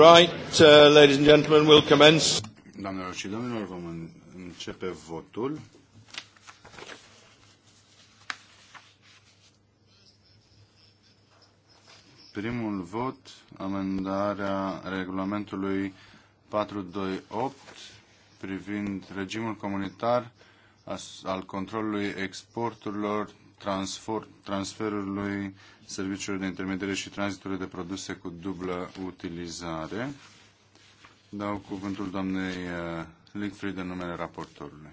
Right, uh, ladies and gentlemen, we'll commence. Doamnelor și domnilor, vom începe votul. Primul vot, amendarea regulamentului 428 privind regimul comunitar al controlului exporturilor transfer, transferului serviciilor de intermediere și tranzitului de produse cu dublă utilizare. Dau cuvântul doamnei uh, Ligfried în numele raportorului.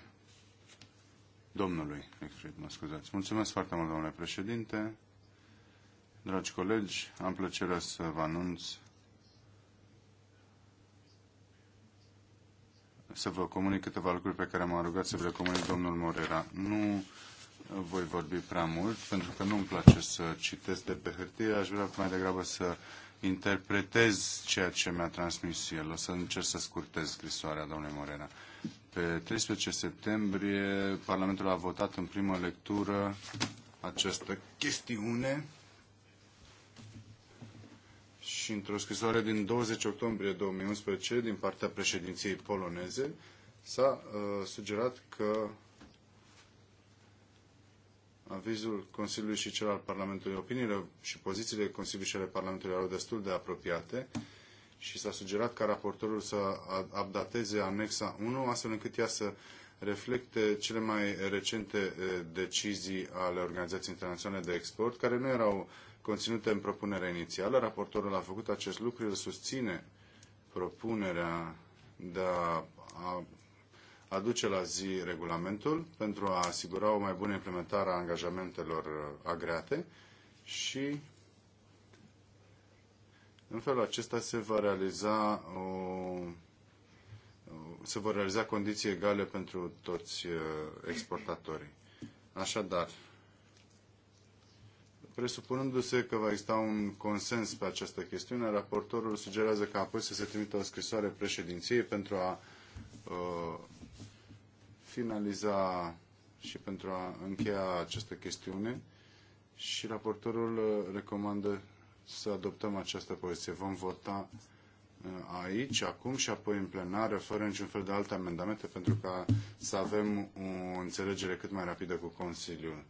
Domnului Ligfried, mă scuzați. Mulțumesc foarte mult, domnule președinte. Dragi colegi, am plăcerea să vă anunț să vă comunic câteva lucruri pe care m am rugat să vă comunic domnul Morera. Nu voi vorbi prea mult, pentru că nu-mi place să citesc de pe hârtie, aș vrea mai degrabă să interpretez ceea ce mi-a transmis el. O să încerc să scurtez scrisoarea domnului Morena. Pe 13 septembrie, Parlamentul a votat în primă lectură această chestiune și într-o scrisoare din 20 octombrie 2011 din partea președinției poloneze s-a uh, sugerat că avizul Consiliului și cel al Parlamentului. Opiniile și pozițiile Consiliului și ale Parlamentului erau destul de apropiate și s-a sugerat ca raportorul să updateze anexa 1, astfel încât ea să reflecte cele mai recente decizii ale Organizației Internaționale de Export, care nu erau conținute în propunerea inițială. Raportorul a făcut acest lucru, el susține propunerea de a aduce la zi regulamentul pentru a asigura o mai bună implementare a angajamentelor uh, agreate și în felul acesta se va realiza o, se vor realiza condiții egale pentru toți uh, exportatorii. Așadar, presupunându-se că va exista un consens pe această chestiune, raportorul sugerează că apoi să se trimită o scrisoare președinției pentru a uh, finaliza și pentru a încheia această chestiune și raportorul uh, recomandă să adoptăm această poziție. Vom vota uh, aici, acum și apoi în plenară, fără niciun fel de alte amendamente, pentru ca să avem o înțelegere cât mai rapidă cu Consiliul.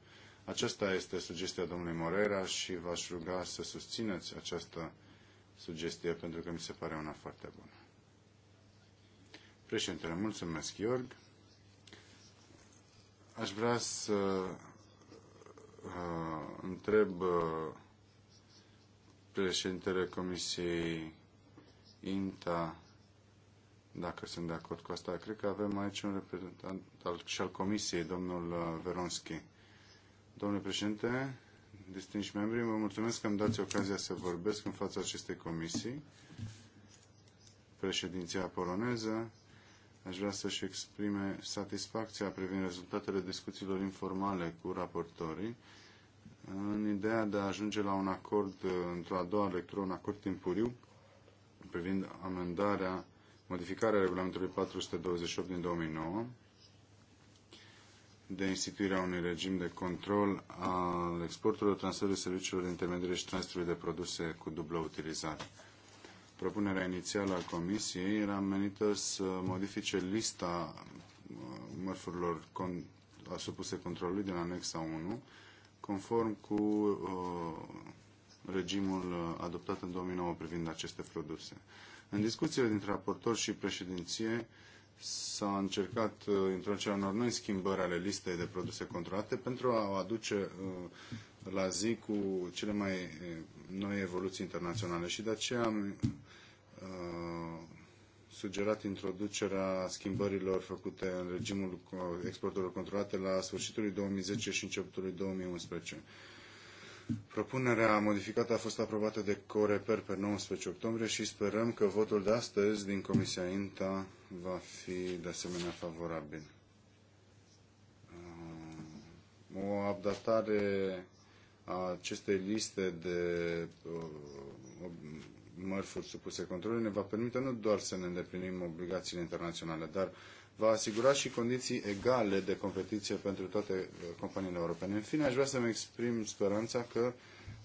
Aceasta este sugestia domnului Morera și v-aș ruga să susțineți această sugestie, pentru că mi se pare una foarte bună. Președintele, mulțumesc, Iorg. Aș vrea să uh, întreb uh, președintele Comisiei INTA dacă sunt de acord cu asta. Cred că avem aici un reprezentant al, și al Comisiei, domnul uh, Veronski. Domnule președinte, distinși membri, vă mulțumesc că îmi dați ocazia să vorbesc în fața acestei comisii, președinția poloneză aș vrea să-și exprime satisfacția privind rezultatele discuțiilor informale cu raportorii în ideea de a ajunge la un acord într-o a doua lectură, un acord timpuriu privind amendarea, modificarea regulamentului 428 din 2009 de instituirea unui regim de control al exporturilor, transferului serviciilor de intermediere și transferului de produse cu dublă utilizare propunerea inițială a Comisiei era menită să modifice lista uh, mărfurilor con- supuse controlului din anexa 1, conform cu uh, regimul uh, adoptat în 2009 privind aceste produse. În discuțiile dintre raportor și președinție s-a încercat uh, introducerea unor noi schimbări ale listei de produse controlate pentru a o aduce uh, la zi cu cele mai uh, noi evoluții internaționale și de aceea am Uh, sugerat introducerea schimbărilor făcute în regimul exporturilor controlate la sfârșitul 2010 și începutul 2011. Propunerea modificată a fost aprobată de Coreper pe 19 octombrie și sperăm că votul de astăzi din Comisia INTA va fi de asemenea favorabil. Uh, o updatare a acestei liste de uh, mărfuri supuse controlului ne va permite nu doar să ne îndeplinim obligațiile internaționale, dar va asigura și condiții egale de competiție pentru toate uh, companiile europene. În fine, aș vrea să-mi exprim speranța că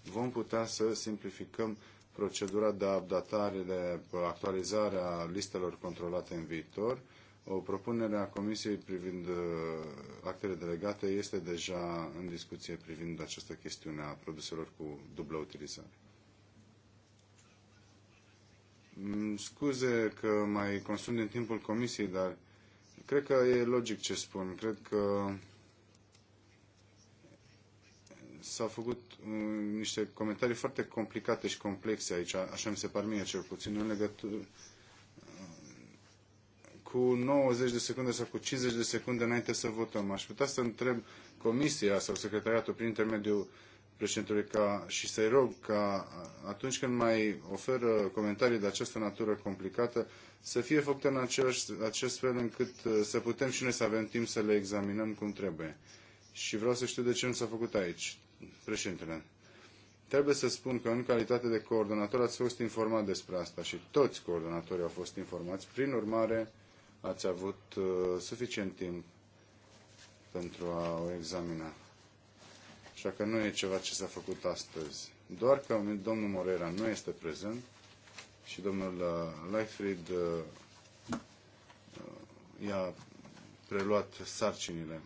vom putea să simplificăm procedura de adaptare, de actualizare a listelor controlate în viitor. O propunere a Comisiei privind uh, actele delegate este deja în discuție privind această chestiune a produselor cu dublă utilizare. Mm, scuze că mai consum din timpul comisiei, dar cred că e logic ce spun. Cred că s-au făcut mm, niște comentarii foarte complicate și complexe aici, așa mi se par mie cel puțin, în legătură mm, cu 90 de secunde sau cu 50 de secunde înainte să votăm. Aș putea să întreb comisia sau secretariatul prin intermediul uh, Președintele, ca, și să-i rog ca atunci când mai oferă comentarii de această natură complicată să fie făcute în același, acest fel încât uh, să putem și noi să avem timp să le examinăm cum trebuie. Și vreau să știu de ce nu s-a făcut aici, președintele. Trebuie să spun că în calitate de coordonator ați fost informat despre asta și toți coordonatorii au fost informați. Prin urmare, ați avut uh, suficient timp pentru a o examina. Așa că nu e ceva ce s-a făcut astăzi. Doar că domnul Morera nu este prezent și domnul uh, Leifried uh, uh, i-a preluat sarcinile.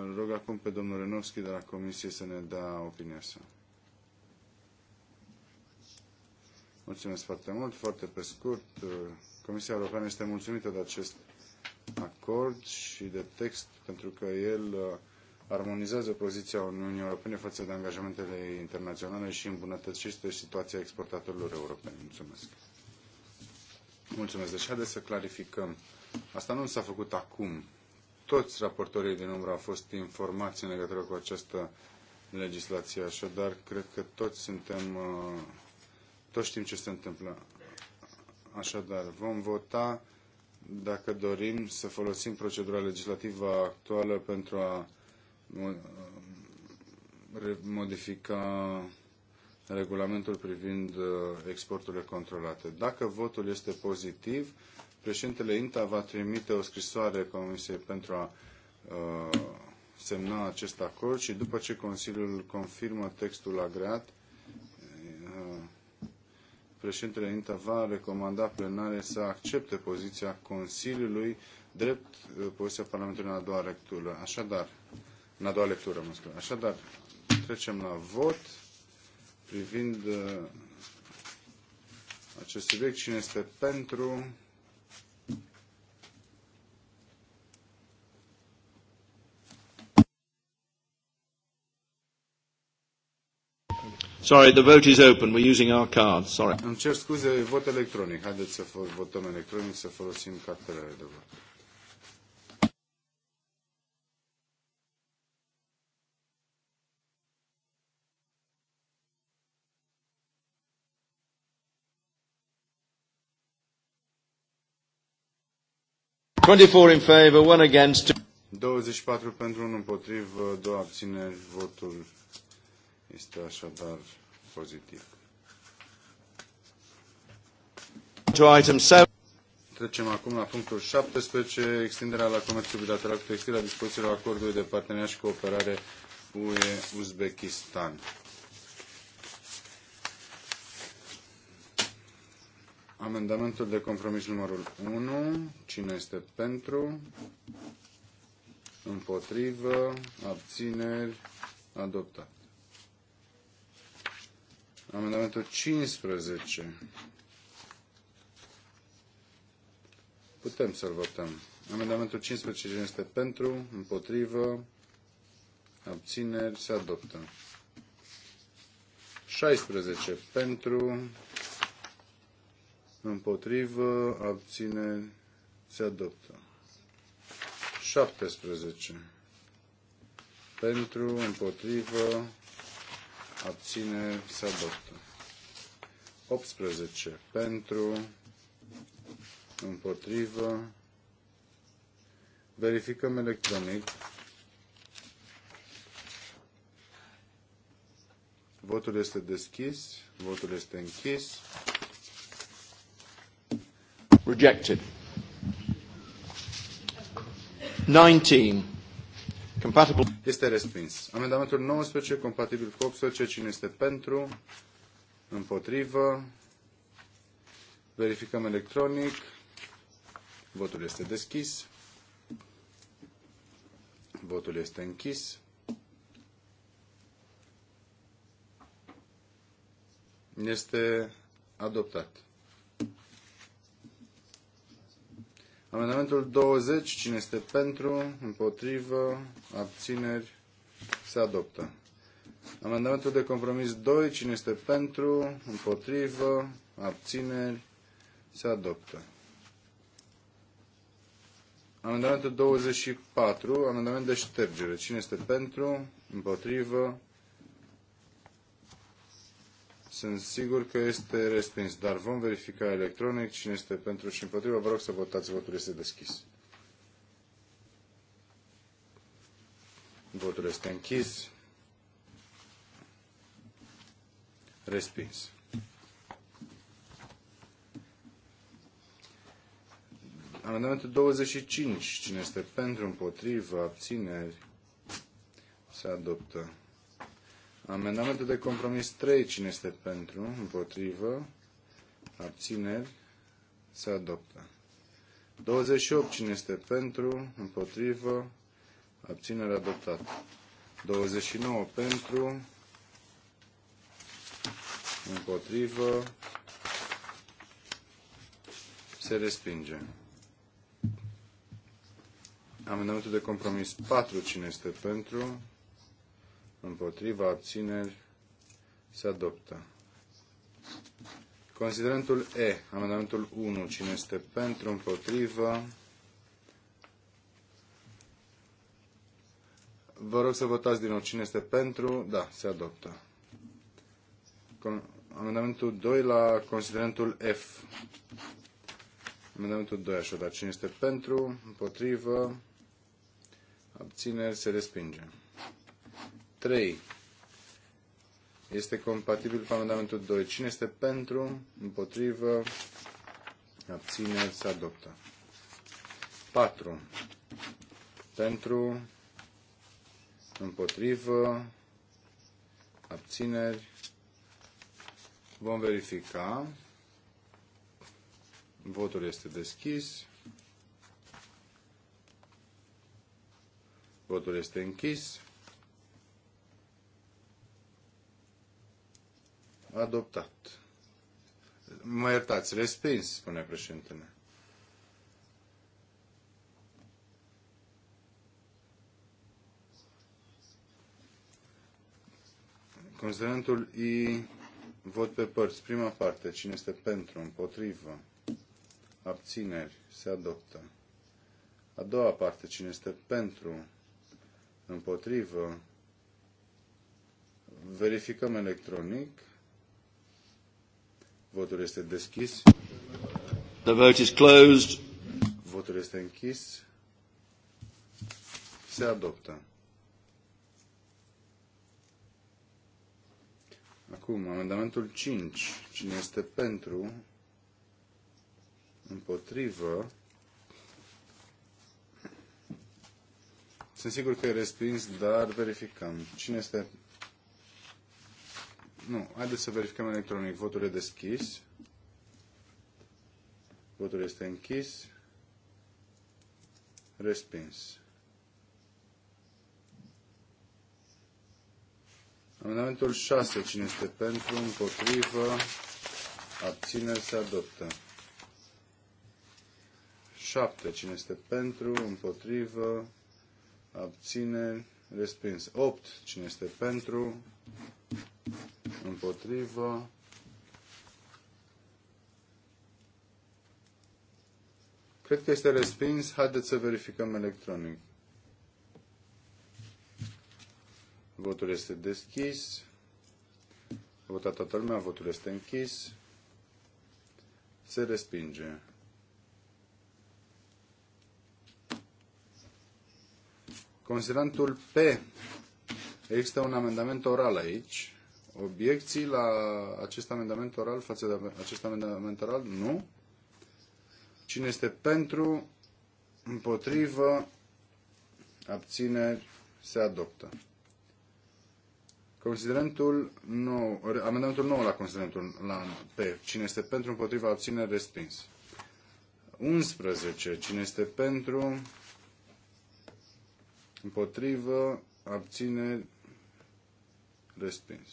Îl rog acum pe domnul Renovski de la Comisie să ne dea opinia sa. Mulțumesc foarte mult, foarte pe scurt. Comisia Europeană este mulțumită de acest acord și de text, pentru că el armonizează poziția Uniunii Europene față de angajamentele internaționale și îmbunătățește situația exportatorilor europeni. Mulțumesc. Mulțumesc. Deci haideți să clarificăm. Asta nu s-a făcut acum. Toți raportorii din umbră au fost informați în legătură cu această legislație, așadar cred că toți suntem, uh, toți știm ce se întâmplă. Așadar, vom vota dacă dorim să folosim procedura legislativă actuală pentru a Um, modifica regulamentul privind uh, exporturile controlate. Dacă votul este pozitiv, președintele INTA va trimite o scrisoare Comisiei pentru a uh, semna acest acord și după ce Consiliul confirmă textul agreat, uh, președintele INTA va recomanda plenare să accepte poziția Consiliului drept poziția Parlamentului în a doua lectură. Așadar, în a doua lectură, mă scuze. Așadar, trecem la vot privind uh, acest subiect. Cine este pentru? Sorry, the vote is open. We're using our card. Sorry. Îmi cer scuze, vot electronic. Haideți să votăm electronic, să folosim cartelele de vot. 24 24 pentru, 1 împotrivă, 2 abțineri, votul este așadar pozitiv. item 7. Trecem acum la punctul 17, extinderea la comerțul bilateral cu textil a dispozițiilor acordului de parteneriat și cooperare UE-Uzbekistan. Amendamentul de compromis numărul 1. Cine este pentru? Împotrivă. Abțineri. Adoptat. Amendamentul 15. Putem să-l votăm. Amendamentul 15 cine este pentru, împotrivă, abțineri, se adoptă. 16 pentru, împotrivă, abține, se adoptă. 17. Pentru, împotrivă, abține, se adoptă. 18. Pentru, împotrivă, verificăm electronic. Votul este deschis, votul este închis. Rejected. 19. Compatible. Este respins. Amendamentul 19, compatibil cu 18. Cine este pentru? Împotrivă. Verificăm electronic. Votul este deschis. Votul este închis. Este adoptat. Amendamentul 20, cine este pentru, împotrivă, abțineri, se adoptă. Amendamentul de compromis 2, cine este pentru, împotrivă, abțineri, se adoptă. Amendamentul 24, amendament de ștergere. Cine este pentru, împotrivă, sunt sigur că este respins, dar vom verifica electronic cine este pentru și împotriva. Vă rog să votați, votul este deschis. Votul este închis. Respins. Amendamentul 25. Cine este pentru, împotrivă, abțineri, se adoptă. Amendamentul de compromis 3, cine este pentru, împotrivă, abțineri, se adoptă. 28, cine este pentru, împotrivă, abținere adoptat. 29 pentru, împotrivă, se respinge. Amendamentul de compromis 4, cine este pentru, împotriva, abțineri, se adoptă. Considerentul E, amendamentul 1, cine este pentru, împotrivă, Vă rog să votați din nou cine este pentru. Da, se adoptă. Con amendamentul 2 la considerentul F. Amendamentul 2, așadar. Cine este pentru, împotrivă, abțineri, se respinge. 3 este compatibil cu amendamentul 2. Cine este pentru, împotrivă, abțineri, se adoptă. 4. Pentru, împotrivă, abțineri, vom verifica. Votul este deschis. Votul este închis. Adoptat. Mă iertați, respins, spune președintele. Considerentul I, vot pe părți. Prima parte, cine este pentru, împotrivă, abțineri, se adoptă. A doua parte, cine este pentru, împotrivă, verificăm electronic. Votul este deschis. The vote is closed. Votul este închis. Se adoptă. Acum, amendamentul 5. Cine este pentru? Împotrivă? Sunt sigur că e respins, dar verificăm. Cine este nu, haideți să verificăm electronic. Votul e deschis. Votul este închis. Respins. Amendamentul 6. Cine este pentru? Împotrivă? Abține? Se adoptă. 7. Cine este pentru? Împotrivă? Abține? Respins. 8. Cine este pentru? împotrivă, Cred că este respins. Haideți să verificăm electronic. Votul este deschis. A votat toată lumea. Votul este închis. Se respinge. Considerantul P. Există un amendament oral aici obiecții la acest amendament oral față de acest amendament oral? Nu. Cine este pentru, împotrivă, abțineri, se adoptă. Considerentul nou, amendamentul nou la considerentul la P. Cine este pentru, împotriva, abține, respins. 11. Cine este pentru, împotrivă, abține, respins.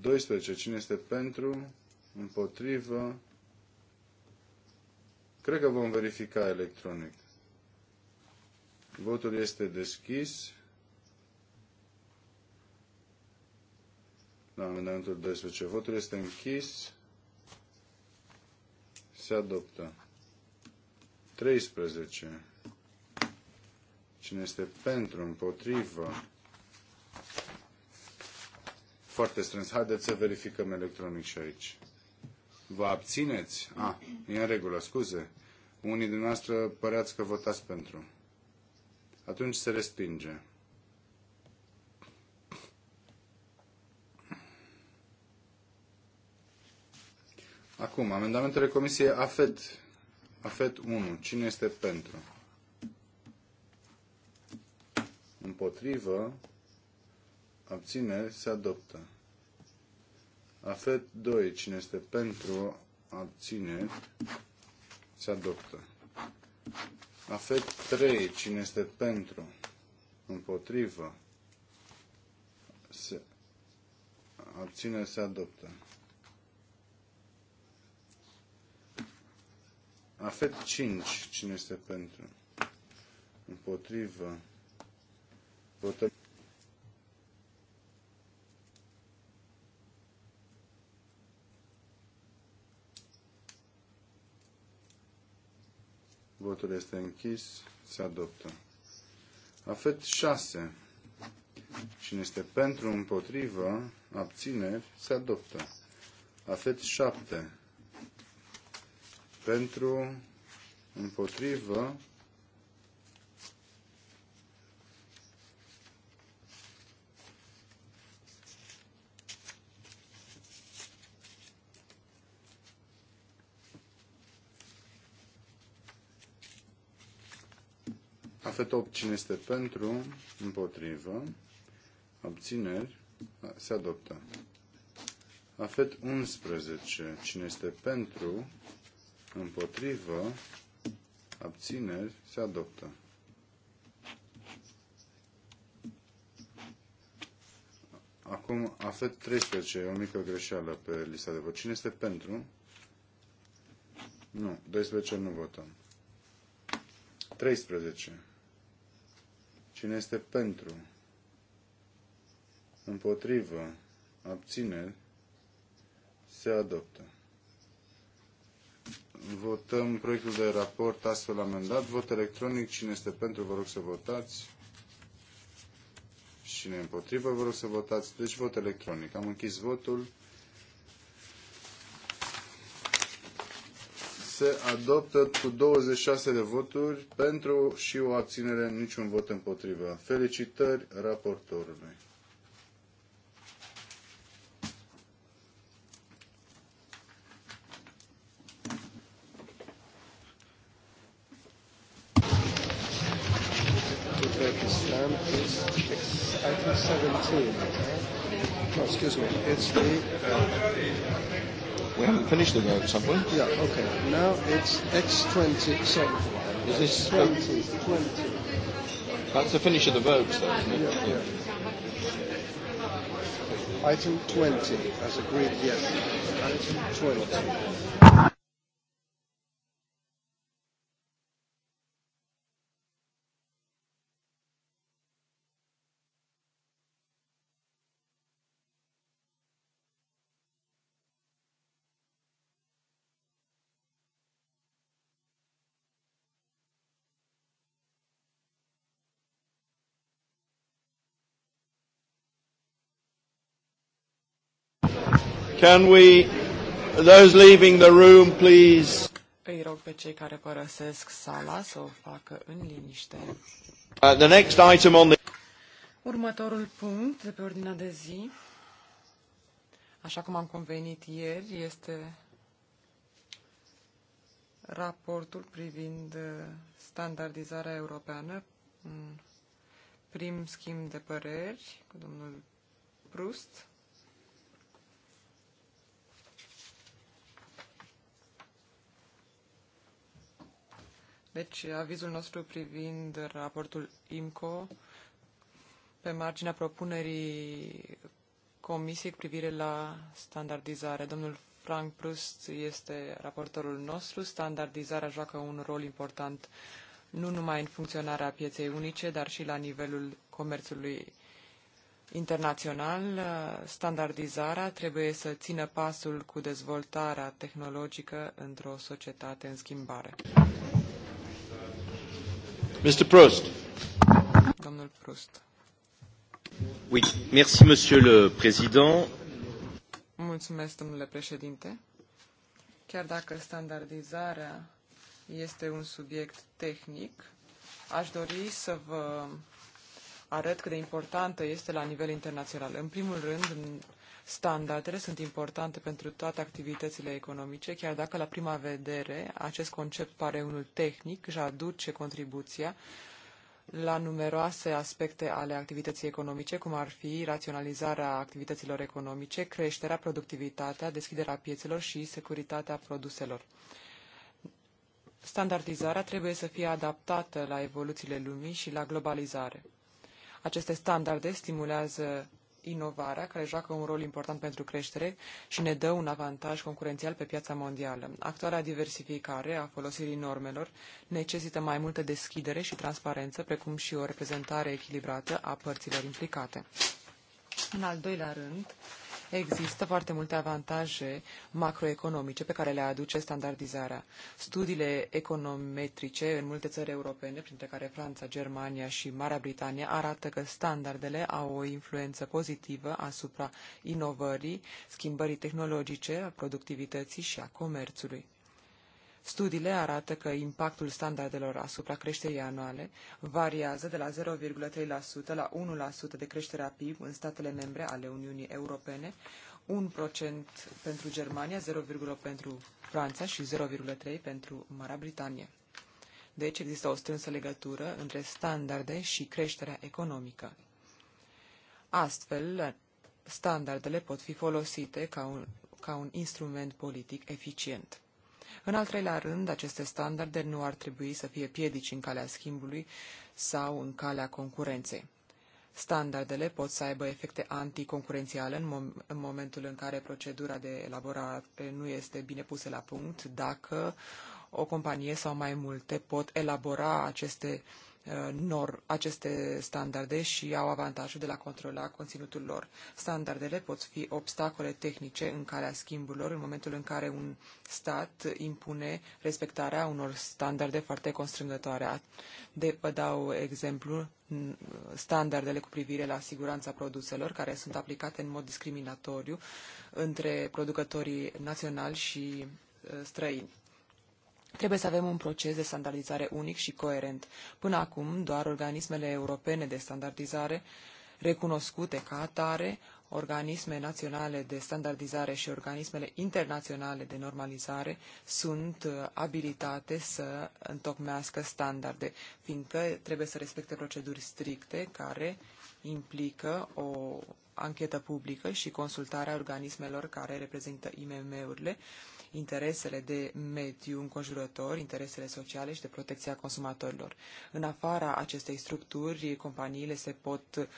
12. Cine este pentru? Împotrivă? Cred că vom verifica electronic. Votul este deschis. La amendamentul 12. Votul este închis. Se adoptă. 13. Cine este pentru, împotrivă, foarte strâns. Haideți să verificăm electronic și aici. Vă abțineți? A, ah, e în regulă, scuze. Unii dumneavoastră păreați că votați pentru. Atunci se respinge. Acum, amendamentele Comisiei AFET. AFET 1. Cine este pentru? Împotrivă abțineri, se adoptă. Afet 2. Cine este pentru, abțineri, se adoptă. Afet 3. Cine este pentru, împotrivă, se abține, se adoptă. Afet 5. Cine este pentru? Împotrivă. Votăm Votul este închis. Se adoptă. Afet 6. Cine este pentru, împotrivă, abțineri, se adoptă. Afet 7. Pentru, împotrivă, Afet 8, cine este pentru, împotrivă, abțineri, se adoptă. Afet 11, cine este pentru, împotrivă, abțineri, se adoptă. Acum, afet 13, e o mică greșeală pe lista de vot. Cine este pentru? Nu, 12 nu votăm. 13. Cine este pentru? Împotrivă. abține, Se adoptă. Votăm proiectul de raport astfel amendat. Vot electronic. Cine este pentru, vă rog să votați. Cine împotrivă, vă rog să votați. Deci vot electronic. Am închis votul. se adoptă cu 26 de voturi pentru și o abținere, niciun vot împotrivă. Felicitări raportorului. switched it out at some point. Yeah, okay. Now it's X20. Sorry. Is this 20, 20. That's the finish of the verbs, though, isn't it? Yeah, yeah. yeah. Item 20, as agreed, yes. Item 20. Can we, those leaving the room, please? Îi rog pe cei care părăsesc sala să o facă în liniște. Uh, the next item on the... Următorul punct de pe ordinea de zi, așa cum am convenit ieri, este raportul privind uh, standardizarea europeană, un prim schimb de păreri cu domnul Prust. Deci, avizul nostru privind raportul IMCO pe marginea propunerii Comisiei cu privire la standardizare. Domnul Frank Prust este raportorul nostru. Standardizarea joacă un rol important nu numai în funcționarea pieței unice, dar și la nivelul comerțului internațional. Standardizarea trebuie să țină pasul cu dezvoltarea tehnologică într-o societate în schimbare. Mr. Prost. Domnul Prost. Oui, merci, monsieur le président. Mulțumesc, domnule președinte. Chiar dacă standardizarea este un subiect tehnic, aș dori să vă arăt cât de importantă este la nivel internațional. În primul rând, Standardele sunt importante pentru toate activitățile economice, chiar dacă la prima vedere acest concept pare unul tehnic și aduce contribuția la numeroase aspecte ale activității economice, cum ar fi raționalizarea activităților economice, creșterea, productivitatea, deschiderea piețelor și securitatea produselor. Standardizarea trebuie să fie adaptată la evoluțiile lumii și la globalizare. Aceste standarde stimulează inovarea, care joacă un rol important pentru creștere și ne dă un avantaj concurențial pe piața mondială. Actuala diversificare a folosirii normelor necesită mai multă deschidere și transparență, precum și o reprezentare echilibrată a părților implicate. În al doilea rând, Există foarte multe avantaje macroeconomice pe care le aduce standardizarea. Studiile econometrice în multe țări europene, printre care Franța, Germania și Marea Britanie, arată că standardele au o influență pozitivă asupra inovării, schimbării tehnologice, a productivității și a comerțului. Studiile arată că impactul standardelor asupra creșterii anuale variază de la 0,3% la 1% de a PIB în statele membre ale Uniunii Europene, 1% pentru Germania, 0,8% pentru Franța și 0,3% pentru Marea Britanie. Deci există o strânsă legătură între standarde și creșterea economică. Astfel, standardele pot fi folosite ca un, ca un instrument politic eficient. În al treilea rând, aceste standarde nu ar trebui să fie piedici în calea schimbului sau în calea concurenței. Standardele pot să aibă efecte anticoncurențiale în, mom- în momentul în care procedura de elaborare nu este bine pusă la punct, dacă o companie sau mai multe pot elabora aceste uh, Uh, nor aceste standarde și au avantajul de la controla conținutul lor. Standardele pot fi obstacole tehnice în calea schimburilor în momentul în care un stat impune respectarea unor standarde foarte constrângătoare. De, vă dau exemplu standardele cu privire la siguranța produselor, care sunt aplicate în mod discriminatoriu între producătorii naționali și uh, străini. Trebuie să avem un proces de standardizare unic și coerent. Până acum, doar organismele europene de standardizare, recunoscute ca atare, organisme naționale de standardizare și organismele internaționale de normalizare sunt uh, abilitate să întocmească standarde, fiindcă trebuie să respecte proceduri stricte care implică o anchetă publică și consultarea organismelor care reprezintă IMM-urile, uh, interesele de mediu înconjurător, interesele sociale și de protecția consumatorilor. În afara acestei structuri, companiile se pot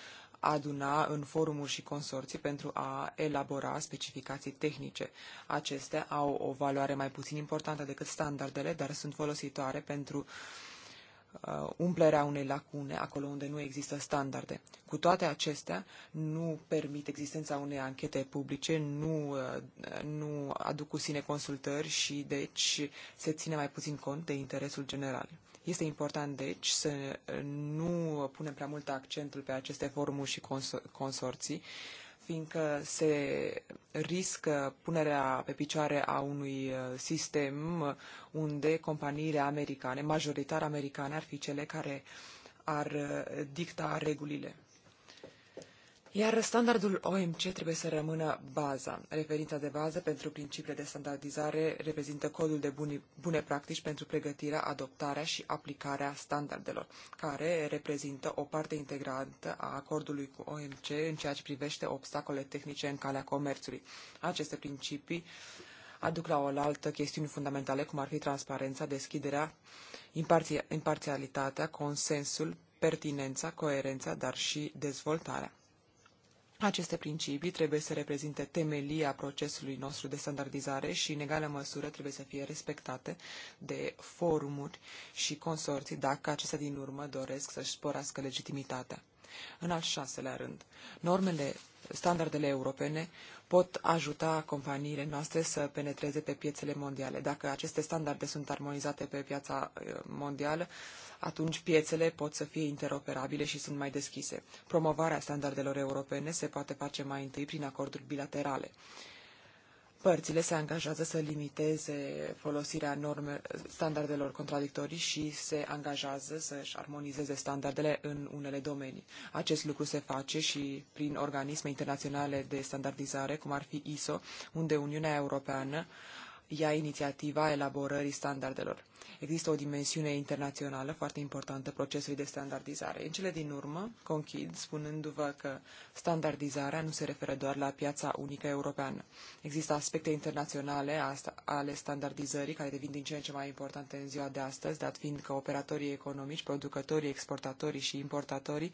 aduna în forumuri și consorții pentru a elabora specificații tehnice. Acestea au o valoare mai puțin importantă decât standardele, dar sunt folositoare pentru uh, Uh, umplerea unei lacune acolo unde nu există standarde. Cu toate acestea, nu permit existența unei anchete publice, nu, uh, nu aduc cu sine consultări și, deci, se ține mai puțin cont de interesul general. Este important, deci, să nu punem prea mult accentul pe aceste forumuri și consor- consorții, uh, fiindcă se riscă punerea pe picioare a unui uh, sistem uh, unde companiile americane, majoritar americane, ar fi cele care ar uh, dicta regulile. Iar standardul OMC trebuie să rămână baza. Referința de bază pentru principiile de standardizare reprezintă codul de bune practici pentru pregătirea, adoptarea și aplicarea standardelor, care reprezintă o parte integrantă a acordului cu OMC în ceea ce privește obstacole tehnice în calea comerțului. Aceste principii aduc la oaltă chestiuni fundamentale, cum ar fi transparența, deschiderea, imparția, imparțialitatea, consensul, pertinența, coerența, dar și dezvoltarea. Aceste principii trebuie să reprezinte temelia procesului nostru de standardizare și, în egală măsură, trebuie să fie respectate de forumuri și consorții dacă acestea din urmă doresc să-și sporească legitimitatea. În al șaselea rând, normele, standardele europene pot ajuta companiile noastre să penetreze pe piețele mondiale. Dacă aceste standarde sunt armonizate pe piața eh, mondială, atunci piețele pot să fie interoperabile și sunt mai deschise. Promovarea standardelor europene se poate face mai întâi prin acorduri bilaterale. Părțile se angajează să limiteze folosirea norme, standardelor contradictorii și se angajează să-și armonizeze standardele în unele domenii. Acest lucru se face și prin organisme internaționale de standardizare, cum ar fi ISO, unde Uniunea Europeană ia inițiativa elaborării standardelor. Există o dimensiune internațională foarte importantă procesului de standardizare. În cele din urmă, conchid spunându-vă că standardizarea nu se referă doar la piața unică europeană. Există aspecte internaționale ale standardizării care devin din ce în ce mai importante în ziua de astăzi, dat fiind că operatorii economici, producătorii, exportatorii și importatorii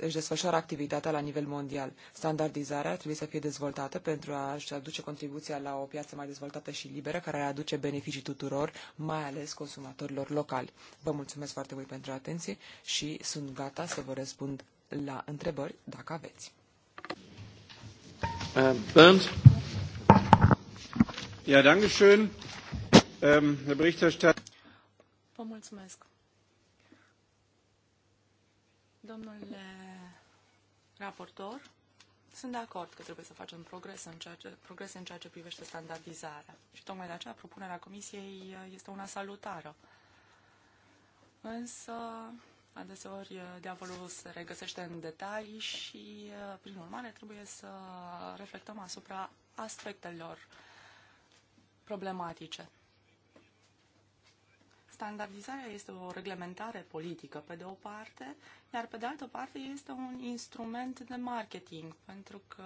își desfășoară activitatea la nivel mondial. Standardizarea trebuie să fie dezvoltată pentru a-și aduce contribuția la o piață mai dezvoltată și liberă, care ar aduce beneficii tuturor, mai ales consumatorilor locali. Vă mulțumesc foarte mult pentru atenție și sunt gata să vă răspund la întrebări, dacă aveți. Uh, Ja, danke schön. Ähm, Herr Berichterstatter. Vă mulțumesc. Domnule raportor, sunt de acord că trebuie să facem progrese în ceea ce, progrese în ceea ce privește standardizarea. Și tocmai de aceea propunerea Comisiei uh, este una salutară. Însă, adeseori, uh, diavolul se regăsește în detalii și, uh, prin urmare, trebuie să reflectăm asupra aspectelor problematice standardizarea este o reglementare politică, pe de o parte, iar pe de altă parte este un instrument de marketing, pentru că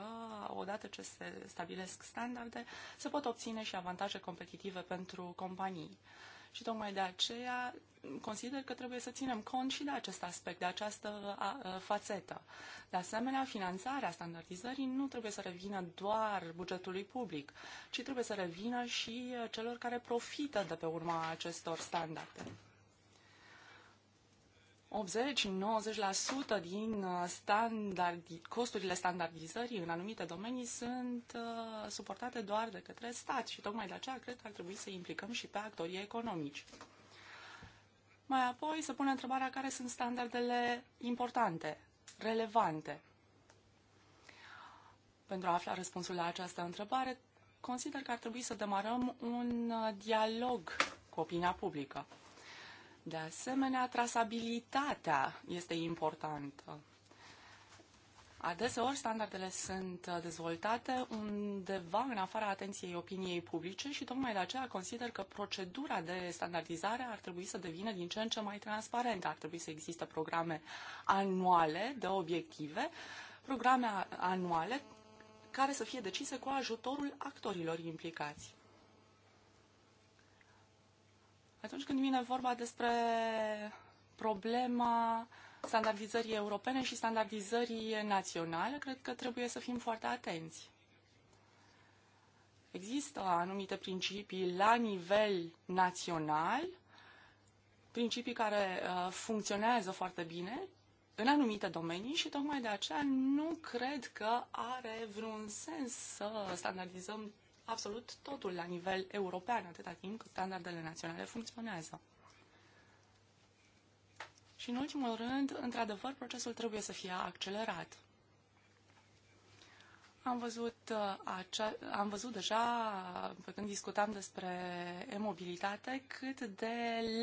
odată ce se stabilesc standarde, se pot obține și avantaje competitive pentru companii. Uh, și tocmai de aceea consider că trebuie să ținem cont și de acest aspect, de această fațetă. De asemenea, finanțarea standardizării nu trebuie să revină doar bugetului public, ci trebuie să revină și uh, celor care profită de pe urma acestor standarde. 80-90% din uh, standard, costurile standardizării în anumite domenii sunt uh, suportate doar de către stat și tocmai de aceea cred că ar trebui să implicăm și pe actorii economici. Mai apoi se pune întrebarea care sunt standardele importante, relevante. Pentru a afla răspunsul la această întrebare, consider că ar trebui să demarăm un uh, dialog cu opinia publică. De asemenea, trasabilitatea este importantă. Adeseori, standardele sunt dezvoltate undeva în afara atenției opiniei publice și tocmai de aceea consider că procedura de standardizare ar trebui să devină din ce în ce mai transparentă. Ar trebui să existe programe anuale de obiective, programe anuale care să fie decise cu ajutorul actorilor implicați. Atunci când vine vorba despre problema standardizării europene și standardizării naționale, cred că trebuie să fim foarte atenți. Există anumite principii la nivel național, principii care uh, funcționează foarte bine în anumite domenii și tocmai de aceea nu cred că are vreun sens să standardizăm absolut totul la nivel european, atâta timp cât standardele naționale funcționează. Și în ultimul rând, într-adevăr, procesul trebuie să fie accelerat. Am văzut, uh, acea, am văzut deja, pe când discutam despre e-mobilitate, cât de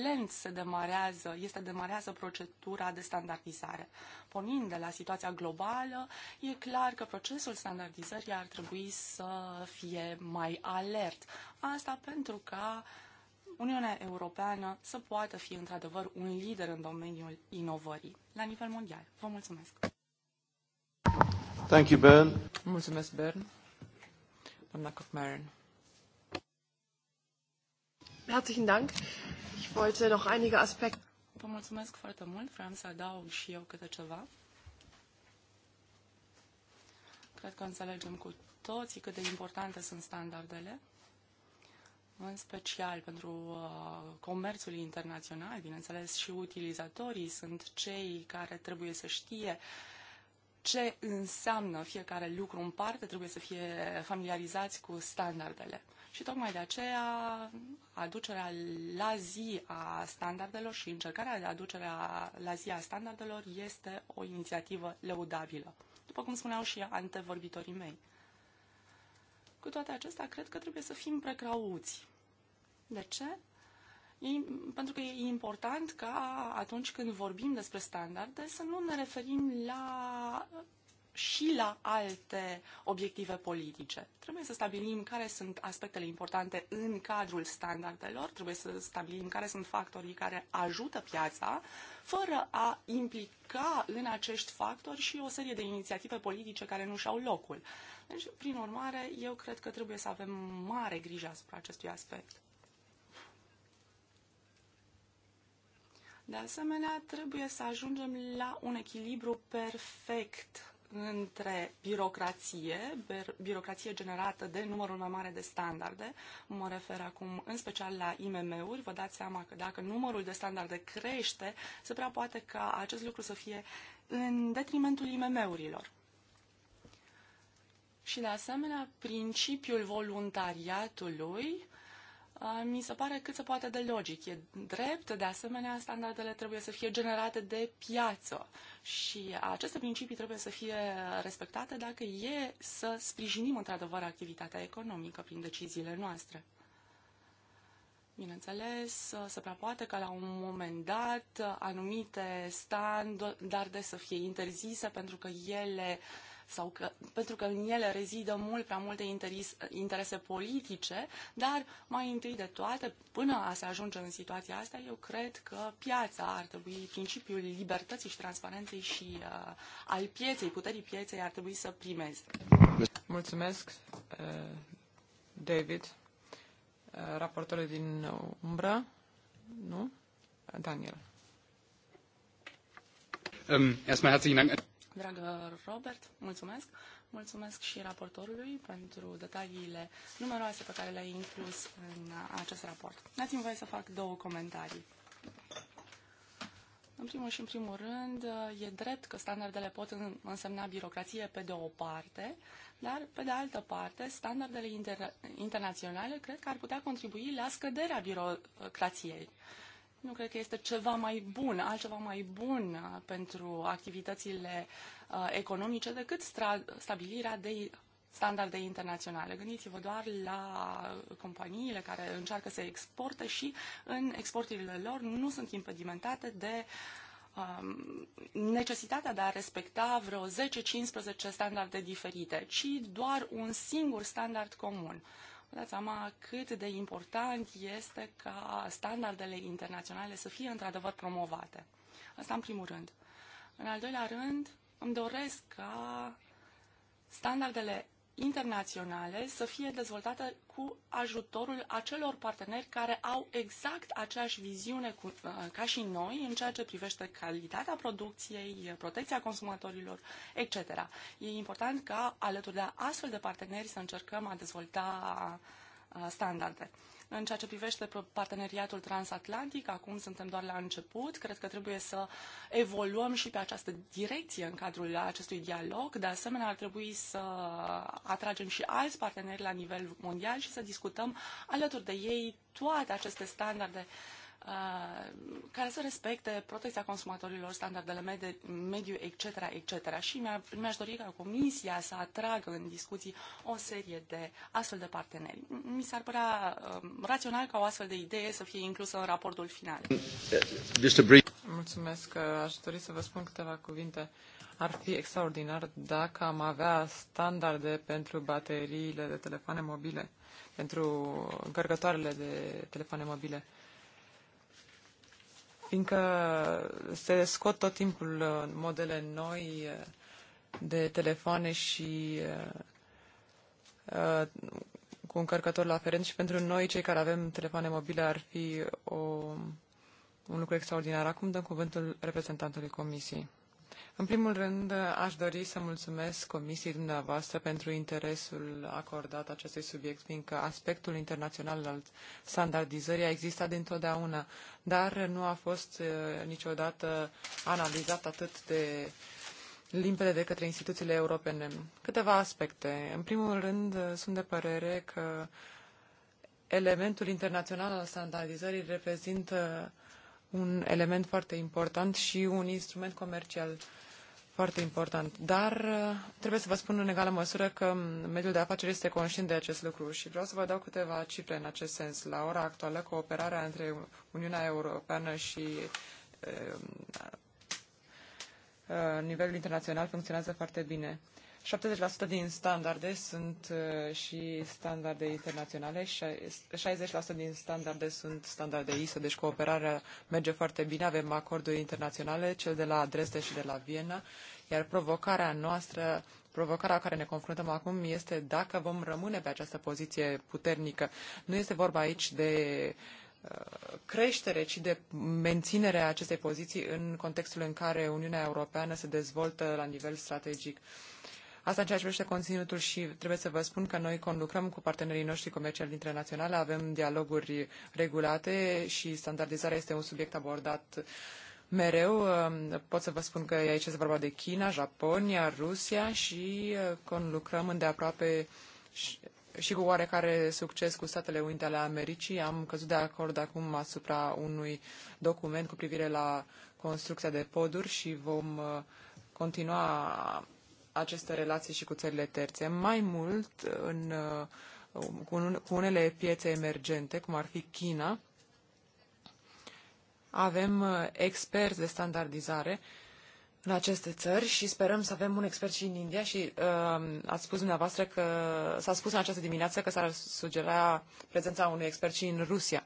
lent se demarează, este demarează procedura de standardizare. Pornind de la situația globală, e clar că procesul standardizării ar trebui să fie mai alert. Asta pentru ca Uniunea Europeană să poată fi într-adevăr un lider în domeniul inovării la nivel mondial. Vă mulțumesc! Thank you, Bern. Mulțumesc, Bern. Doamna Kochmarin. Herzlichen Dank. Ich wollte noch einige Aspekte. Vă mulțumesc foarte mult. Vreau să adaug și eu câte ceva. Cred că înțelegem cu toții cât de importante sunt standardele, în special pentru uh, comerțul internațional. Bineînțeles, și utilizatorii sunt cei care trebuie să știe uh, ce înseamnă fiecare lucru în parte, trebuie să fie familiarizați cu standardele. Și tocmai de aceea aducerea la zi a standardelor și încercarea de aducerea la zi a standardelor este o inițiativă lăudabilă, după cum spuneau și antevorbitorii mei. Cu toate acestea, cred că trebuie să fim precauți. De ce? pentru că e important ca atunci când vorbim despre standarde să nu ne referim la și la alte obiective politice. Trebuie să stabilim care sunt aspectele importante în cadrul standardelor, trebuie să stabilim care sunt factorii care ajută piața, fără a implica în acești factori și o serie de inițiative politice care nu și-au locul. Deci, prin urmare, eu cred că trebuie să avem mare grijă asupra acestui aspect. De asemenea, trebuie să ajungem la un echilibru perfect între birocrație, birocrație generată de numărul mai mare de standarde, mă refer acum în special la IMM-uri, vă dați seama că dacă numărul de standarde crește, se prea poate ca acest lucru să fie în detrimentul IMM-urilor. Și de asemenea, principiul voluntariatului mi se pare cât se poate de logic. E drept, de asemenea, standardele trebuie să fie generate de piață și aceste principii trebuie să fie respectate dacă e să sprijinim într-adevăr activitatea economică prin deciziile noastre. Bineînțeles, se prea poate ca la un moment dat anumite standarde să fie interzise pentru că ele uh, sau că, pentru că în ele rezidă mult prea multe interis, interese politice, dar mai întâi de toate, până a se ajunge în situația asta, eu cred că piața ar trebui, principiul libertății și transparenței și uh, al pieței, puterii pieței ar trebui să primeze. Mulțumesc, uh, David. Uh, raportorul din umbră, nu? Daniel. Um, erstmal herzlichen Dank. Dragă Robert, mulțumesc. Mulțumesc și raportorului pentru detaliile numeroase pe care le-ai inclus în acest raport. Dați-mi voie să fac două comentarii. În primul și în primul rând, e drept că standardele pot însemna birocrație pe de o parte, dar pe de altă parte, standardele inter- internaționale cred că ar putea contribui la scăderea birocrației. Uh, nu cred că este ceva mai bun, altceva mai bun uh, pentru activitățile uh, economice decât stabilirea de standarde internaționale. Gândiți-vă doar la companiile care încearcă să exporte și în exporturile lor nu sunt impedimentate de um, necesitatea de a respecta vreo 10-15 standarde diferite, ci doar un singur standard comun. Uh, Vă dați seama cât de important este ca standardele internaționale să fie într-adevăr promovate. Asta în primul rând. În al doilea rând, îmi doresc ca standardele internaționale să fie dezvoltată cu ajutorul acelor parteneri care au exact aceeași viziune cu, uh, ca și noi în ceea ce privește calitatea producției, uh, protecția consumatorilor, etc. E important ca alături de astfel de parteneri să încercăm a dezvolta uh, standarde. În ceea ce privește parteneriatul transatlantic, acum suntem doar la început. Cred că trebuie să evoluăm și pe această direcție în cadrul acestui dialog. De asemenea, ar trebui să atragem și alți parteneri la nivel mondial și să discutăm alături de ei toate aceste standarde uh, Uh, care să respecte protecția consumatorilor, standardele medie, mediu, etc., etc. Și mi-aș dori ca Comisia să atragă în discuții o serie de astfel de parteneri. Mi s-ar părea um, rațional ca o astfel de idee să fie inclusă în raportul final. Mulțumesc. Aș dori să vă spun câteva cuvinte. Ar fi extraordinar dacă am avea standarde pentru bateriile de telefoane mobile, pentru încărcătoarele de telefoane mobile fiindcă se scot tot timpul uh, modele noi uh, de telefoane și uh, cu un încărcător la aferent și pentru noi, cei care avem telefoane mobile, ar fi o, un lucru extraordinar. Acum dăm cuvântul reprezentantului Comisiei. În primul rând, aș dori să mulțumesc Comisiei dumneavoastră pentru interesul acordat acestui subiect, fiindcă aspectul internațional al standardizării a existat dintotdeauna, dar nu a fost uh, niciodată analizat atât de limpede de către instituțiile europene. Câteva aspecte. În primul rând, sunt de părere că elementul internațional al standardizării reprezintă un element foarte important și un instrument comercial foarte important. Dar uh, trebuie să vă spun în egală măsură că mm, mediul de afaceri este conștient de acest lucru și vreau să vă dau câteva cifre în acest sens. La ora actuală, cooperarea între Uniunea Europeană și uh, uh, nivelul internațional funcționează foarte bine. 70% din standarde sunt uh, și standarde internaționale, 60% din standarde sunt standarde ISO, deci cooperarea merge foarte bine, avem acorduri internaționale, cel de la Dresde și de la Viena, iar provocarea noastră, provocarea care ne confruntăm acum este dacă vom rămâne pe această poziție puternică. Nu este vorba aici de uh, creștere, ci de menținerea acestei poziții în contextul în care Uniunea Europeană se dezvoltă la nivel strategic. Uh, Asta în ceea ce privește conținutul și trebuie să vă spun că noi conlucrăm cu partenerii noștri comerciali internaționale, avem dialoguri regulate și standardizarea este un subiect abordat mereu. Pot să vă spun că aici este vorba de China, Japonia, Rusia și uh, conlucrăm îndeaproape și, și cu oarecare succes cu Statele Unite ale Americii. Am căzut de acord acum asupra unui document cu privire la construcția de poduri și vom uh, continua aceste relații și cu țările terțe. Mai mult, în, uh, cu unele piețe emergente, cum ar fi China, avem uh, experți de standardizare în aceste țări și sperăm să avem un expert și în India și uh, ați spus dumneavoastră că s-a spus în această dimineață că s-ar sugera prezența unui expert și în Rusia.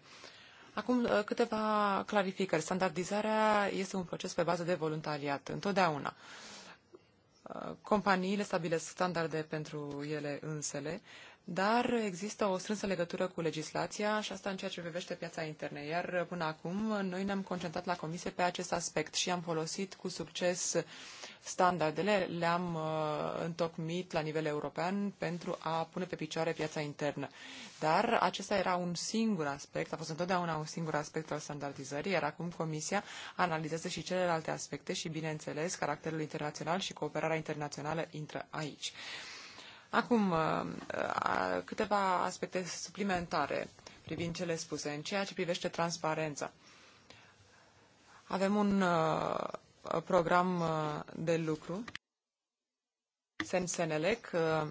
Acum uh, câteva clarificări. Standardizarea este un proces pe bază de voluntariat, întotdeauna. Uh, companiile stabilesc standarde pentru ele însele, dar există o strânsă legătură cu legislația și asta în ceea ce privește piața interne. Iar până acum noi ne-am concentrat la comisie pe acest aspect și am folosit cu succes uh, standardele le-am uh, întocmit la nivel european pentru a pune pe picioare piața internă. Dar acesta era un singur aspect, a fost întotdeauna un singur aspect al standardizării, iar acum Comisia analizează și celelalte aspecte și, bineînțeles, caracterul internațional și cooperarea internațională intră aici. Acum, uh, câteva aspecte suplimentare privind cele spuse. În ceea ce privește transparența, avem un uh, program uh, de lucru, SENSENELEC. Uh,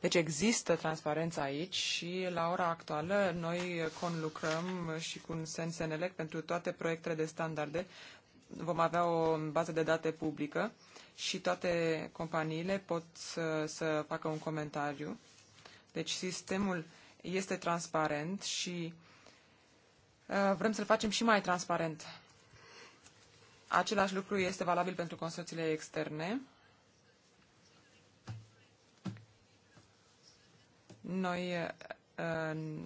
deci există transparență aici și la ora actuală noi conlucrăm și cu SENSENELEC pentru toate proiectele de standarde. Vom avea o bază de date publică și toate companiile pot să, să facă un comentariu. Deci sistemul este transparent și uh, vrem să-l facem și mai transparent Același lucru este valabil pentru consorțiile externe. Noi uh, uh,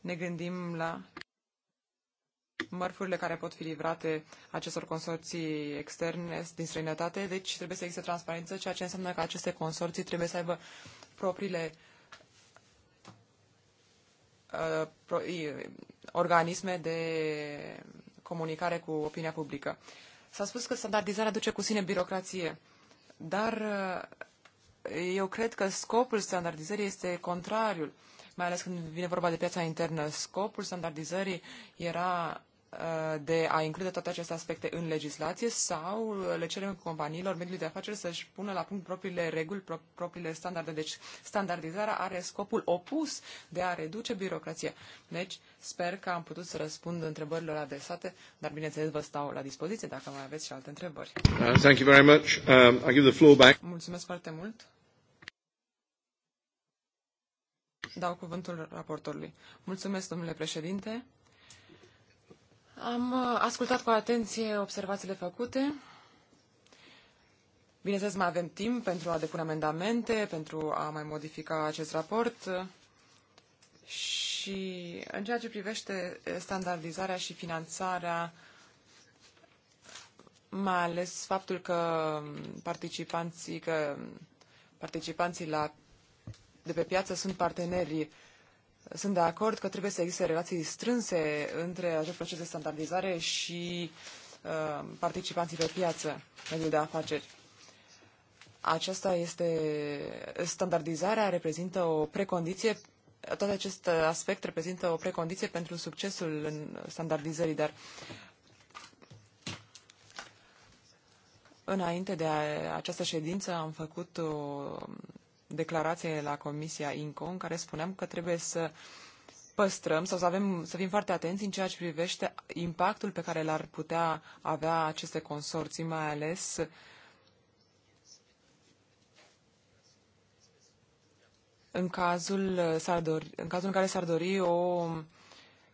ne gândim la mărfurile care pot fi livrate acestor consorții externe din străinătate, deci trebuie să existe transparență, ceea ce înseamnă că aceste consorții trebuie să aibă propriile uh, pro, uh, organisme de comunicare cu opinia publică. S-a spus că standardizarea duce cu sine birocrație, dar uh, eu cred că scopul standardizării este contrariul, mai ales când vine vorba de piața internă. Scopul standardizării era Uh, de a include toate aceste aspecte în legislație sau le cerem companiilor, mediului de afaceri să-și pună la punct propriile reguli, pro- propriile standarde. Deci standardizarea are scopul opus de a reduce birocrația. Deci sper că am putut să răspund întrebărilor adresate, dar bineînțeles vă stau la dispoziție dacă mai aveți și alte întrebări. Uh, thank you very much. Um, I give the floor back. Mulțumesc foarte mult. Dau cuvântul raportorului. Mulțumesc, domnule președinte. Am uh, ascultat cu atenție observațiile făcute. Bineînțeles, mai avem timp pentru a depune amendamente, pentru a mai modifica acest raport. Și în ceea ce privește standardizarea și finanțarea, mai ales faptul că participanții, că participanții la, de pe piață sunt partenerii sunt de acord că trebuie să existe relații strânse între acest proces de standardizare și uh, participanții pe piață, mediul de afaceri. Aceasta este, standardizarea reprezintă o precondiție, tot acest aspect reprezintă o precondiție pentru succesul în standardizării, dar înainte de a, această ședință am făcut o declarație la Comisia INCO în care spuneam că trebuie să păstrăm sau să, avem, să fim foarte atenți în ceea ce privește impactul pe care l-ar putea avea aceste consorții, mai ales în cazul, în cazul în care s-ar dori o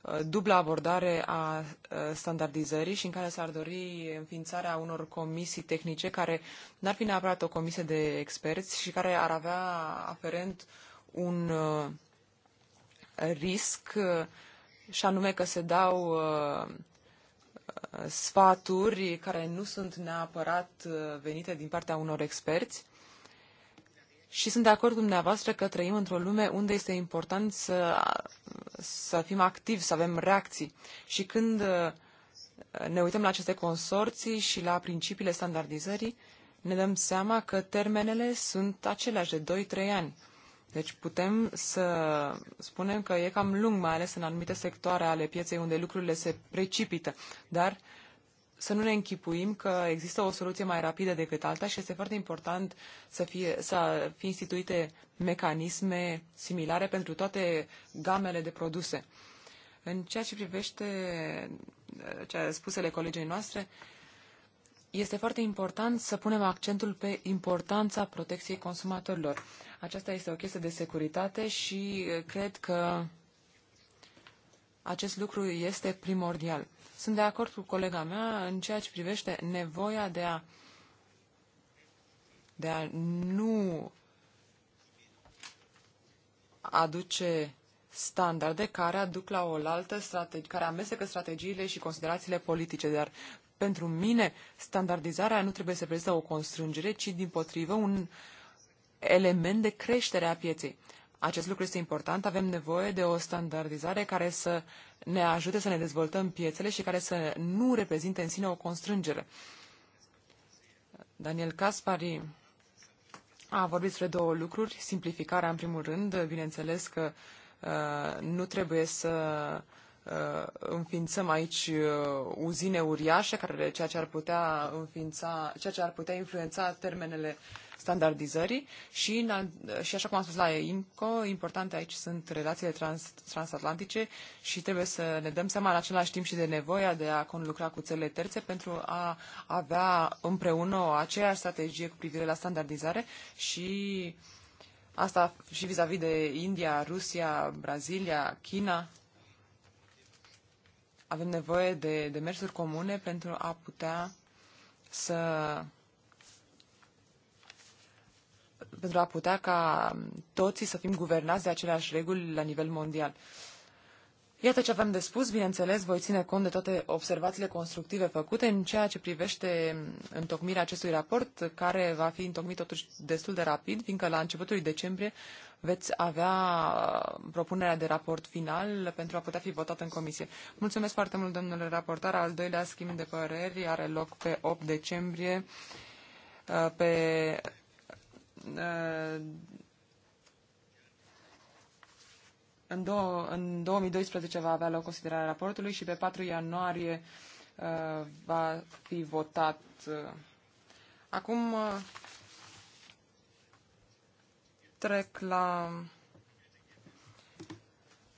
Uh, dubla abordare a uh, standardizării și în care s-ar dori înființarea unor comisii tehnice care n-ar fi neapărat o comisie de experți și care ar avea aferent un uh, risc și anume că se dau sfaturi care nu sunt neapărat venite din partea unor experți și sunt de acord cu dumneavoastră că trăim într-o lume unde este important să, să fim activi, să avem reacții. Și când uh, ne uităm la aceste consorții și la principiile standardizării, ne dăm seama că termenele sunt aceleași de 2-3 ani. Deci putem să spunem că e cam lung, mai ales în anumite sectoare ale pieței unde lucrurile se precipită, dar să nu ne închipuim că există o soluție mai rapidă decât alta și este foarte important să fie, să fie instituite mecanisme similare pentru toate gamele de produse. În ceea ce privește uh, ce spusele colegii noastre, este foarte important să punem accentul pe importanța protecției consumatorilor. Aceasta este o chestie de securitate și uh, cred că acest lucru este primordial. Sunt de acord cu colega mea în ceea ce privește nevoia de a, de a nu aduce standarde care aduc la o altă strategie, care amestecă strategiile și considerațiile politice, dar pentru mine standardizarea nu trebuie să prezintă o constrângere, ci din potrivă un element de creștere a pieței. Acest lucru este important. Avem nevoie de o standardizare care să ne ajute să ne dezvoltăm piețele și care să nu reprezinte în sine o constrângere. Daniel Caspari a vorbit despre două lucruri. Simplificarea, în primul rând, bineînțeles că uh, nu trebuie să uh, Uh, înființăm aici uh, uzine uriașe, care, ceea ce ar putea înființa, ceea ce ar putea influența termenele standardizării și, și așa cum am spus la IMCO, importante aici sunt relațiile trans, transatlantice și trebuie să ne dăm seama în același timp și de nevoia de a conlucra cu țările terțe pentru a avea împreună o aceeași strategie cu privire la standardizare și asta și vis a -vis de India, Rusia, Brazilia, China, avem nevoie de demersuri comune pentru a putea să pentru a putea ca toții să fim guvernați de aceleași reguli la nivel mondial. Uh, Iată ce avem de spus, bineînțeles, voi ține cont de toate observațiile constructive făcute în ceea ce privește întocmirea acestui raport, care va fi întocmit totuși destul de rapid, fiindcă la începutul decembrie veți avea uh, propunerea de raport final pentru a putea fi votat în comisie. Mulțumesc foarte mult, domnule raportar. Al doilea schimb de păreri are loc pe 8 decembrie uh, pe uh, în, două, în 2012 va avea loc considerarea raportului și pe 4 ianuarie uh, va fi votat. Uh. Acum uh, trec la...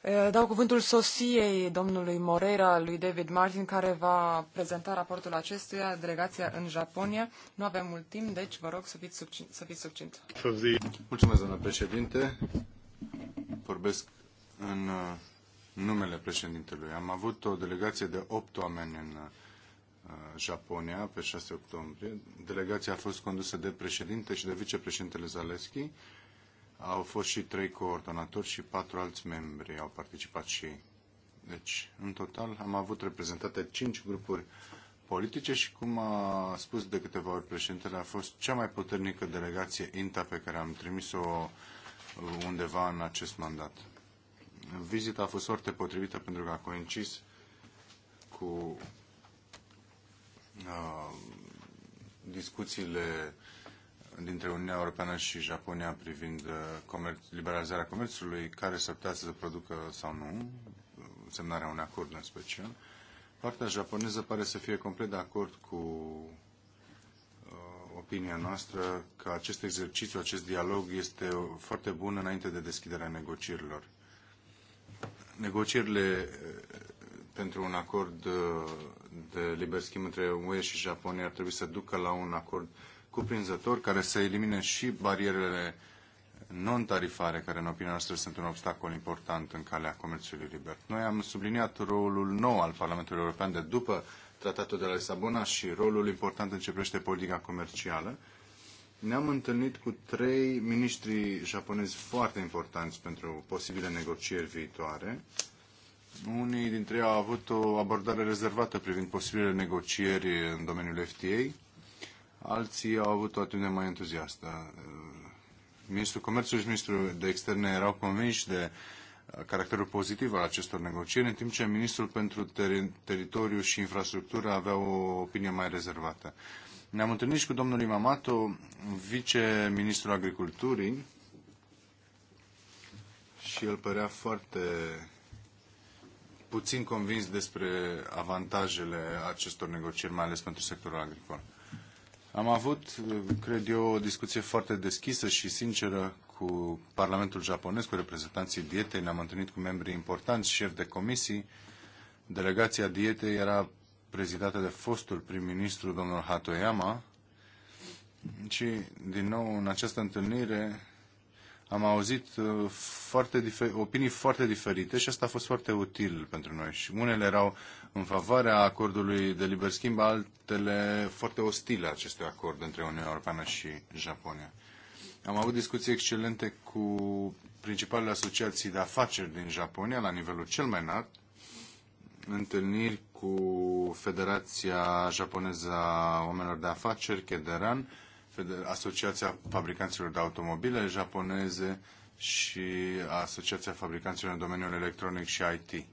Uh, dau cuvântul sosiei domnului Moreira, lui David Martin, care va prezenta raportul acestuia, delegația în Japonia. Nu avem mult timp, deci vă rog să fiți, subcin- să fiți succint. Mulțumesc, doamna președinte vorbesc în uh, numele președintelui. Am avut o delegație de 8 oameni în uh, Japonia pe 6 octombrie. Delegația a fost condusă de președinte și de vicepreședintele Zaleski. Au fost și trei coordonatori și patru alți membri au participat și ei. Deci, în total, am avut reprezentate cinci grupuri politice și, cum a spus de câteva ori președintele, a fost cea mai puternică delegație INTA pe care am trimis-o uh, undeva în acest mandat vizita a fost foarte potrivită pentru că a coincis cu uh, discuțiile dintre Uniunea Europeană și Japonia privind uh, comerț, liberalizarea comerțului, care s-ar putea să se producă sau nu, semnarea unui acord în special. Partea japoneză pare să fie complet de acord cu uh, opinia noastră că acest exercițiu, acest dialog este foarte bun înainte de deschiderea negocierilor negocierile eh, pentru un acord eh, de liber schimb între UE și Japonia ar trebui să ducă la un acord cuprinzător care să elimine și barierele non-tarifare, care în opinia noastră sunt un obstacol important în calea comerțului liber. Noi am subliniat rolul nou al Parlamentului European de după Tratatul de la Lisabona și rolul important în ce privește politica comercială ne-am întâlnit cu trei miniștri japonezi foarte importanți pentru posibile negocieri viitoare. Unii dintre ei au avut o abordare rezervată privind posibile negocieri în domeniul FTA, alții au avut o atitudine mai entuziastă. Ministrul Comerțului și Ministrul de Externe erau convinși de caracterul pozitiv al acestor negocieri, în timp ce Ministrul pentru Teritoriu și Infrastructură avea o opinie mai rezervată. Ne-am întâlnit și cu domnul Imamato, viceministrul agriculturii, și el părea foarte puțin convins despre avantajele acestor negocieri, mai ales pentru sectorul agricol. Am avut, cred eu, o discuție foarte deschisă și sinceră cu Parlamentul japonez, cu reprezentanții dietei, ne-am întâlnit cu membrii importanți, șef de comisii. Delegația dietei era prezidată de fostul prim-ministru, domnul Hatoyama, și, din nou, în această întâlnire am auzit uh, foarte opinii foarte diferite și asta a fost foarte util pentru noi. Și unele erau în favoarea acordului de liber schimb, altele foarte ostile acestui acord între Uniunea Europeană și Japonia. Am avut discuții excelente cu principalele asociații de afaceri din Japonia la nivelul cel mai înalt, întâlniri cu Federația Japoneză a Oamenilor de Afaceri, Kederan, Asociația Fabricanților de Automobile Japoneze și Asociația Fabricanților în domeniul electronic și IT.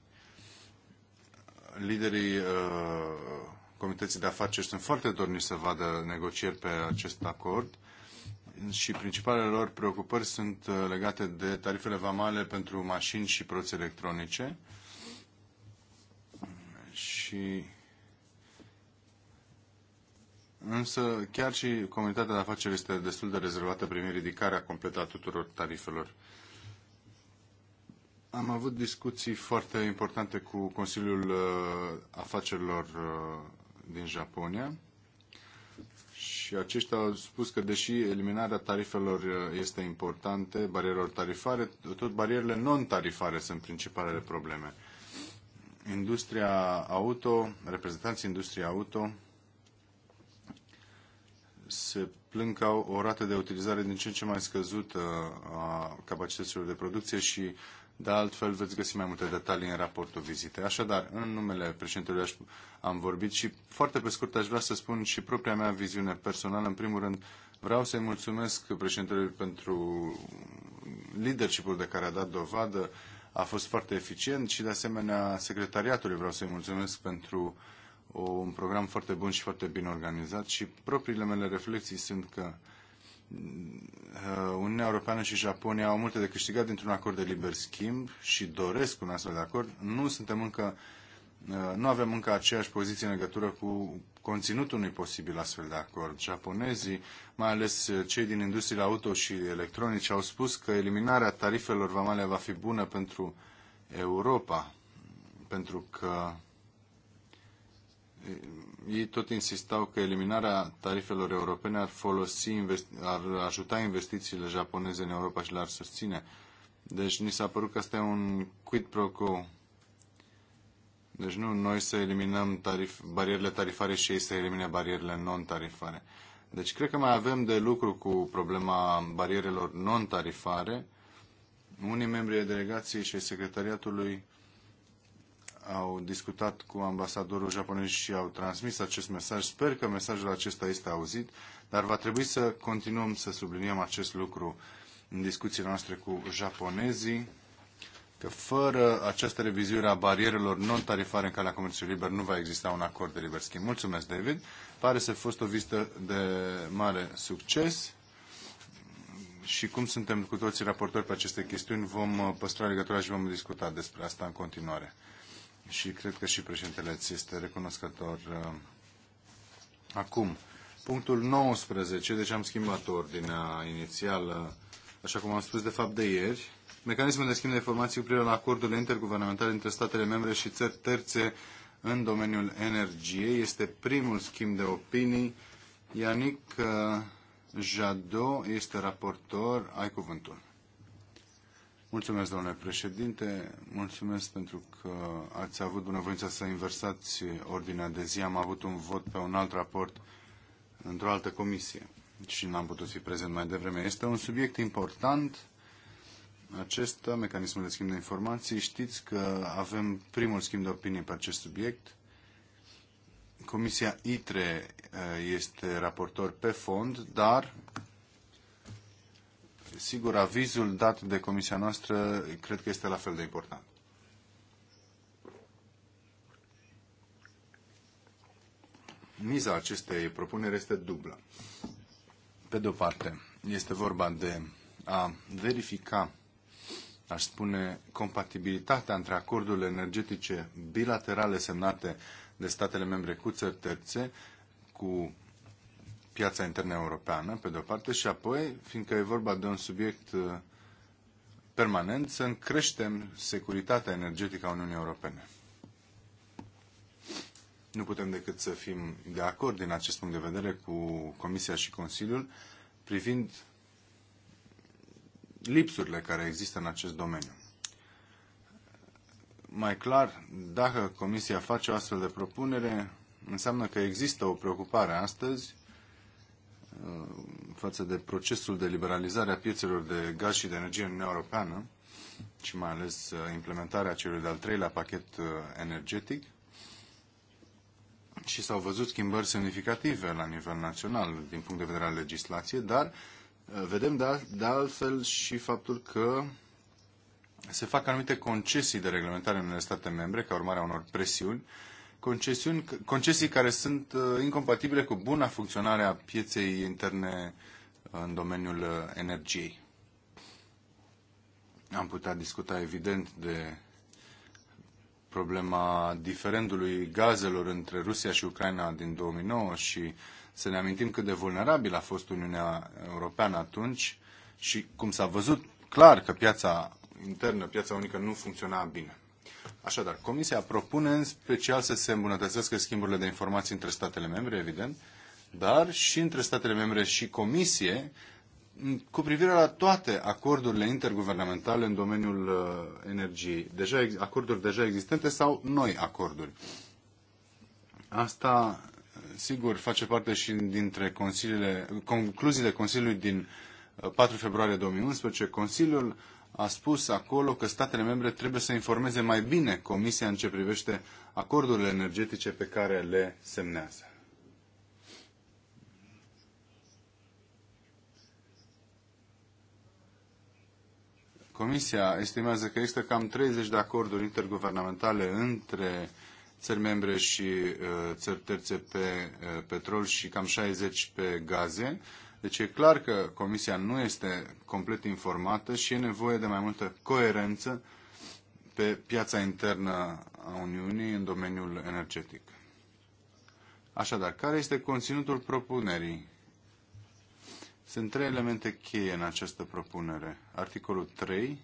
Liderii uh, Comității de Afaceri sunt foarte dorniți să vadă negocieri pe acest acord și principalele lor preocupări sunt uh, legate de tarifele vamale pentru mașini și proți electronice, și Însă chiar și comunitatea de afaceri este destul de rezervată prin ridicarea completă a tuturor tarifelor. Am avut discuții foarte importante cu Consiliul uh, Afacerilor uh, din Japonia și aceștia au spus că deși eliminarea tarifelor uh, este importantă, barierelor tarifare, tot barierele non-tarifare sunt principalele probleme industria auto, reprezentanții industriei auto se plâng că au o rată de utilizare din ce în ce mai scăzută a capacităților de producție și de altfel veți găsi mai multe detalii în raportul vizitei. Așadar, în numele președintelui am vorbit și foarte pe scurt aș vrea să spun și propria mea viziune personală. În primul rând, vreau să-i mulțumesc președintelui pentru leadership-ul de care a dat dovadă a fost foarte eficient și de asemenea secretariatului vreau să-i mulțumesc pentru un program foarte bun și foarte bine organizat și propriile mele reflexii sunt că uh, Uniunea Europeană și Japonia au multe de câștigat dintr-un acord de liber schimb și doresc un astfel de acord. Nu suntem încă uh, Uh, nu avem încă aceeași poziție în legătură cu conținutul unui posibil astfel de acord. Japonezii, mai ales uh, cei din industriile auto și electronice, au spus că eliminarea tarifelor vamale va fi bună pentru Europa, pentru că uh, ei tot insistau că eliminarea tarifelor europene ar folosi, ar ajuta investițiile japoneze în Europa și le-ar susține. Deci ni s-a părut că asta e un quid pro quo deci nu noi să eliminăm tarif, barierele tarifare și ei să elimine barierele non-tarifare. Deci cred că mai avem de lucru cu problema barierelor non-tarifare. Unii membri ai delegației și ai secretariatului au discutat cu ambasadorul japonez și au transmis acest mesaj. Sper că mesajul acesta este auzit, dar va trebui să continuăm să subliniem acest lucru în discuțiile noastre cu japonezii că fără această revizuire a barierelor non-tarifare în calea comerțului liber nu va exista un acord de liber schimb. Mulțumesc, David. Pare să a fost o vizită de mare succes și cum suntem cu toții raportori pe aceste chestiuni, vom uh, păstra legătura și vom discuta despre asta în continuare. Și cred că și președintele ți este recunoscător uh, acum. Punctul 19, deci am schimbat ordinea inițială, așa cum am spus de fapt de ieri, mecanismul de schimb de informații cu privire la acordurile interguvernamentale între statele membre și țări terțe în domeniul energiei. Este primul schimb de opinii. Ianic uh, Jadot este raportor. Ai cuvântul. Mulțumesc, domnule președinte. Mulțumesc pentru că ați avut bunăvoința să inversați ordinea de zi. Am avut un vot pe un alt raport într-o altă comisie și n-am putut fi prezent mai devreme. Este un subiect important acesta, mecanismul de schimb de informații. Știți că avem primul schimb de opinie pe acest subiect. Comisia ITRE eh, este raportor pe fond, dar sigur avizul dat de comisia noastră cred că este la fel de important. Miza acestei propuneri este dublă. Pe de o parte, este vorba de a verifica aș spune, compatibilitatea între acordurile energetice bilaterale semnate de statele membre cu țări terțe, cu piața internă europeană, pe de-o parte, și apoi, fiindcă e vorba de un subiect uh, permanent, să creștem securitatea energetică a Uniunii Europene. Nu putem decât să fim de acord din acest punct de vedere cu Comisia și Consiliul privind lipsurile care există în acest domeniu. Mai clar, dacă Comisia face o astfel de propunere, înseamnă că există o preocupare astăzi uh, față de procesul de liberalizare a piețelor de gaz și de energie în Uniunea Europeană și mai ales uh, implementarea celui de-al treilea pachet uh, energetic și s-au văzut schimbări semnificative la nivel național din punct de vedere al legislației, dar Uh, vedem de, de altfel și faptul că se fac anumite concesii de reglementare în unele state membre ca urmare a unor presiuni, concesiuni, concesii care sunt uh, incompatibile cu buna funcționare a pieței interne uh, în domeniul energiei. Am putea discuta evident de problema diferendului gazelor între Rusia și Ucraina din 2009 și să ne amintim cât de vulnerabil a fost Uniunea Europeană atunci și cum s-a văzut clar că piața internă, piața unică nu funcționa bine. Așadar, Comisia propune în special să se îmbunătățească schimburile de informații între statele membre, evident, dar și între statele membre și Comisie cu privire la toate acordurile interguvernamentale în domeniul uh, energiei, deja, acorduri deja existente sau noi acorduri. Asta sigur, face parte și dintre consiliile, concluziile Consiliului din 4 uh, februarie 2011. Consiliul a spus acolo că statele membre trebuie să informeze mai bine Comisia în ce privește acordurile energetice pe care le semnează. Comisia estimează că există cam 30 de acorduri interguvernamentale între țări membre și uh, țări terțe pe uh, petrol și cam 60 pe gaze. Deci e clar că Comisia nu este complet informată și e nevoie de mai multă coerență pe piața internă a Uniunii în domeniul energetic. Așadar, care este conținutul propunerii? Sunt trei elemente cheie în această propunere. Articolul 3,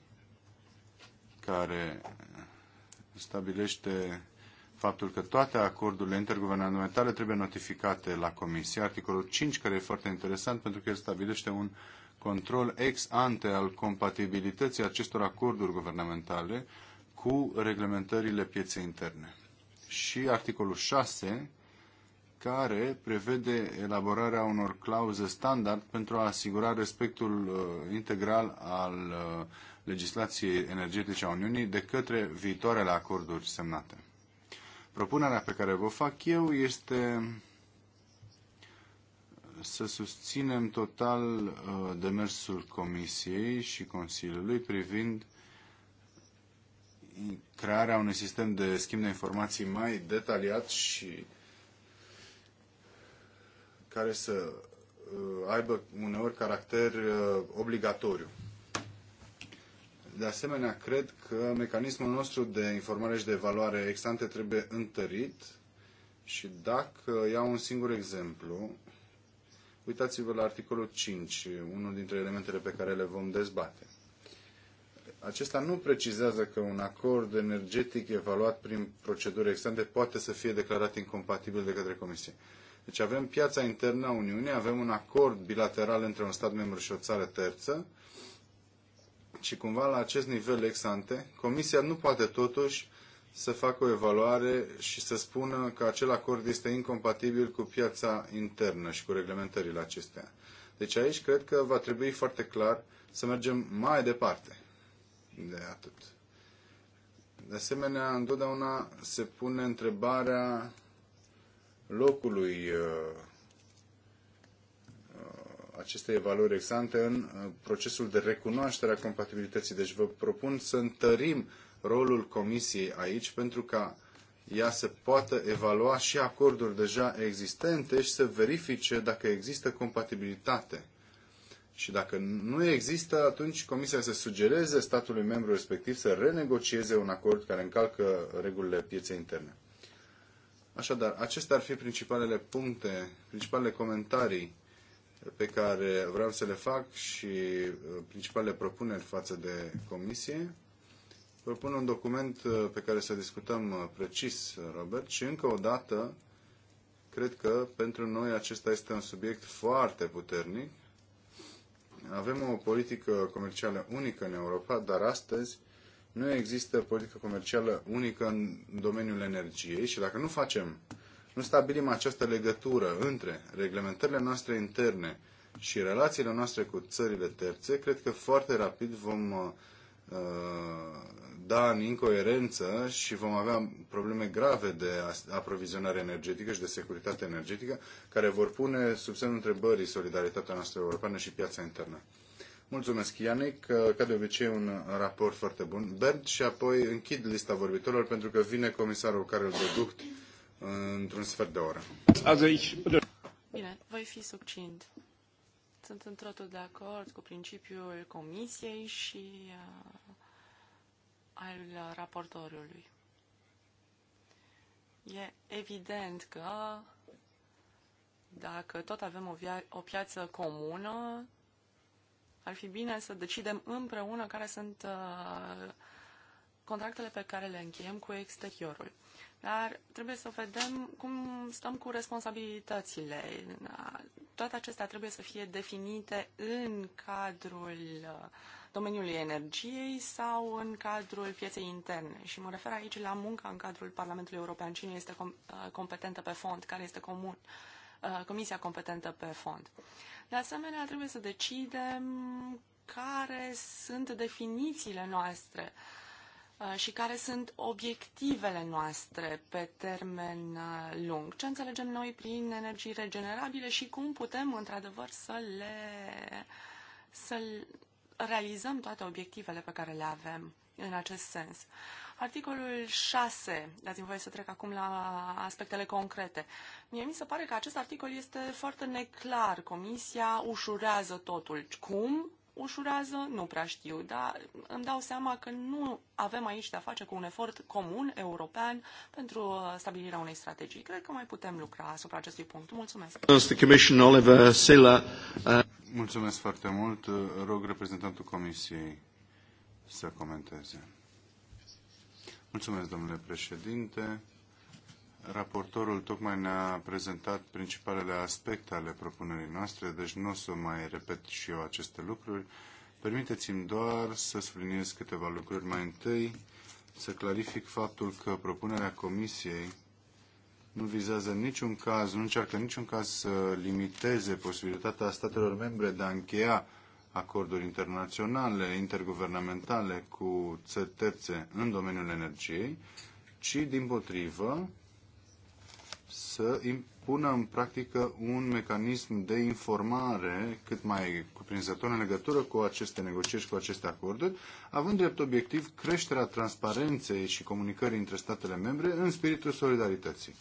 care stabilește faptul că toate acordurile interguvernamentale trebuie notificate la Comisie. Articolul 5, care e foarte interesant pentru că el stabilește un control ex ante al compatibilității acestor acorduri guvernamentale cu reglementările pieței interne. Și articolul 6, care prevede elaborarea unor clauze standard pentru a asigura respectul uh, integral al uh, legislației energetice a Uniunii de către viitoarele acorduri semnate. Propunerea pe care vă fac eu este să susținem total uh, demersul Comisiei și Consiliului privind crearea unui sistem de schimb de informații mai detaliat și care să uh, aibă uneori caracter uh, obligatoriu. De asemenea, cred că mecanismul nostru de informare și de evaluare extante trebuie întărit și dacă iau un singur exemplu, uitați-vă la articolul 5, unul dintre elementele pe care le vom dezbate. Acesta nu precizează că un acord energetic evaluat prin proceduri externe poate să fie declarat incompatibil de către Comisie. Deci avem piața internă a Uniunii, avem un acord bilateral între un stat membru și o țară terță, și cumva la acest nivel ex ante, Comisia nu poate totuși să facă o evaluare și să spună că acel acord este incompatibil cu piața internă și cu reglementările acestea. Deci aici cred că va trebui foarte clar să mergem mai departe de atât. De asemenea, întotdeauna se pune întrebarea locului uh, aceste evaluări exante în uh, procesul de recunoaștere a compatibilității. Deci vă propun să întărim rolul Comisiei aici pentru ca ea să poată evalua și acorduri deja existente și să verifice dacă există compatibilitate. Și dacă nu există, atunci Comisia să sugereze statului membru respectiv să renegocieze un acord care încalcă regulile pieței interne. Așadar, acestea ar fi principalele puncte, principalele comentarii pe care vreau să le fac și uh, principalele propuneri față de comisie. Propun un document uh, pe care să discutăm uh, precis, Robert, și încă o dată cred că pentru noi acesta este un subiect foarte puternic. Avem o politică comercială unică în Europa, dar astăzi nu există politică comercială unică în domeniul energiei și dacă nu facem uh, nu stabilim această legătură între reglementările noastre interne și relațiile noastre cu țările terțe, cred că foarte rapid vom uh, da în incoerență și vom avea probleme grave de aprovizionare energetică și de securitate energetică, care vor pune sub semnul întrebării solidaritatea noastră europeană și piața internă. Mulțumesc, Ianic. Ca de obicei, un raport foarte bun. Bert și apoi închid lista vorbitorilor pentru că vine comisarul Carol de Ducht într-un sfert de oră. Bine, voi fi succint. Sunt într totul de acord cu principiul comisiei și uh, al raportorului. E evident că dacă tot avem o, via- o piață comună, ar fi bine să decidem împreună care sunt uh, contractele pe care le încheiem cu exteriorul. Dar trebuie să vedem cum stăm cu responsabilitățile. Toate acestea trebuie să fie definite în cadrul uh, domeniului energiei sau în cadrul pieței interne. Și mă refer aici la munca în cadrul Parlamentului European. Cine este uh, competentă pe fond? Care este comun? Uh, comisia competentă pe fond. De asemenea, trebuie să decidem care sunt definițiile noastre uh, Uh, și care sunt obiectivele noastre pe termen uh, lung. Ce înțelegem noi prin energii regenerabile și cum putem, într-adevăr, să le să realizăm toate obiectivele pe care le avem în acest sens. Articolul 6, dați-mi voie să trec acum la aspectele concrete. Mie mi se pare că acest articol este foarte neclar. Comisia ușurează totul. Cum? ușurează, nu prea știu, dar îmi dau seama că nu avem aici de-a face cu un efort comun european pentru uh, stabilirea unei strategii. Cred că mai putem lucra asupra acestui punct. Mulțumesc. Uh, Mulțumesc foarte mult. Uh, rog reprezentantul Comisiei să comenteze. Mulțumesc, domnule președinte. Raportorul tocmai ne-a prezentat principalele aspecte ale propunerii noastre, deci nu o să mai repet și eu aceste lucruri. Permiteți-mi doar să subliniez câteva lucruri. Mai întâi, să clarific faptul că propunerea Comisiei nu vizează niciun caz, nu încearcă niciun caz să limiteze posibilitatea statelor membre de a încheia acorduri internaționale, interguvernamentale cu țări terțe în domeniul energiei, ci, din potrivă, să impună în practică un mecanism de informare cât mai cuprinzător în legătură cu aceste negocieri și cu aceste acorduri, având drept obiectiv creșterea transparenței și comunicării între statele membre în spiritul solidarității.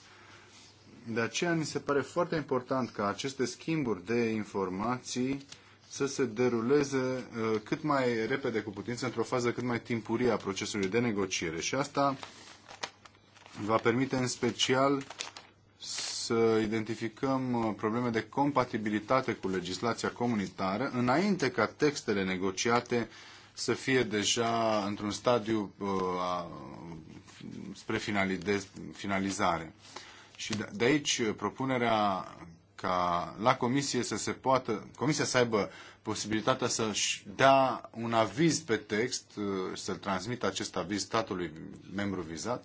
De aceea mi se pare foarte important ca aceste schimburi de informații să se deruleze uh, cât mai repede cu putință, într-o fază cât mai timpurie a procesului de negociere. Și asta va permite în special să identificăm uh, probleme de compatibilitate cu legislația comunitară înainte ca textele negociate să fie deja într-un stadiu uh, spre finalizare. Și de aici uh, propunerea ca la comisie să se poată, comisia să aibă posibilitatea să-și dea un aviz pe text, uh, să-l transmită acest aviz statului membru vizat.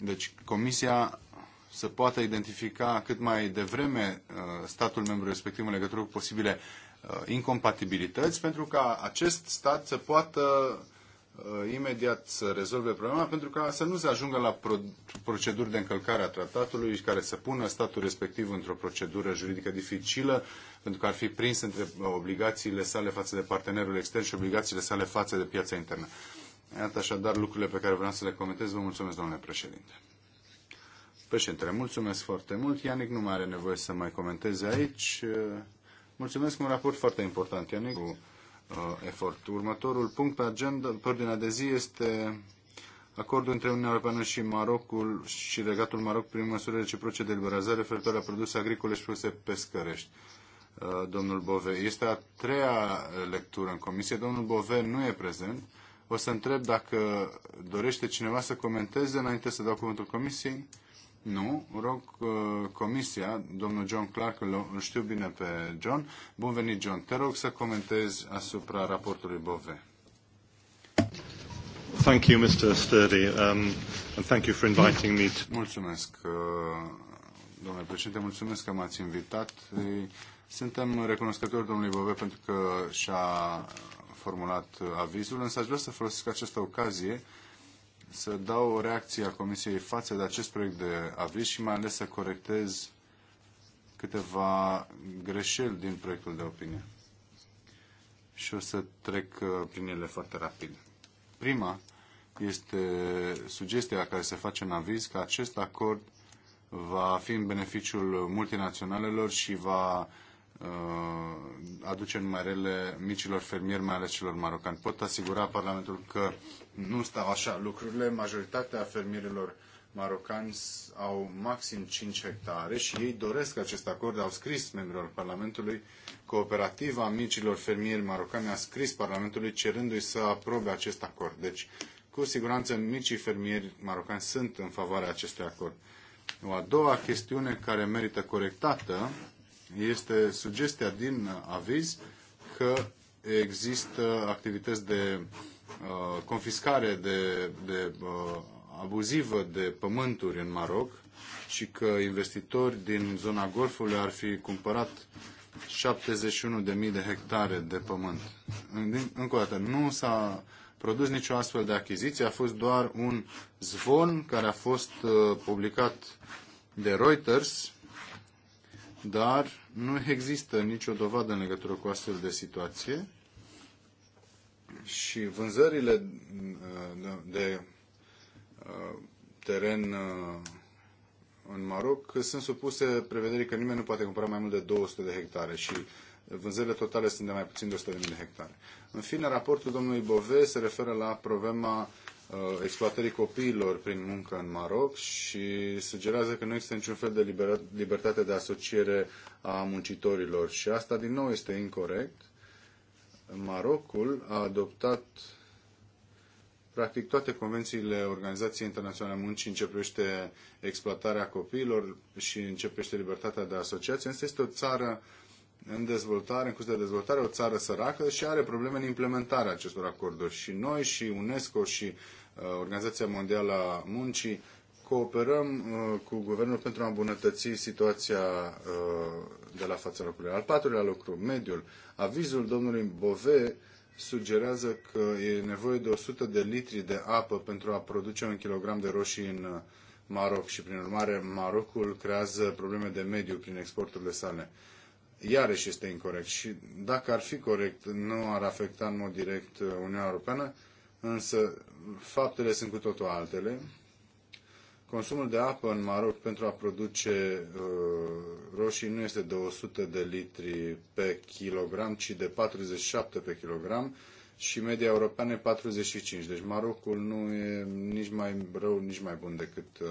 Deci comisia să poată identifica cât mai devreme uh, statul membru respectiv în legătură cu posibile uh, incompatibilități, pentru ca acest stat să poată uh, imediat să rezolve problema, pentru ca să nu se ajungă la proceduri de încălcare a tratatului care să pună statul respectiv într-o procedură juridică dificilă, pentru că ar fi prins între obligațiile sale față de partenerul extern și obligațiile sale față de piața internă. Iată așadar lucrurile pe care vreau să le comentez. Vă mulțumesc, domnule președinte. Președintele, mulțumesc foarte mult. Ianic nu mai are nevoie să mai comenteze aici. Eh, mulțumesc, un raport foarte important, Ianic, cu eh, efort. Următorul punct pe agenda, pe ordinea de zi, este acordul între Uniunea Europeană și Marocul și legatul Maroc prin măsuri reciproce de liberalizare referitor la produse agricole și produse pescărești. Eh, domnul Bove, este a treia lectură în comisie. Domnul Bove nu e prezent. O să întreb dacă dorește cineva să comenteze înainte să dau cuvântul comisiei. Nu, rog uh, comisia, domnul John Clark, îl știu bine pe John. Bun venit, John. Te rog să comentezi asupra raportului Bove. Thank you, Mr. Sturdy, um, and thank you for inviting me. To... Mulțumesc, uh, domnule președinte, mulțumesc că m-ați invitat. Suntem recunoscători domnului Bove pentru că și-a formulat avizul, însă aș vrea să folosesc această ocazie uh, să dau o reacție a Comisiei față de acest proiect de aviz și mai ales să corectez câteva greșeli din proiectul de opinie. Și o să trec uh, prin ele foarte rapid. Prima este sugestia care se face în aviz că acest acord va fi în beneficiul multinaționalelor și va Uh, aduce numai micilor fermieri, mai ales celor marocani. Pot asigura Parlamentul că nu stau așa lucrurile. Majoritatea fermierilor marocani au maxim 5 hectare și ei doresc acest acord, au scris membrilor Parlamentului. Cooperativa micilor fermieri marocani a scris Parlamentului cerându-i să aprobe acest acord. Deci, cu siguranță, micii fermieri marocani sunt în favoarea acestui acord. O a doua chestiune care merită corectată este sugestia din aviz că există activități de uh, confiscare de, de uh, abuzivă de pământuri în Maroc și că investitori din zona Golfului ar fi cumpărat 71.000 de hectare de pământ. Încă o dată, nu s-a produs nicio astfel de achiziție, a fost doar un zvon care a fost uh, publicat de Reuters dar nu există nicio dovadă în legătură cu astfel de situație și vânzările uh, de uh, teren uh, în Maroc sunt supuse prevederii că nimeni nu poate cumpăra mai mult de 200 de hectare și vânzările totale sunt de mai puțin de 100.000 de hectare. În fine, raportul domnului Bove se referă la problema Uh, exploatării copiilor prin muncă în Maroc și sugerează că nu există niciun fel de libertate de asociere a muncitorilor. Și asta, din nou, este incorrect. Marocul a adoptat practic toate convențiile Organizației Internaționale a Muncii începește exploatarea copiilor și începește libertatea de asociație, însă este o țară în dezvoltare, în curs de dezvoltare, o țară săracă și are probleme în implementarea acestor acorduri. Și noi și UNESCO și Uh, Organizația Mondială a Muncii, cooperăm uh, cu guvernul pentru a îmbunătăți situația uh, de la fața locului. Al patrulea lucru, mediul. Avizul domnului Bove sugerează că e nevoie de 100 de litri de apă pentru a produce un kilogram de roșii în Maroc și, prin urmare, Marocul creează probleme de mediu prin exporturile sale. Iarăși este incorrect și, dacă ar fi corect, nu ar afecta în mod direct Uniunea Europeană, însă faptele sunt cu totul altele. Consumul de apă în Maroc pentru a produce uh, roșii nu este de 100 de litri pe kilogram, ci de 47 pe kilogram și media europeană e 45. Deci Marocul nu e nici mai rău, nici mai bun decât uh,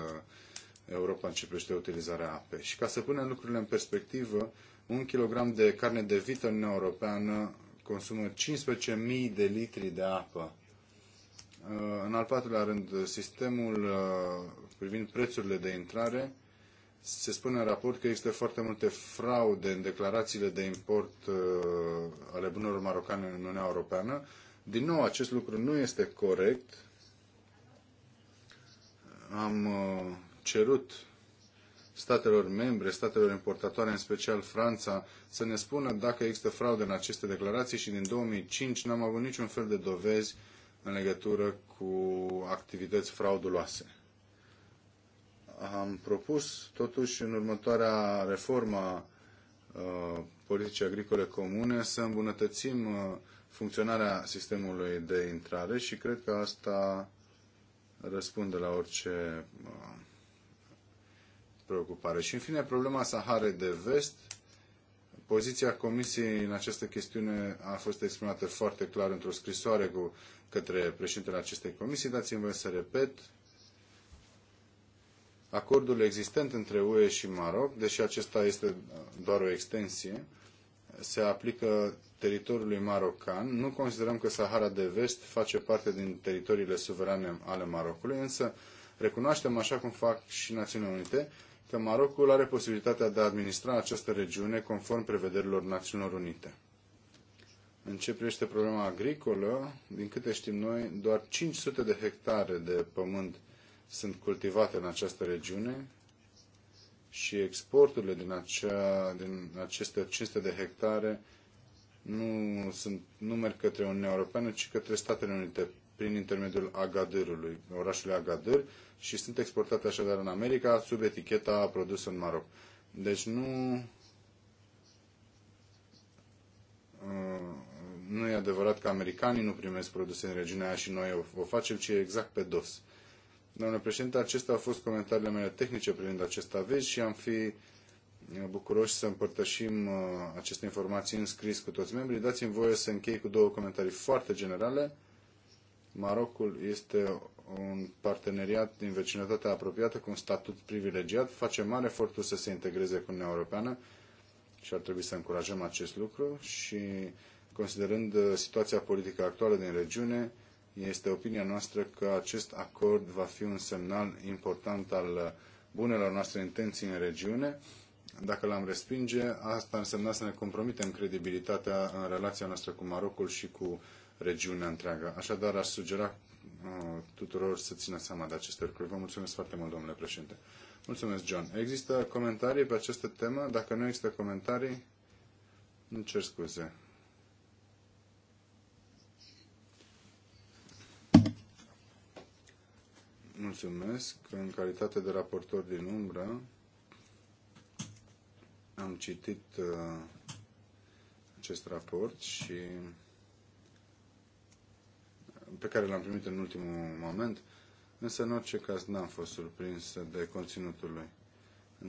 Europa începește utilizarea apei. Și ca să punem lucrurile în perspectivă, un kilogram de carne de vită în Uniunea Europeană consumă 15.000 de litri de apă Uh, în al patrulea rând, uh, sistemul uh, privind prețurile de intrare, se spune în raport că există foarte multe fraude în declarațiile de import ale bunurilor marocane în Uniunea Europeană. Din nou, acest lucru nu este corect. Am cerut statelor membre, statelor importatoare, în special Franța, să ne spună dacă există fraude în aceste declarații și din 2005 n-am avut niciun fel de dovezi uh, în legătură cu activități frauduloase. Am propus, totuși, în următoarea reformă a uh, politicii agricole comune să îmbunătățim uh, funcționarea sistemului de intrare și cred că asta răspunde la orice uh, preocupare. Și, în fine, problema Saharei de Vest Poziția Comisiei în această chestiune a fost exprimată foarte clar într-o scrisoare cu către președintele acestei comisii. Dați-mi voie să repet. Acordul existent între UE și Maroc, deși acesta este doar o extensie, se aplică teritoriului marocan. Nu considerăm că Sahara de Vest face parte din teritoriile suverane ale Marocului, însă recunoaștem, așa cum fac și Națiunile Unite, că Marocul are posibilitatea de a administra această regiune conform prevederilor Națiunilor Unite. În ce privește problema agricolă, din câte știm noi, doar 500 de hectare de pământ sunt cultivate în această regiune și exporturile din, acea, din aceste 500 de hectare nu, sunt, nu merg către Uniunea Europeană, ci către Statele Unite prin intermediul Agadirului, orașului Agadir, și sunt exportate așadar în America sub eticheta produs în Maroc. Deci nu uh, nu e adevărat că americanii nu primesc produse în regiunea aia și noi o facem, ci exact pe dos. Domnule președinte, acestea au fost comentariile mele tehnice privind acest aviz și am fi uh, bucuroși să împărtășim uh, aceste informații în scris cu toți membrii. Dați-mi voie să închei cu două comentarii foarte generale. Marocul este un parteneriat din vecinătatea apropiată cu un statut privilegiat, face mare eforturi să se integreze cu Uniunea Europeană și ar trebui să încurajăm acest lucru și considerând uh, situația politică actuală din regiune, este opinia noastră că acest acord va fi un semnal important al uh, bunelor noastre intenții în regiune. Dacă l-am respinge, asta însemna să ne compromitem credibilitatea în relația noastră cu Marocul și cu regiunea întreagă. Așadar, aș sugera uh, tuturor să țină seama de aceste lucruri. Vă mulțumesc foarte mult, domnule președinte. Mulțumesc, John. Există comentarii pe această temă? Dacă nu există comentarii, nu cer scuze. Mulțumesc. În calitate de raportor din umbră, am citit uh, acest raport și pe care l-am primit în ultimul moment, însă în orice caz n-am fost surprins de conținutul lui.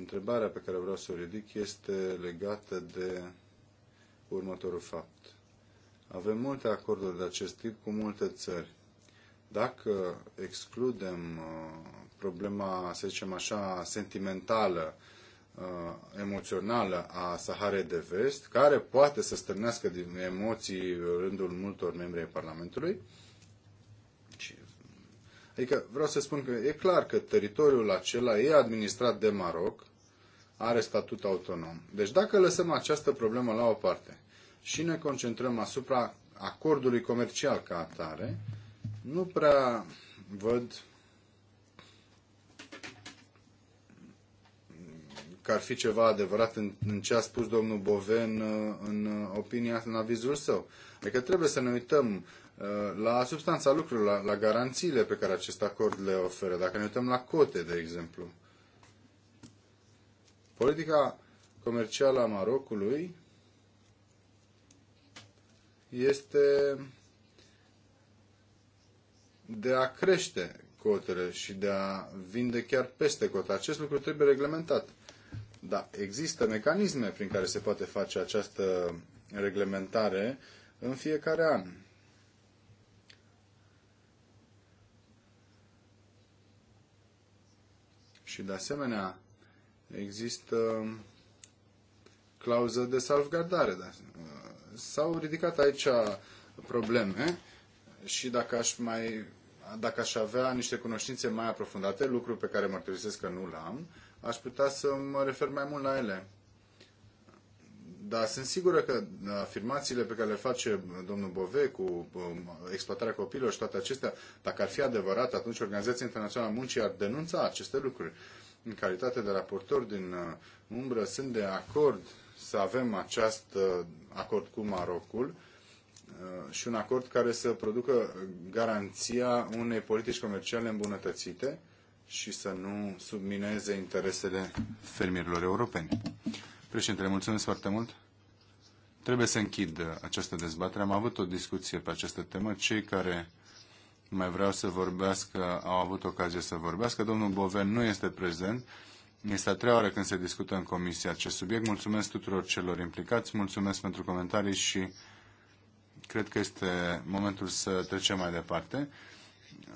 Întrebarea pe care vreau să o ridic este legată de următorul fapt. Avem multe acorduri de acest tip cu multe țări. Dacă excludem uh, problema, să zicem așa, sentimentală, uh, emoțională a Saharei de Vest, care poate să stârnească din emoții rândul multor membri ai Parlamentului, Adică vreau să spun că e clar că teritoriul acela e administrat de Maroc, are statut autonom. Deci dacă lăsăm această problemă la o parte și ne concentrăm asupra acordului comercial ca atare, nu prea văd că ar fi ceva adevărat în, în ce a spus domnul Boven în, în opinia, în avizul său. Adică trebuie să ne uităm Uh, la substanța lucrurilor, la, la garanțiile pe care acest acord le oferă. Dacă ne uităm la cote, de exemplu, politica comercială a Marocului este de a crește cotele și de a vinde chiar peste cote. Acest lucru trebuie reglementat. Da, există mecanisme prin care se poate face această reglementare în fiecare an. Și de asemenea, există clauză de salvgardare. Da. S-au ridicat aici probleme și dacă aș mai dacă aș avea niște cunoștințe mai aprofundate, lucruri pe care mărturisesc că nu l-am, aș putea să mă refer mai mult la ele. Dar sunt sigură că da, afirmațiile pe care le face domnul Bove cu um, exploatarea copiilor și toate acestea, dacă ar fi adevărate, atunci Organizația Internațională a Muncii ar denunța aceste lucruri. În calitate de raportor din uh, umbră, sunt de acord să avem acest uh, acord cu Marocul uh, și un acord care să producă garanția unei politici comerciale îmbunătățite și să nu submineze interesele fermierilor europeni. Președintele, mulțumesc foarte mult. Trebuie să închid uh, această dezbatere. Am avut o discuție pe această temă. Cei care mai vreau să vorbească au avut ocazie să vorbească. Domnul Boven nu este prezent. Este a treia oară când se discută în comisie acest subiect. Mulțumesc tuturor celor implicați, mulțumesc pentru comentarii și cred că este momentul să trecem mai departe.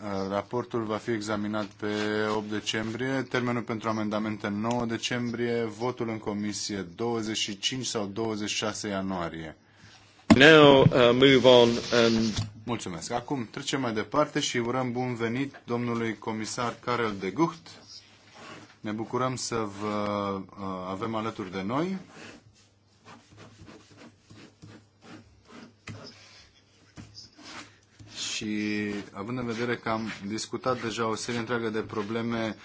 Uh, raportul va fi examinat pe 8 decembrie, termenul pentru amendamente 9 decembrie, votul în comisie 25 sau 26 ianuarie. Now, uh, move on and... Mulțumesc. Acum trecem mai departe și urăm bun venit domnului comisar Karel de Gucht. Ne bucurăm să vă uh, avem alături de noi. și având în vedere că am discutat deja o serie întreagă de probleme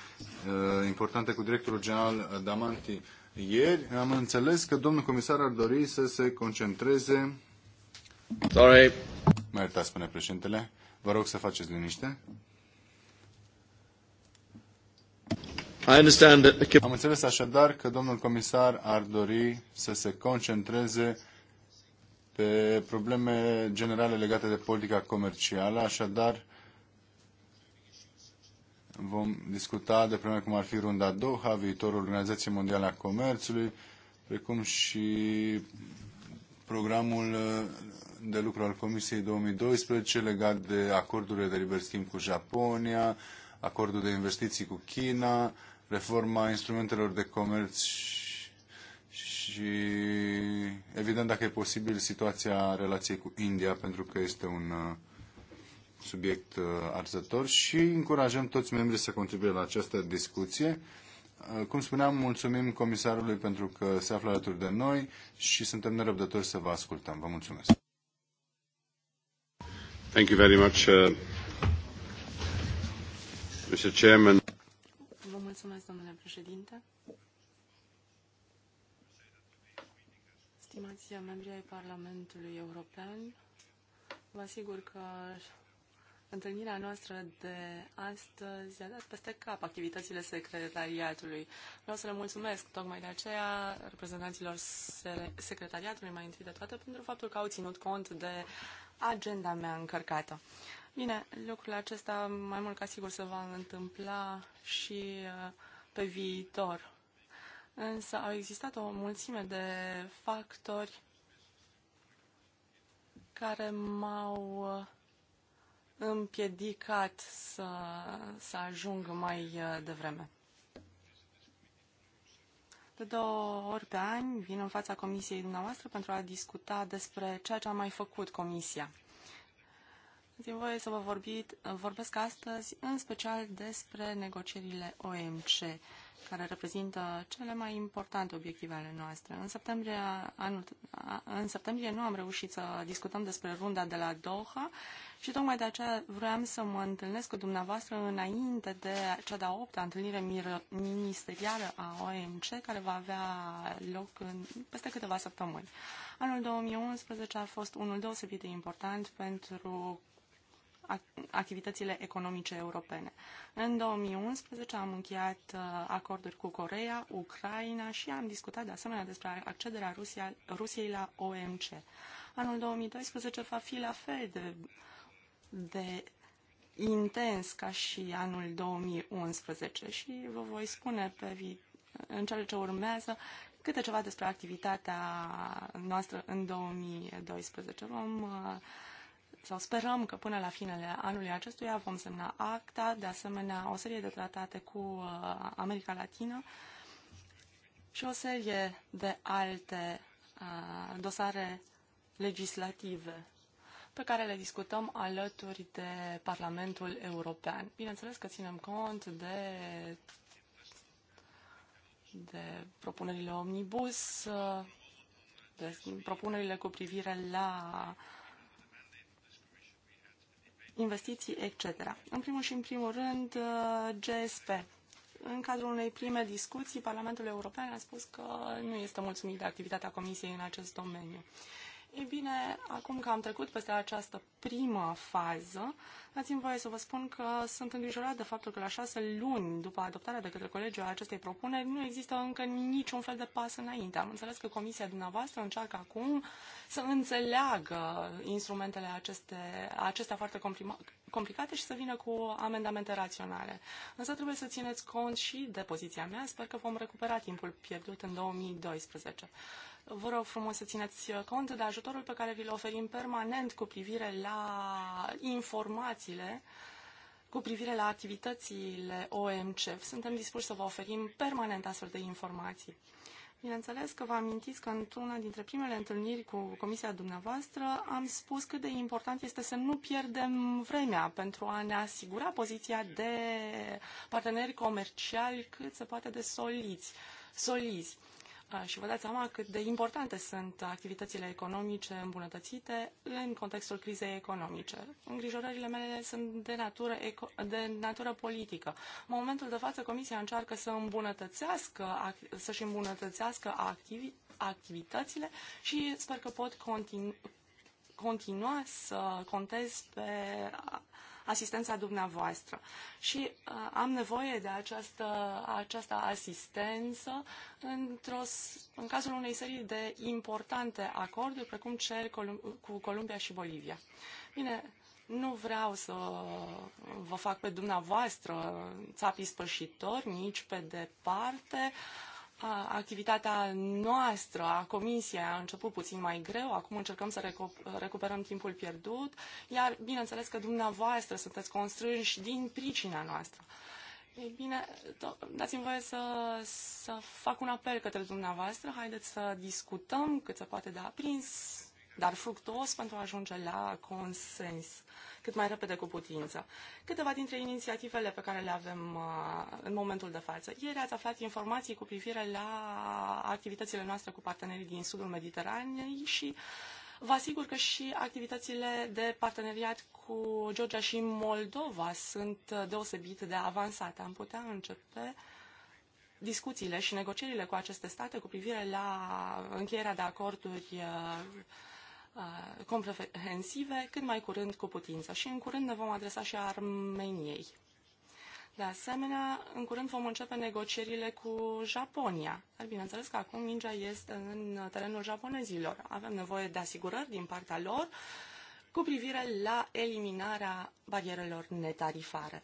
uh, importante cu directorul general uh, Damanti ieri, am înțeles că domnul comisar ar dori să se concentreze... Sorry. Mă iertați, spune președintele. Vă rog să faceți liniște. I understand that... Am înțeles așadar că domnul comisar ar dori să se concentreze pe probleme generale legate de politica comercială, așadar vom discuta de probleme cum ar fi runda Doha, viitorul Organizației Mondiale a Comerțului, precum și programul de lucru al Comisiei 2012 legat de acordurile de liber schimb cu Japonia, acordul de investiții cu China, reforma instrumentelor de comerț și și evident dacă e posibil situația relației cu India, pentru că este un uh, subiect uh, arzător și încurajăm toți membrii să contribuie la această discuție. Uh, cum spuneam, mulțumim comisarului pentru că se află alături de noi și suntem nerăbdători să vă ascultăm. Vă mulțumesc. Thank you very much, uh, Mr. Chairman. Vă mulțumesc, domnule președinte. Stimați membri ai Parlamentului European, vă asigur că întâlnirea noastră de astăzi a dat peste cap activitățile secretariatului. Vreau să le mulțumesc tocmai de aceea reprezentanților secretariatului mai întâi de toate pentru faptul că au ținut cont de agenda mea încărcată. Bine, lucrurile acesta mai mult ca sigur se va întâmpla și uh, pe viitor. Însă au existat o mulțime de factori care m-au uh, împiedicat să, să ajung mai uh, devreme. De două ori pe an vin în fața comisiei dumneavoastră pentru a discuta despre ceea ce a mai făcut comisia. Din voie să vă vorbit, vorbesc astăzi în special despre negocierile OMC care reprezintă cele mai importante obiective ale noastre. În septembrie, anul, în septembrie nu am reușit să discutăm despre runda de la Doha și tocmai de aceea vreau să mă întâlnesc cu dumneavoastră înainte de cea de-a opta întâlnire ministerială a OMC care va avea loc în, peste câteva săptămâni. Anul 2011 a fost unul deosebit de important pentru activitățile economice europene. În 2011 am încheiat uh, acorduri cu Coreea, Ucraina și am discutat de asemenea despre accederea Rusia, Rusiei la OMC. Anul 2012 va fi la fel de, de intens ca și anul 2011 și vă voi spune pe vi- în cele ce urmează câte ceva despre activitatea noastră în 2012. Vom uh, sau sperăm că până la finele anului acestuia vom semna acta, de asemenea o serie de tratate cu uh, America Latină și o serie de alte uh, dosare legislative pe care le discutăm alături de Parlamentul European. Bineînțeles că ținem cont de de propunerile omnibus, uh, de propunerile cu privire la uh, investiții, etc. În primul și în primul rând, uh, GSP. În cadrul unei prime discuții, Parlamentul European a spus că nu este mulțumit de activitatea Comisiei în acest domeniu. E bine, acum că am trecut peste această primă fază, dați-mi voie să vă spun că sunt îngrijorat de faptul că la șase luni după adoptarea de către colegiul acestei propuneri nu există încă niciun fel de pas înainte. Am înțeles că comisia dumneavoastră încearcă acum să înțeleagă instrumentele aceste, acestea foarte complicate și să vină cu amendamente raționale. Însă trebuie să țineți cont și de poziția mea. Sper că vom recupera timpul pierdut în 2012. Vă rog frumos să țineți uh, cont de ajutorul pe care vi-l oferim permanent cu privire la informațiile cu privire la activitățile OMCF. Suntem dispuși să vă oferim permanent astfel de informații. Bineînțeles că vă amintiți că într-una dintre primele întâlniri cu comisia dumneavoastră am spus cât de important este să nu pierdem vremea pentru a ne asigura poziția de parteneri comerciali cât se poate de soliți, solizi. Și vă dați seama cât de importante sunt activitățile economice îmbunătățite în contextul crizei economice. Îngrijorările mele sunt de natură, de natură politică. În momentul de față, Comisia încearcă să îmbunătățească, să-și îmbunătățească activi, activitățile și sper că pot continu, continua să contez pe asistența dumneavoastră. Și uh, am nevoie de această, această asistență într-o, în cazul unei serii de importante acorduri, precum cel cu Columbia și Bolivia. Bine, nu vreau să vă fac pe dumneavoastră țapii spășitori, nici pe departe activitatea noastră a comisiei a început puțin mai greu, acum încercăm să recuperăm timpul pierdut, iar bineînțeles că dumneavoastră sunteți constrânși din pricina noastră. Ei bine, dați-mi voie să, să fac un apel către dumneavoastră, haideți să discutăm cât se poate de aprins, dar fructuos pentru a ajunge la consens cât mai repede cu putință. Câteva dintre inițiativele pe care le avem uh, în momentul de față. Ieri ați aflat informații cu privire la activitățile noastre cu partenerii din sudul Mediteranei și Vă asigur că și activitățile de parteneriat cu Georgia și Moldova sunt deosebit de avansate. Am putea începe discuțiile și negocierile cu aceste state cu privire la încheierea de acorduri uh, Uh, comprehensive cât mai curând cu putință și în curând ne vom adresa și Armeniei. De asemenea, în curând vom începe negocierile cu Japonia. Dar bineînțeles că acum mingea este în terenul japonezilor. Avem nevoie de asigurări din partea lor cu privire la eliminarea barierelor netarifare.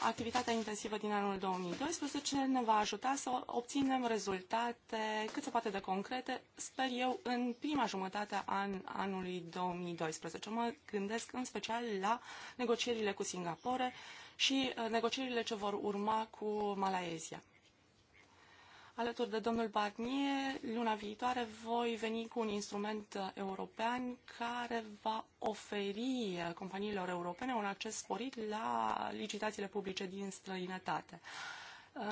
activitatea intensivă din anul 2012 ne va ajuta să obținem rezultate cât se poate de concrete, sper eu, în prima jumătate a an, anului 2012. Mă gândesc în special la negocierile cu Singapore și uh, negocierile ce vor urma cu Malaezia. Alături de domnul Barnier, luna viitoare voi veni cu un instrument european care va oferi companiilor europene un acces sporit la licitațiile publice din străinătate.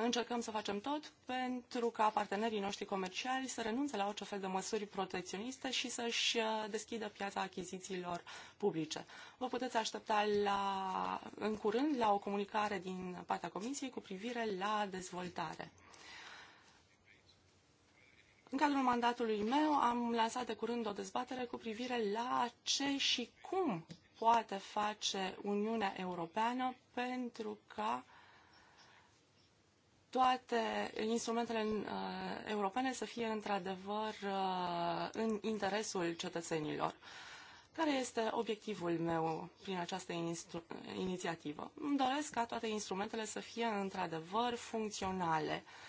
Încercăm să facem tot pentru ca partenerii noștri comerciali să renunțe la orice fel de măsuri protecționiste și să-și deschidă piața achizițiilor publice. Vă puteți aștepta la, în curând la o comunicare din partea Comisiei cu privire la dezvoltare. În cadrul mandatului meu am lansat de curând o dezbatere cu privire la ce și cum poate face Uniunea Europeană pentru ca toate instrumentele uh, europene să fie într-adevăr uh, în interesul cetățenilor. Care este obiectivul meu prin această inițiativă? Îmi doresc ca toate instrumentele să fie într-adevăr funcționale. Uh,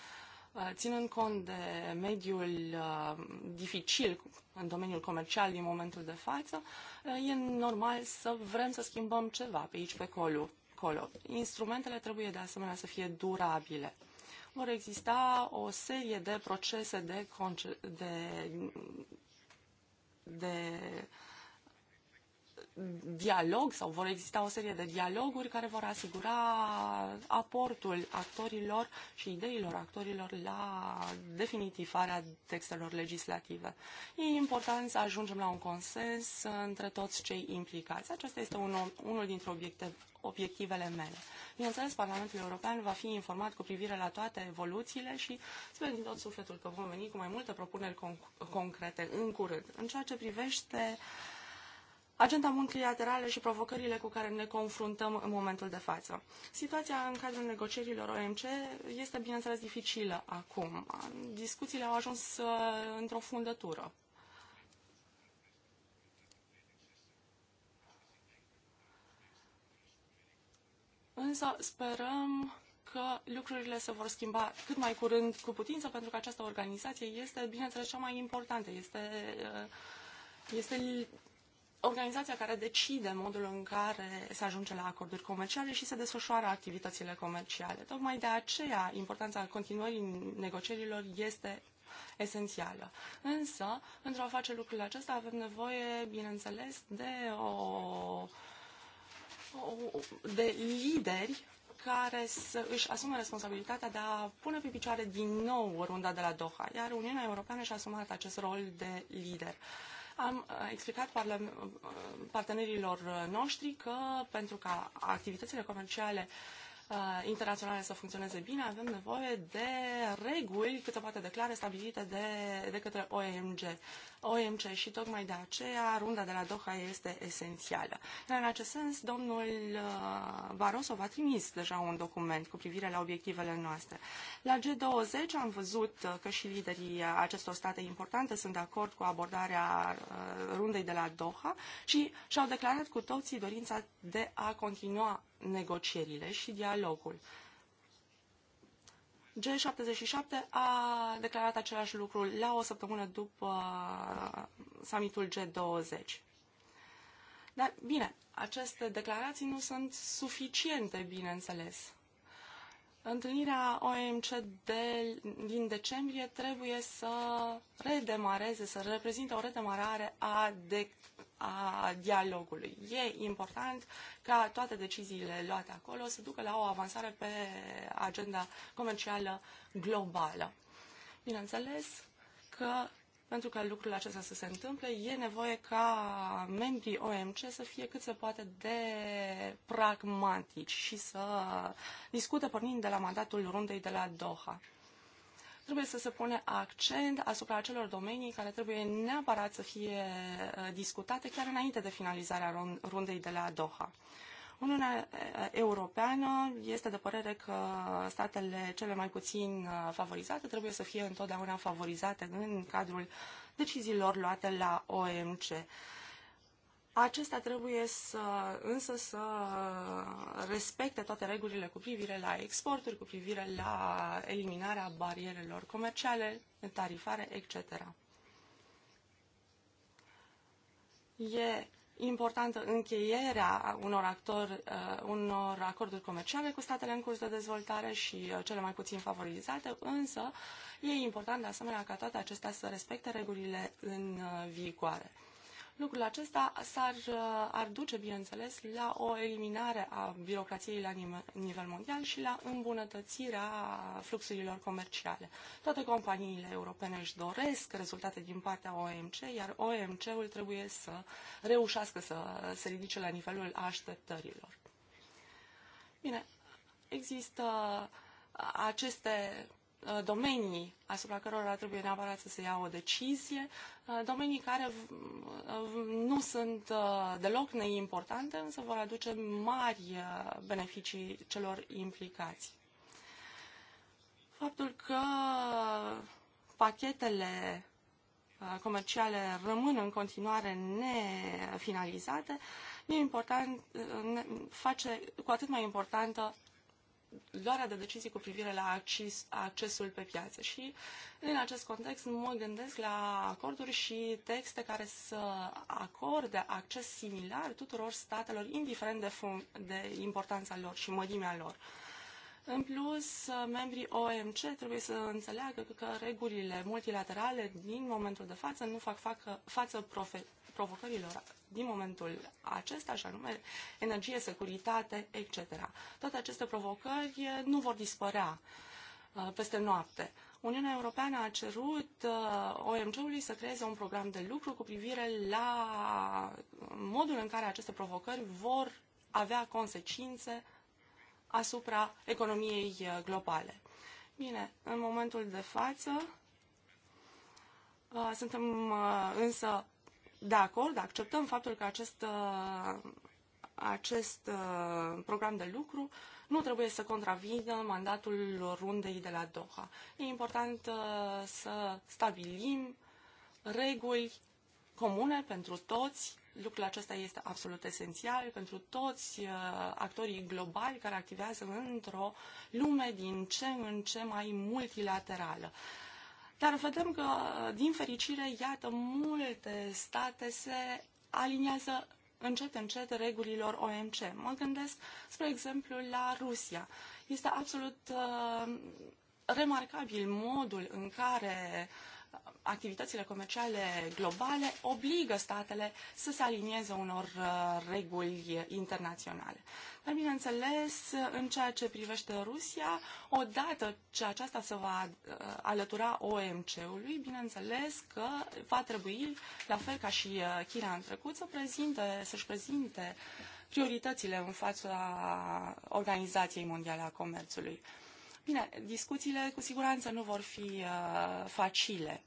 Uh, ținând cont de mediul uh, dificil în domeniul comercial din momentul de față, uh, e normal să vrem să schimbăm ceva pe aici, pe colo colo. Instrumentele trebuie de asemenea să fie durabile. Vor exista o serie de procese de, de, de dialog sau vor exista o serie de dialoguri care vor asigura aportul actorilor și ideilor actorilor la definitivarea textelor legislative. E important să ajungem la un consens între toți cei implicați. Acesta este un, unul dintre obiecte, obiectivele mele. Bineînțeles, Parlamentul European va fi informat cu privire la toate evoluțiile și sper din tot sufletul că vom veni cu mai multe propuneri conc- concrete în curând. În ceea ce privește agenda multilaterală și provocările cu care ne confruntăm în momentul de față. Situația în cadrul negocierilor OMC este, bineînțeles, dificilă acum. Discuțiile au ajuns uh, într-o fundătură. Însă sperăm că lucrurile se vor schimba cât mai curând cu putință, pentru că această organizație este, bineînțeles, cea mai importantă. Este, uh, este organizația care decide modul în care se ajunge la acorduri comerciale și se desfășoară activitățile comerciale. Tocmai de aceea importanța continuării negocierilor este esențială. Însă, pentru a face lucrul acesta avem nevoie, bineînțeles, de o, o de lideri care să își asume responsabilitatea de a pune pe picioare din nou runda de la Doha, iar Uniunea Europeană și-a asumat acest rol de lider. Uh, am uh, explicat uh, partenerilor uh, noștri că pentru ca activitățile comerciale Uh, internaționale să funcționeze bine, avem nevoie de reguli cât se poate de clare stabilite de, de către OMG. OMC și tocmai de aceea runda de la Doha este esențială. În acest sens, domnul uh, Barroso va trimis deja un document cu privire la obiectivele noastre. La G20 am văzut uh, că și liderii acestor state importante sunt de acord cu abordarea rundei de la Doha și și-au declarat cu toții dorința de a continua negocierile și dialogul. G77 a declarat același lucru la o săptămână după uh, summitul G20. Dar, bine, aceste declarații nu sunt suficiente, bineînțeles. Întâlnirea OMC de, din decembrie trebuie să redemareze, să reprezinte o redemarare a de, a dialogului. E important ca toate deciziile luate acolo să ducă la o avansare pe agenda comercială globală. Bineînțeles că pentru că lucrul acesta să se întâmple, e nevoie ca membrii OMC să fie cât se poate de pragmatici și să discute pornind de la mandatul rundei de la Doha trebuie să se pune accent asupra acelor domenii care trebuie neapărat să fie uh, discutate chiar înainte de finalizarea rundei de la Doha. Uniunea uh, Europeană este de părere că statele cele mai puțin uh, favorizate trebuie să fie întotdeauna favorizate în cadrul deciziilor luate la OMC. Acesta trebuie să, însă să respecte toate regulile cu privire la exporturi, cu privire la eliminarea barierelor comerciale, tarifare, etc. E importantă încheierea unor, actor, uh, unor acorduri comerciale cu statele în curs de dezvoltare și uh, cele mai puțin favorizate, însă e important de asemenea ca toate acestea să respecte regulile în uh, vigoare. Lucrul acesta s-ar uh, ar duce, bineînțeles, la o eliminare a birocrației la nivel mondial și la îmbunătățirea fluxurilor comerciale. Toate companiile europene își doresc rezultate din partea OMC, iar OMC-ul trebuie să reușească să se ridice la nivelul așteptărilor. Bine, există aceste Uh, domenii asupra cărora trebuie neapărat să se ia o decizie, uh, domenii care uh, nu sunt deloc neimportante, însă vor aduce mari beneficii celor implicați. Faptul că pachetele comerciale rămân în continuare nefinalizate, e important, face cu atât mai importantă luarea de decizii cu privire la acces, accesul pe piață. Și în acest context mă gândesc la acorduri și texte care să acorde acces similar tuturor statelor, indiferent de, de importanța lor și mărimea lor. În plus, membrii OMC trebuie să înțeleagă că regulile multilaterale din momentul de față nu fac facă, față profe- provocărilor din momentul acesta, și anume energie, securitate, etc. Toate aceste provocări eh, nu vor dispărea eh, peste noapte. Uniunea Europeană a cerut eh, OMC-ului să creeze un program de lucru cu privire la modul în care aceste provocări vor avea consecințe asupra economiei globale. Bine, în momentul de față suntem însă de acord, acceptăm faptul că acest, uh, acest uh, program de lucru nu trebuie să contravină mandatul rundei de la Doha. E important uh, să stabilim reguli comune pentru toți. Lucrul acesta este absolut esențial pentru toți actorii globali care activează într-o lume din ce în ce mai multilaterală. Dar vedem că, din fericire, iată, multe state se aliniază încet, încet regulilor OMC. Mă gândesc, spre exemplu, la Rusia. Este absolut uh, remarcabil modul în care uh, activitățile comerciale globale obligă statele să se alinieze unor uh, reguli internaționale. Dar, bineînțeles, în ceea ce privește Rusia, odată ce aceasta se va uh, alătura OMC-ului, bineînțeles că va trebui, la fel ca și uh, China în trecut, să prezinte, să-și prezinte prioritățile în fața Organizației Mondiale a Comerțului. Bine, discuțiile cu siguranță nu vor fi uh, facile.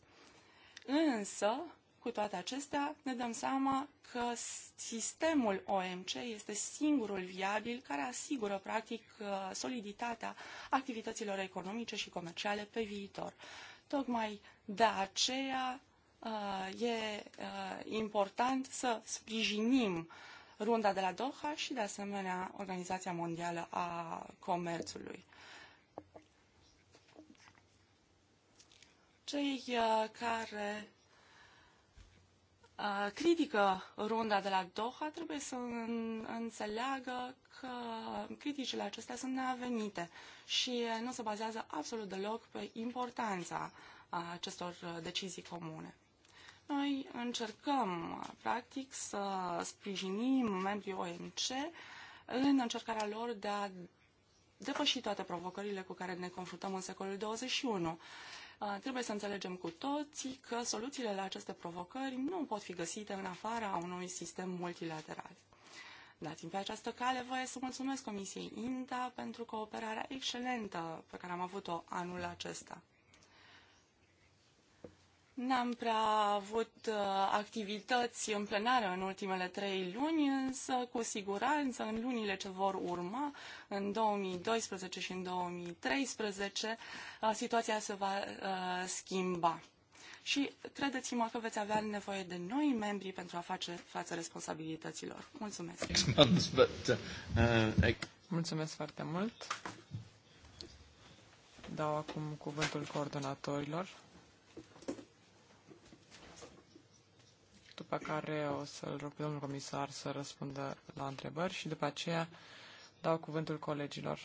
Însă, cu toate acestea, ne dăm seama că sistemul OMC este singurul viabil care asigură, practic, uh, soliditatea activităților economice și comerciale pe viitor. Tocmai de aceea uh, e uh, important să sprijinim runda de la Doha și, de asemenea, Organizația Mondială a Comerțului. cei uh, care uh, critică runda de la Doha trebuie să înțeleagă că criticile acestea sunt neavenite și uh, nu se bazează absolut deloc pe importanța acestor decizii comune. Noi încercăm, practic, să sprijinim membrii OMC în încercarea lor de a depăși toate provocările cu care ne confruntăm în secolul 21. Uh, trebuie să înțelegem cu toții că soluțiile la aceste provocări nu pot fi găsite în afara unui sistem multilateral. Dați-mi pe această cale voie să mulțumesc Comisiei INTA pentru cooperarea excelentă pe care am avut-o anul acesta. N-am prea avut uh, activități în plenară în ultimele trei luni, însă cu siguranță în lunile ce vor urma, în 2012 și în 2013, uh, situația se va uh, schimba. Și credeți-mă că veți avea nevoie de noi membri pentru a face față responsabilităților. Mulțumesc! Mulțumesc foarte mult! Dau acum cuvântul coordonatorilor. după care o să-l rog pe domnul comisar să răspundă la întrebări și după aceea dau cuvântul colegilor.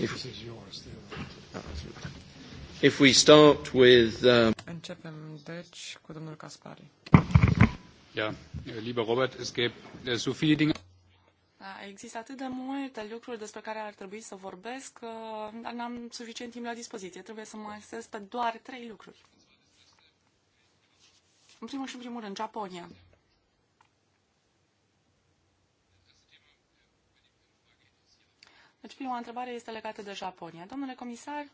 If, if we start with, uh... Începem, deci, cu domnul Caspari. Ja, lieber Robert, es gäbe äh, so viele Dinge. Da, există atât de multe lucruri despre care ar trebui să vorbesc, dar n-am suficient timp la dispoziție. Trebuie să mă acces pe doar trei lucruri. În primul și în primul rând, Japonia. Deci prima întrebare este legată de Japonia. Domnule comisar,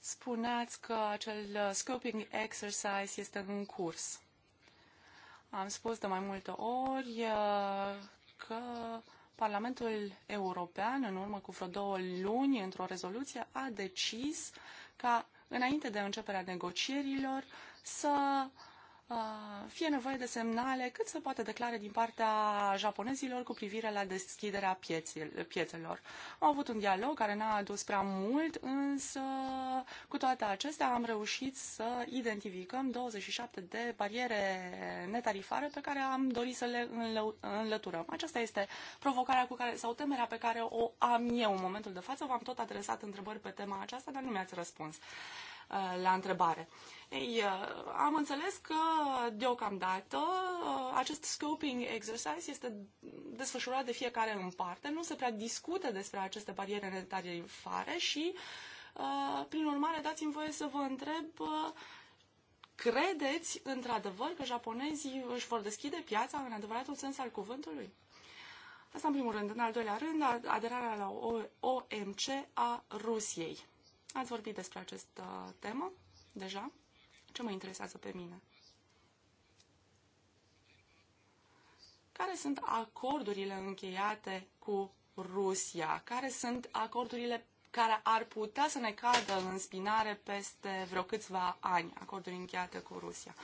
spuneați că acel scoping exercise este în curs. Am spus de mai multe ori uh, că Parlamentul European, în urmă cu vreo două luni, într-o rezoluție, a decis ca, înainte de începerea negocierilor, să uh, Ah, fie nevoie de semnale cât se poate declare din partea japonezilor cu privire la deschiderea piețelor. Am avut un dialog care n-a adus prea mult, însă cu toate acestea am reușit să identificăm 27 de bariere netarifare pe care am dorit să le înlăturăm. Aceasta este provocarea cu care, sau temerea pe care o am eu în momentul de față. V-am tot adresat întrebări pe tema aceasta, dar nu mi-ați răspuns. Uh, la întrebare. Ei, uh, am înțeles că deocamdată uh, acest scoping exercise este desfășurat de fiecare în parte, nu se prea discută despre aceste bariere netarifare și, prin urmare, dați-mi voie să vă întreb credeți într-adevăr că japonezii își vor deschide piața în adevăratul sens al cuvântului? Asta în primul rând. În al doilea rând, aderarea la OMC a Rusiei. Ați vorbit despre această uh, temă deja? Ce mă interesează pe mine? Care sunt acordurile încheiate cu Rusia? Care sunt acordurile care ar putea să ne cadă în spinare peste vreo câțiva ani, acorduri încheiate cu Rusia?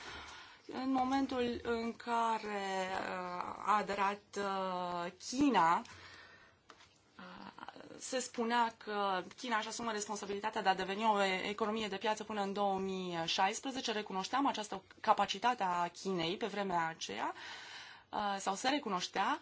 În momentul în care uh, a aderat uh, China, se spunea că China își asumă responsabilitatea de a deveni o economie de piață până în 2016. Recunoșteam această capacitate a Chinei pe vremea aceea uh, sau se recunoștea,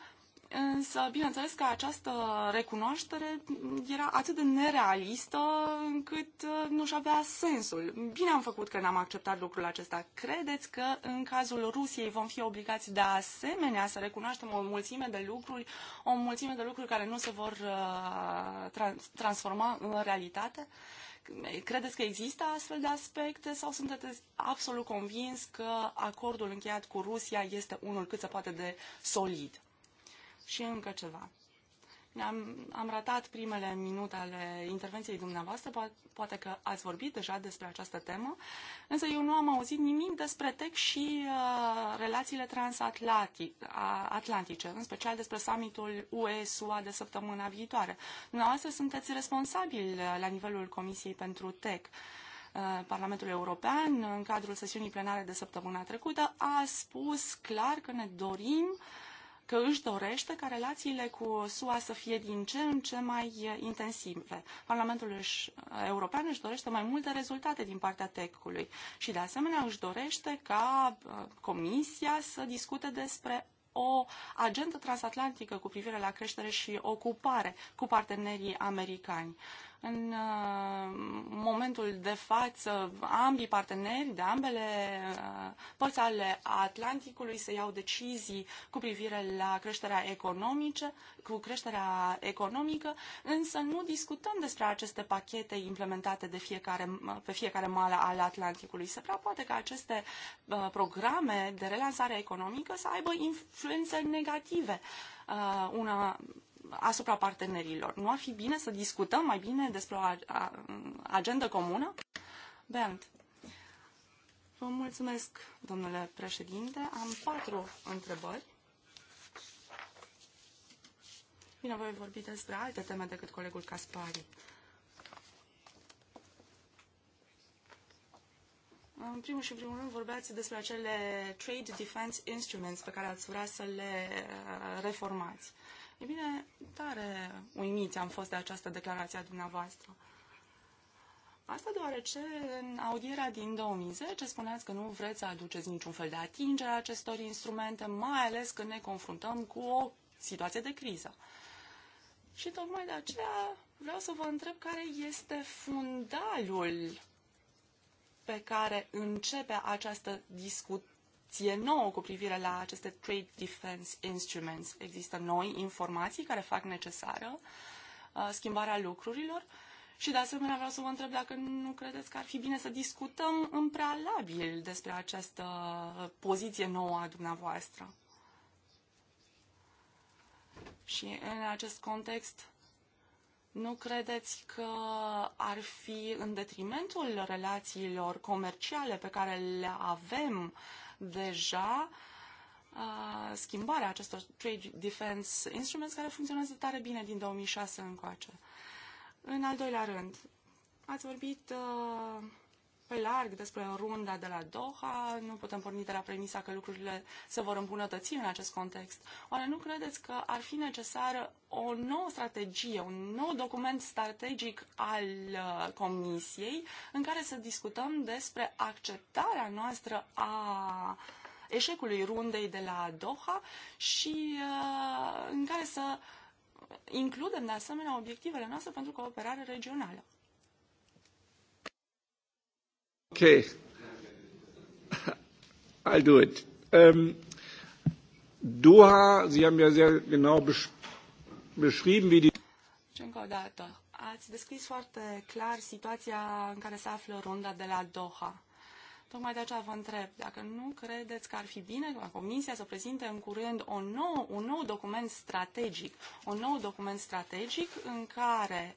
Însă, bineînțeles că această recunoaștere era atât de nerealistă încât uh, nu și avea sensul. Bine am făcut că n-am acceptat lucrul acesta. Credeți că în cazul Rusiei vom fi obligați de asemenea să recunoaștem o mulțime de lucruri, o mulțime de lucruri care nu se vor uh, tra transforma în realitate? Credeți că există astfel de aspecte sau sunteți absolut convins că acordul încheiat cu Rusia este unul cât se poate de solid? Și încă ceva. Am, am ratat primele minute ale intervenției dumneavoastră, po- poate că ați vorbit deja despre această temă, însă eu nu am auzit nimic despre TEC și uh, relațiile transatlantice, în special despre summitul UE-SUA de săptămâna viitoare. Dumneavoastră sunteți responsabil uh, la nivelul Comisiei pentru TEC. Uh, Parlamentul European, în cadrul sesiunii plenare de săptămâna trecută, a spus clar că ne dorim uh, că își dorește ca relațiile cu SUA să fie din ce în ce mai intensive. Parlamentul European își dorește mai multe rezultate din partea TEC-ului și, de asemenea, își dorește ca uh, Comisia să discute despre o agendă transatlantică cu privire la creștere și ocupare cu partenerii americani. Uh, în uh, momentul de față, ambii parteneri de ambele uh, părți ale Atlanticului se iau decizii cu privire la creșterea economice, cu creșterea economică, însă nu discutăm despre aceste pachete implementate de fiecare, pe fiecare mală al Atlanticului. Se prea poate ca aceste uh, programe de relansare economică să aibă influențe negative una asupra partenerilor. Nu ar fi bine să discutăm mai bine despre o agendă comună? Bernd. Vă mulțumesc, domnule președinte. Am patru întrebări. Bine, voi vorbi despre alte teme decât colegul Caspari. În primul și primul rând vorbeați despre acele trade defense instruments pe care ați vrea să le uh, reformați. Uh, E bine, tare uimiți am fost de această declarație a dumneavoastră. Asta deoarece în audierea din 2010 spuneați că nu vreți să aduceți niciun fel de atingere a acestor instrumente, mai ales când ne confruntăm cu o situație de criză. Și tocmai de aceea vreau să vă întreb care este fundalul pe care începe această discuție informație nouă cu privire la aceste Trade Defense Instruments. Există noi informații care fac necesară uh, schimbarea lucrurilor și de asemenea vreau să vă întreb dacă nu credeți că ar fi bine să discutăm în prealabil despre această poziție nouă a dumneavoastră. Și în acest context, nu credeți că ar fi în detrimentul relațiilor comerciale pe care le avem deja schimbarea acestor trade defense instruments care funcționează tare bine din 2006 încoace. În al doilea rând, ați vorbit uh, pe larg despre runda de la Doha, nu putem porni de la premisa că lucrurile se vor îmbunătăți în acest context. Oare nu credeți că ar fi necesară o nouă strategie, un nou document strategic al uh, Comisiei în care să discutăm despre acceptarea noastră a eșecului rundei de la Doha și uh, în care să includem de asemenea obiectivele noastre pentru cooperare regională. Okay. I'll do it. Ähm, Doha, Sie haben ja sehr genau besch beschrieben, wie die. încă ați descris foarte clar situația în care se află ronda de la Doha. Tocmai de aceea vă întreb dacă nu credeți că ar fi bine ca Comisia să prezinte în curând o nou, un nou document strategic, un nou document strategic în care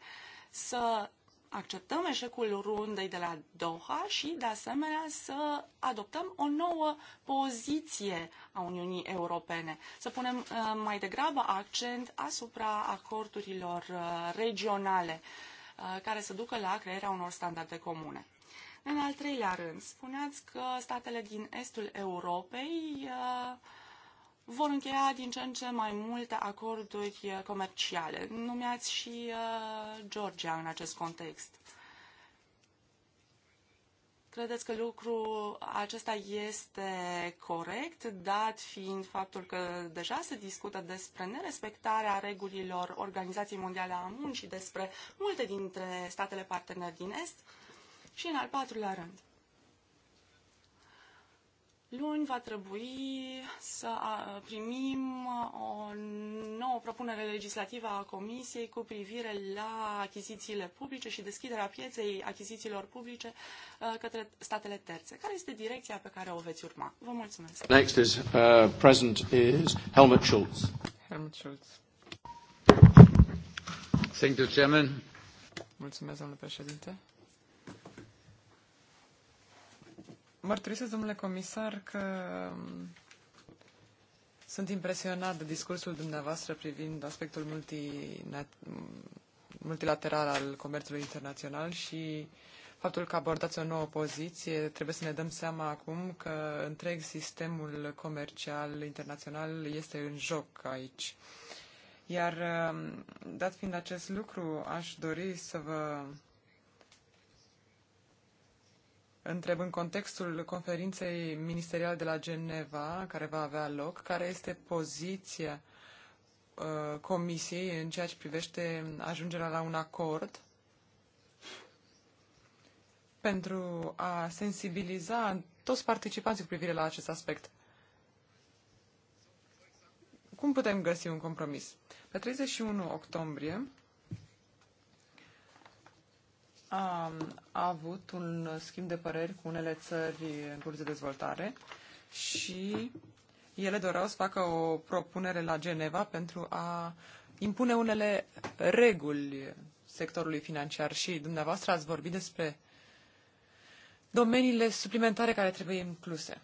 să acceptăm eșecul rundei de la Doha și, de asemenea, să adoptăm o nouă poziție a Uniunii Europene. Să punem uh, mai degrabă accent asupra acordurilor uh, regionale uh, care să ducă la crearea unor standarde comune. În al treilea rând, spuneați că statele din estul Europei uh, vor încheia din ce în ce mai multe acorduri eh, comerciale. Numeați și eh, Georgia în acest context. Credeți că lucrul acesta este corect, dat fiind faptul că deja se discută despre nerespectarea regulilor Organizației Mondiale a Muncii, despre multe dintre statele parteneri din Est? Și în al patrulea rând, Luni va trebui să primim o nouă propunere legislativă a Comisiei cu privire la achizițiile publice și deschiderea pieței achizițiilor publice către statele terțe. Care este direcția pe care o veți urma? Vă mulțumesc. Next is, uh, present is Helmut Schulz. Helmut Schulz. Thank you, Chairman. Mulțumesc, domnule președinte. Mărturisesc, domnule comisar, că um, sunt impresionat de discursul dumneavoastră privind aspectul multilateral al comerțului internațional și faptul că abordați o nouă poziție. Trebuie să ne dăm seama acum că întreg sistemul comercial internațional este în joc aici. Iar um, dat fiind acest lucru, aș dori să vă întreb în contextul conferinței ministeriale de la Geneva, care va avea loc, care este poziția uh, Comisiei în ceea ce privește ajungerea la un acord pentru a sensibiliza toți participanții cu privire la acest aspect. Cum putem găsi un compromis? Pe 31 octombrie, a, a avut un schimb de păreri cu unele țări în curs de dezvoltare și ele doreau să facă o propunere la Geneva pentru a impune unele reguli sectorului financiar și dumneavoastră ați vorbit despre domeniile suplimentare care trebuie incluse.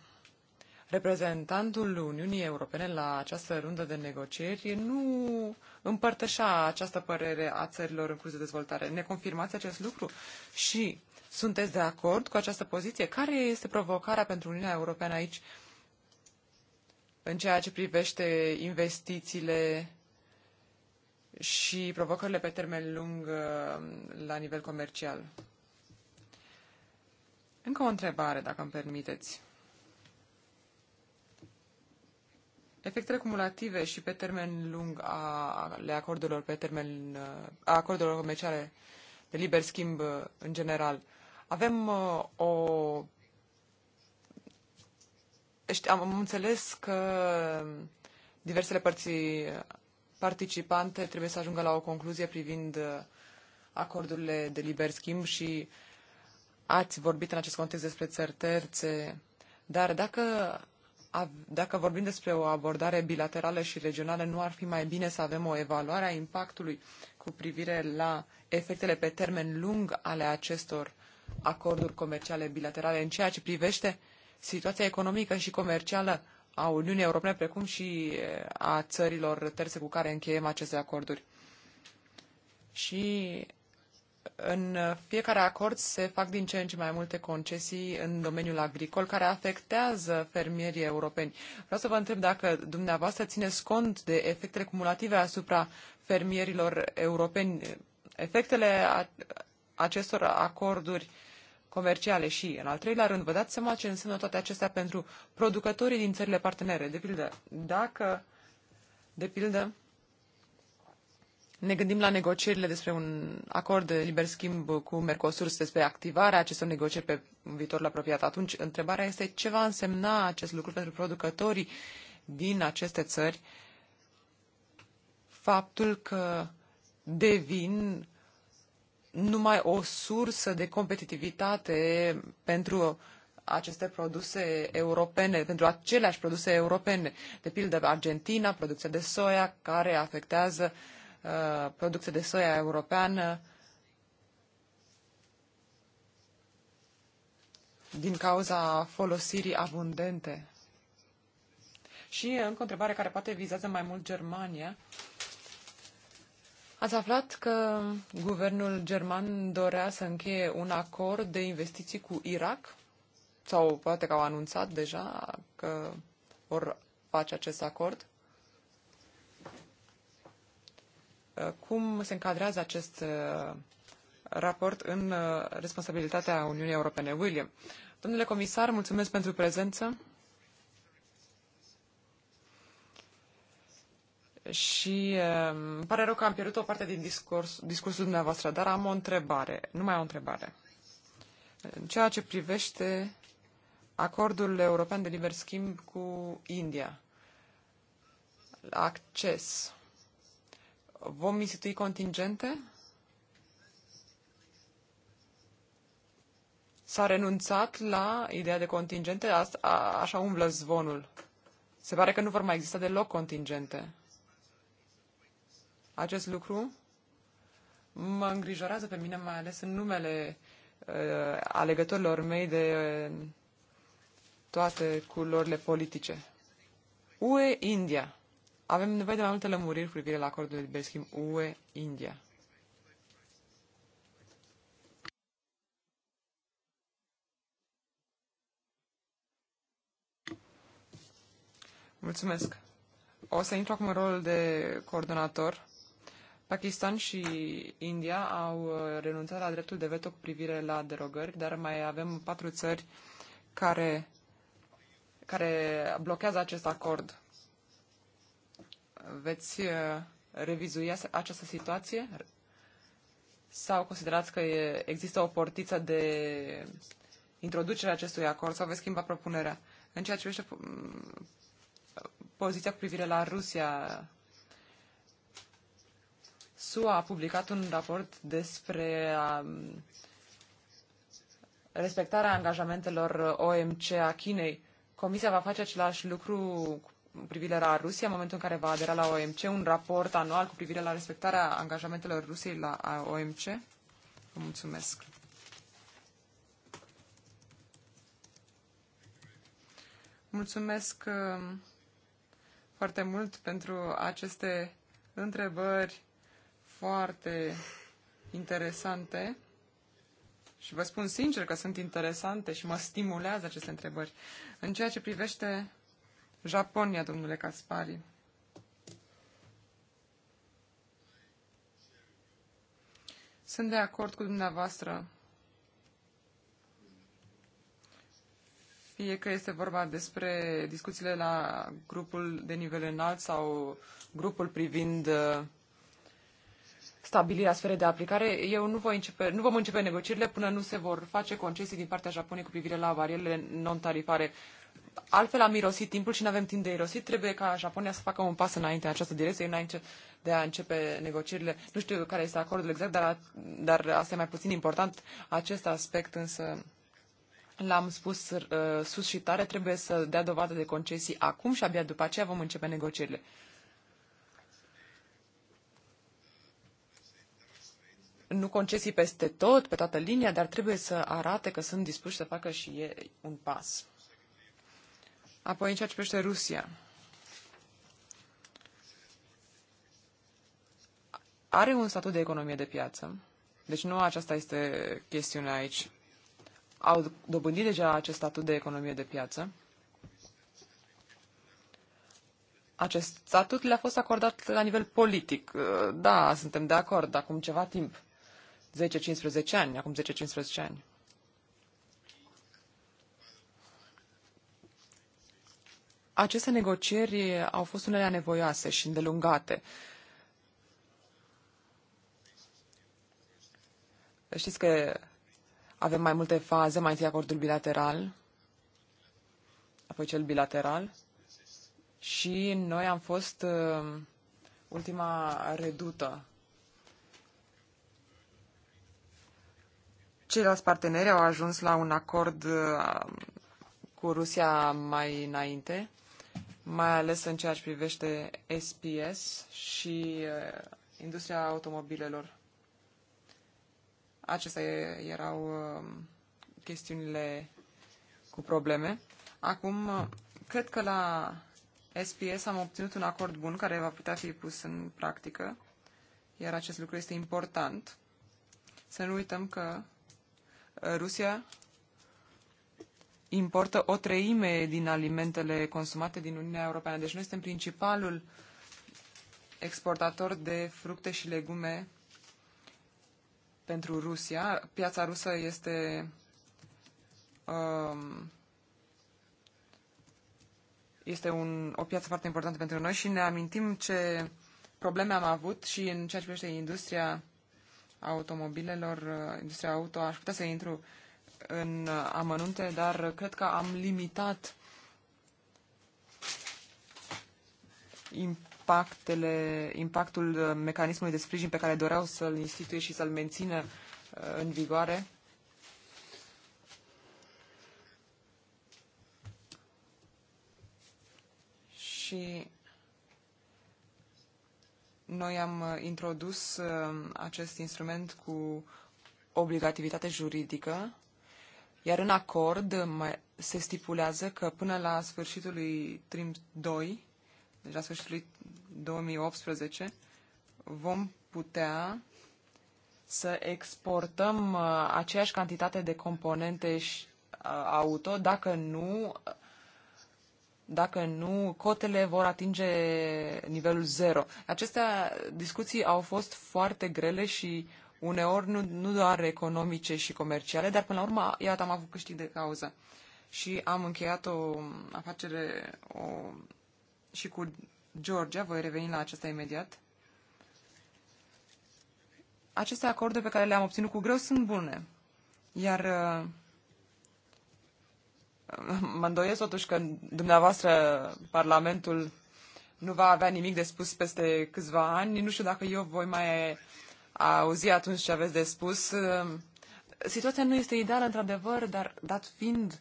Reprezentantul Uniunii Europene la această rundă de negocieri nu împărtășea această părere a țărilor în curs de dezvoltare. Ne confirmați acest lucru? Și sunteți de acord cu această poziție? Care este provocarea pentru Uniunea Europeană aici în ceea ce privește investițiile și provocările pe termen lung uh, la nivel comercial? Încă o întrebare, dacă îmi permiteți. Efectele cumulative și pe termen lung ale acordurilor pe termen a acordurilor comerciale de liber schimb în general. Avem uh, o am înțeles că diversele părți participante trebuie să ajungă la o concluzie privind uh, acordurile de liber schimb și ați vorbit în acest context despre țări terțe, dar dacă dacă vorbim despre o abordare bilaterală și regională, nu ar fi mai bine să avem o evaluare a impactului cu privire la efectele pe termen lung ale acestor acorduri comerciale bilaterale în ceea ce privește situația economică și comercială a Uniunii Europene, precum și a țărilor terțe cu care încheiem aceste acorduri. Și în uh, fiecare acord se fac din ce în ce mai multe concesii în domeniul agricol care afectează fermierii europeni. Vreau să vă întreb dacă dumneavoastră țineți cont de efectele cumulative asupra fermierilor europeni, efectele acestor acorduri comerciale și, în al treilea rând, vă dați seama ce înseamnă toate acestea pentru producătorii din țările partenere. De pildă, dacă, de pildă, ne gândim la negocierile despre un acord de liber schimb cu Mercosur, despre activarea acestor negocieri pe viitorul apropiat, atunci întrebarea este ce va însemna acest lucru pentru producătorii din aceste țări, faptul că devin numai o sursă de competitivitate pentru aceste produse europene, pentru aceleași produse europene, de pildă Argentina, producția de soia, care afectează uh, Uh, producție de soia europeană din cauza folosirii abundente. Și uh, încă o întrebare care poate vizează mai mult Germania. Ați aflat că guvernul german dorea să încheie un acord de investiții cu Irak? Sau poate că au anunțat deja că vor face acest acord? Uh, cum se încadrează acest uh, raport în uh, responsabilitatea Uniunii Europene. William, domnule comisar, mulțumesc pentru prezență. Și îmi pare rău că am pierdut o parte din discurs, discursul dumneavoastră, dar am o întrebare, numai o întrebare. În ceea ce privește acordul european de liber schimb cu India, acces Vom institui contingente? S-a renunțat la ideea de contingente? A, a, așa umblă zvonul. Se pare că nu vor mai exista deloc contingente. Acest lucru mă îngrijorează pe mine, mai ales în numele uh, alegătorilor mei de uh, toate culorile politice. UE India. Avem nevoie de mai multe lămuriri cu privire la acordul de liber schimb UE-India. Mulțumesc. O să intru acum în rolul de coordonator. Pakistan și India au uh, renunțat la dreptul de veto cu privire la derogări, dar mai avem patru țări care, care blochează acest acord veți uh, revizui această situație? Sau considerați că există o portiță de introducere a acestui acord sau veți schimba propunerea? În ceea ce privește mm, poziția cu privire la Rusia, SUA a publicat un raport despre um, respectarea angajamentelor OMC a Chinei. Comisia va face același lucru cu privire la Rusia, în momentul în care va adera la OMC, un raport anual cu privire la respectarea angajamentelor Rusiei la OMC? Vă mulțumesc. Mulțumesc um, foarte mult pentru aceste întrebări foarte interesante și vă spun sincer că sunt interesante și mă stimulează aceste întrebări. În ceea ce privește Japonia, domnule Caspari. Sunt de acord cu dumneavoastră. Fie că este vorba despre discuțiile la grupul de nivel înalt sau grupul privind uh, stabilirea sferei de aplicare, eu nu, voi începe, nu vom începe negocierile până nu se vor face concesii din partea Japoniei cu privire la barierele non-tarifare altfel am irosit timpul și nu avem timp de irosit. Trebuie ca Japonia să facă un pas înainte în această direcție, înainte de a începe negocierile. Nu știu care este acordul exact, dar, dar asta e mai puțin important. Acest aspect însă l-am spus uh, sus și tare, trebuie să dea dovadă de concesii acum și abia după aceea vom începe negocierile. Nu concesii peste tot, pe toată linia, dar trebuie să arate că sunt dispuși să facă și ei un pas. Apoi, în ceea ce privește Rusia, are un statut de economie de piață. Deci nu aceasta este chestiunea aici. Au dobândit deja acest statut de economie de piață. Acest statut le-a fost acordat la nivel politic. Da, suntem de acord, acum ceva timp. 10-15 ani, acum 10-15 ani. Aceste negocieri au fost unele anevoioase și îndelungate. Știți că avem mai multe faze, mai întâi acordul bilateral, apoi cel bilateral și noi am fost uh, ultima redută. Ceilalți parteneri au ajuns la un acord uh, cu Rusia mai înainte mai ales în ceea ce privește SPS și uh, industria automobilelor. Acestea erau um, chestiunile cu probleme. Acum, uh, cred că la SPS am obținut un acord bun care va putea fi pus în practică, iar acest lucru este important. Să nu uităm că Rusia importă o treime din alimentele consumate din Uniunea Europeană. Deci noi suntem principalul exportator de fructe și legume pentru Rusia. Piața rusă este um, este un, o piață foarte importantă pentru noi și ne amintim ce probleme am avut și în ceea ce privește industria automobilelor, uh, industria auto. Aș putea să intru uh, în amănunte, dar cred că am limitat impactele, impactul mecanismului de sprijin pe care doreau să-l instituie și să-l mențină uh, în vigoare. Și noi am introdus uh, acest instrument cu obligativitate juridică iar în acord se stipulează că până la sfârșitul lui TRIM 2, deci la sfârșitul lui 2018, vom putea să exportăm uh, aceeași cantitate de componente și uh, auto, dacă nu, dacă nu, cotele vor atinge nivelul zero. acestea discuții au fost foarte grele și uneori nu, nu doar economice și comerciale, dar până la urmă, iată, am avut câștig de cauză. Și am încheiat o afacere o, și cu Georgia, voi reveni la acesta imediat. Aceste acorduri pe care le-am obținut cu greu sunt bune, iar uh, mă îndoiesc totuși că dumneavoastră Parlamentul nu va avea nimic de spus peste câțiva ani. Nu știu dacă eu voi mai a auzi atunci ce aveți de spus. Ehm, situația nu este ideală, într-adevăr, dar dat fiind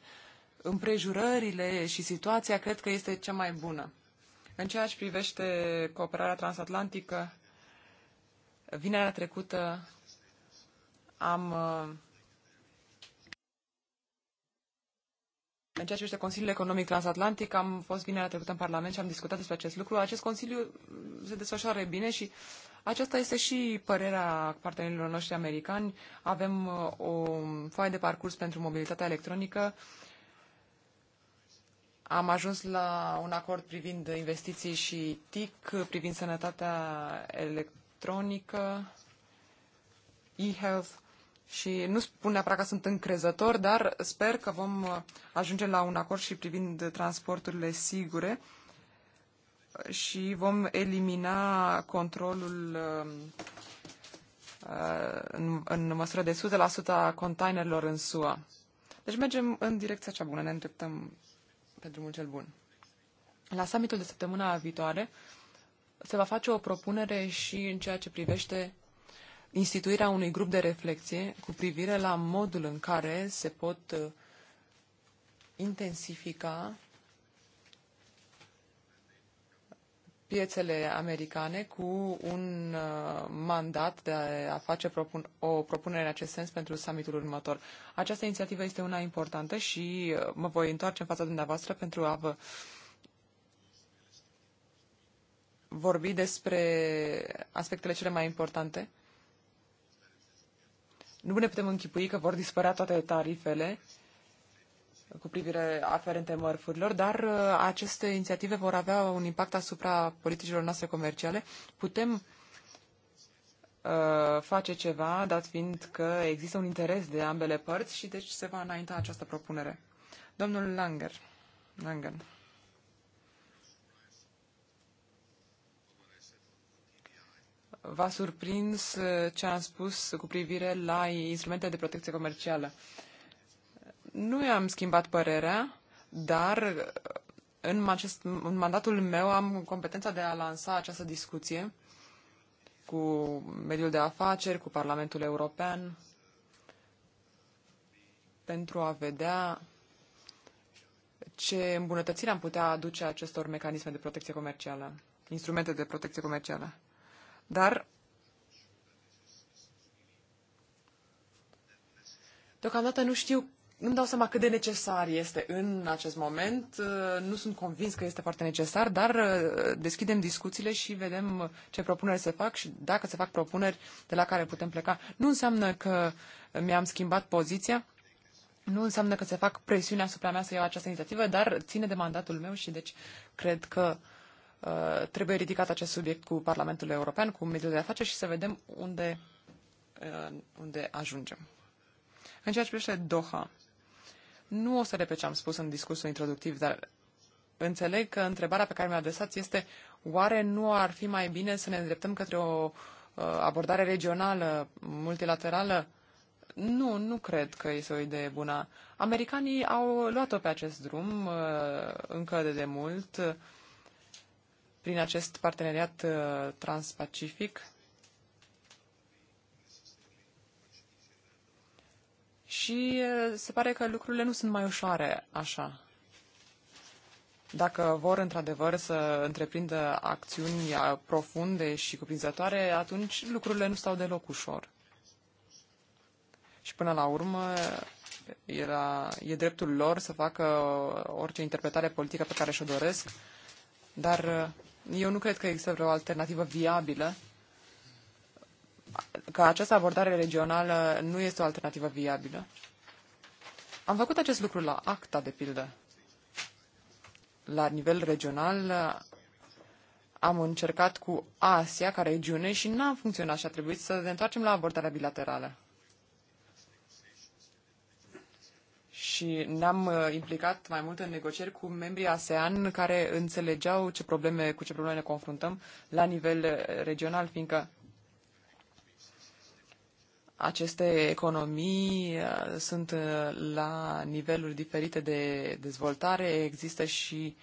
împrejurările și situația, cred că este cea mai bună. În ceea ce privește cooperarea transatlantică, vinerea trecută am ehm, În ceea ce privește Consiliul Economic Transatlantic, am fost vinerea trecută în Parlament și am discutat despre acest lucru. Acest Consiliu se desfășoară bine și aceasta este și părerea partenerilor noștri americani. Avem uh, o foaie de parcurs pentru mobilitatea electronică. Am ajuns la un acord privind investiții și TIC, privind sănătatea electronică, e-health și nu spun neapărat că sunt încrezător, dar sper că vom uh, ajunge la un acord și privind transporturile sigure și vom elimina controlul uh, uh, în, în măsură de 100% a containerilor în SUA. Deci mergem în direcția cea bună, ne îndreptăm pe drumul cel bun. La summitul de săptămâna viitoare se va face o propunere și în ceea ce privește instituirea unui grup de reflexie cu privire la modul în care se pot uh, intensifica piețele americane cu un uh, mandat de a face propun o propunere în acest sens pentru summitul următor. Această inițiativă este una importantă și uh, mă voi întoarce în fața dumneavoastră pentru a vă vorbi despre aspectele cele mai importante nu ne putem închipui că vor dispărea toate tarifele cu privire aferente mărfurilor, dar uh, aceste inițiative vor avea un impact asupra politicilor noastre comerciale. Putem uh, face ceva, dat fiind că există un interes de ambele părți și deci se va înainta această propunere. Domnul Langer. Langen. v-a surprins eh, ce am spus cu privire la instrumente de protecție comercială. Nu i-am schimbat părerea, dar eh, în, acest, în mandatul meu am competența de a lansa această discuție cu mediul de afaceri, cu Parlamentul European, pentru a vedea ce îmbunătățire am putea aduce acestor mecanisme de protecție comercială, instrumente de protecție comercială. Dar deocamdată nu știu, nu-mi dau seama cât de necesar este în acest moment. Uh, nu sunt convins că este foarte necesar, dar uh, deschidem discuțiile și vedem ce propuneri se fac și dacă se fac propuneri de la care putem pleca. Nu înseamnă că mi-am schimbat poziția, nu înseamnă că se fac presiuni asupra mea să iau această inițiativă, dar ține de mandatul meu și deci cred că uh, Uh, trebuie ridicat acest subiect cu Parlamentul European, cu mediul de afaceri și să vedem unde, uh, unde ajungem. În ceea ce privește Doha, nu o să repet ce am spus în discursul introductiv, dar înțeleg că întrebarea pe care mi-o adresat este oare nu ar fi mai bine să ne îndreptăm către o uh, abordare regională, multilaterală? Nu, nu cred că este o idee bună. Americanii au luat-o pe acest drum uh, încă de demult prin acest parteneriat uh, transpacific și uh, se pare că lucrurile nu sunt mai ușoare așa. Dacă vor într-adevăr să întreprindă acțiuni profunde și cuprinzătoare, atunci lucrurile nu stau deloc ușor. Și până la urmă, era, e dreptul lor să facă orice interpretare politică pe care și-o doresc, dar uh, eu nu cred că există vreo alternativă viabilă, că această abordare regională nu este o alternativă viabilă. Am făcut acest lucru la ACTA, de pildă. La nivel regional am încercat cu Asia ca regiune și n-a funcționat și a trebuit să ne întoarcem la abordarea bilaterală. și ne-am uh, implicat mai mult în negocieri cu membrii ASEAN care înțelegeau ce probleme, cu ce probleme ne confruntăm la nivel uh, regional, fiindcă aceste economii uh, sunt la niveluri diferite de dezvoltare, există și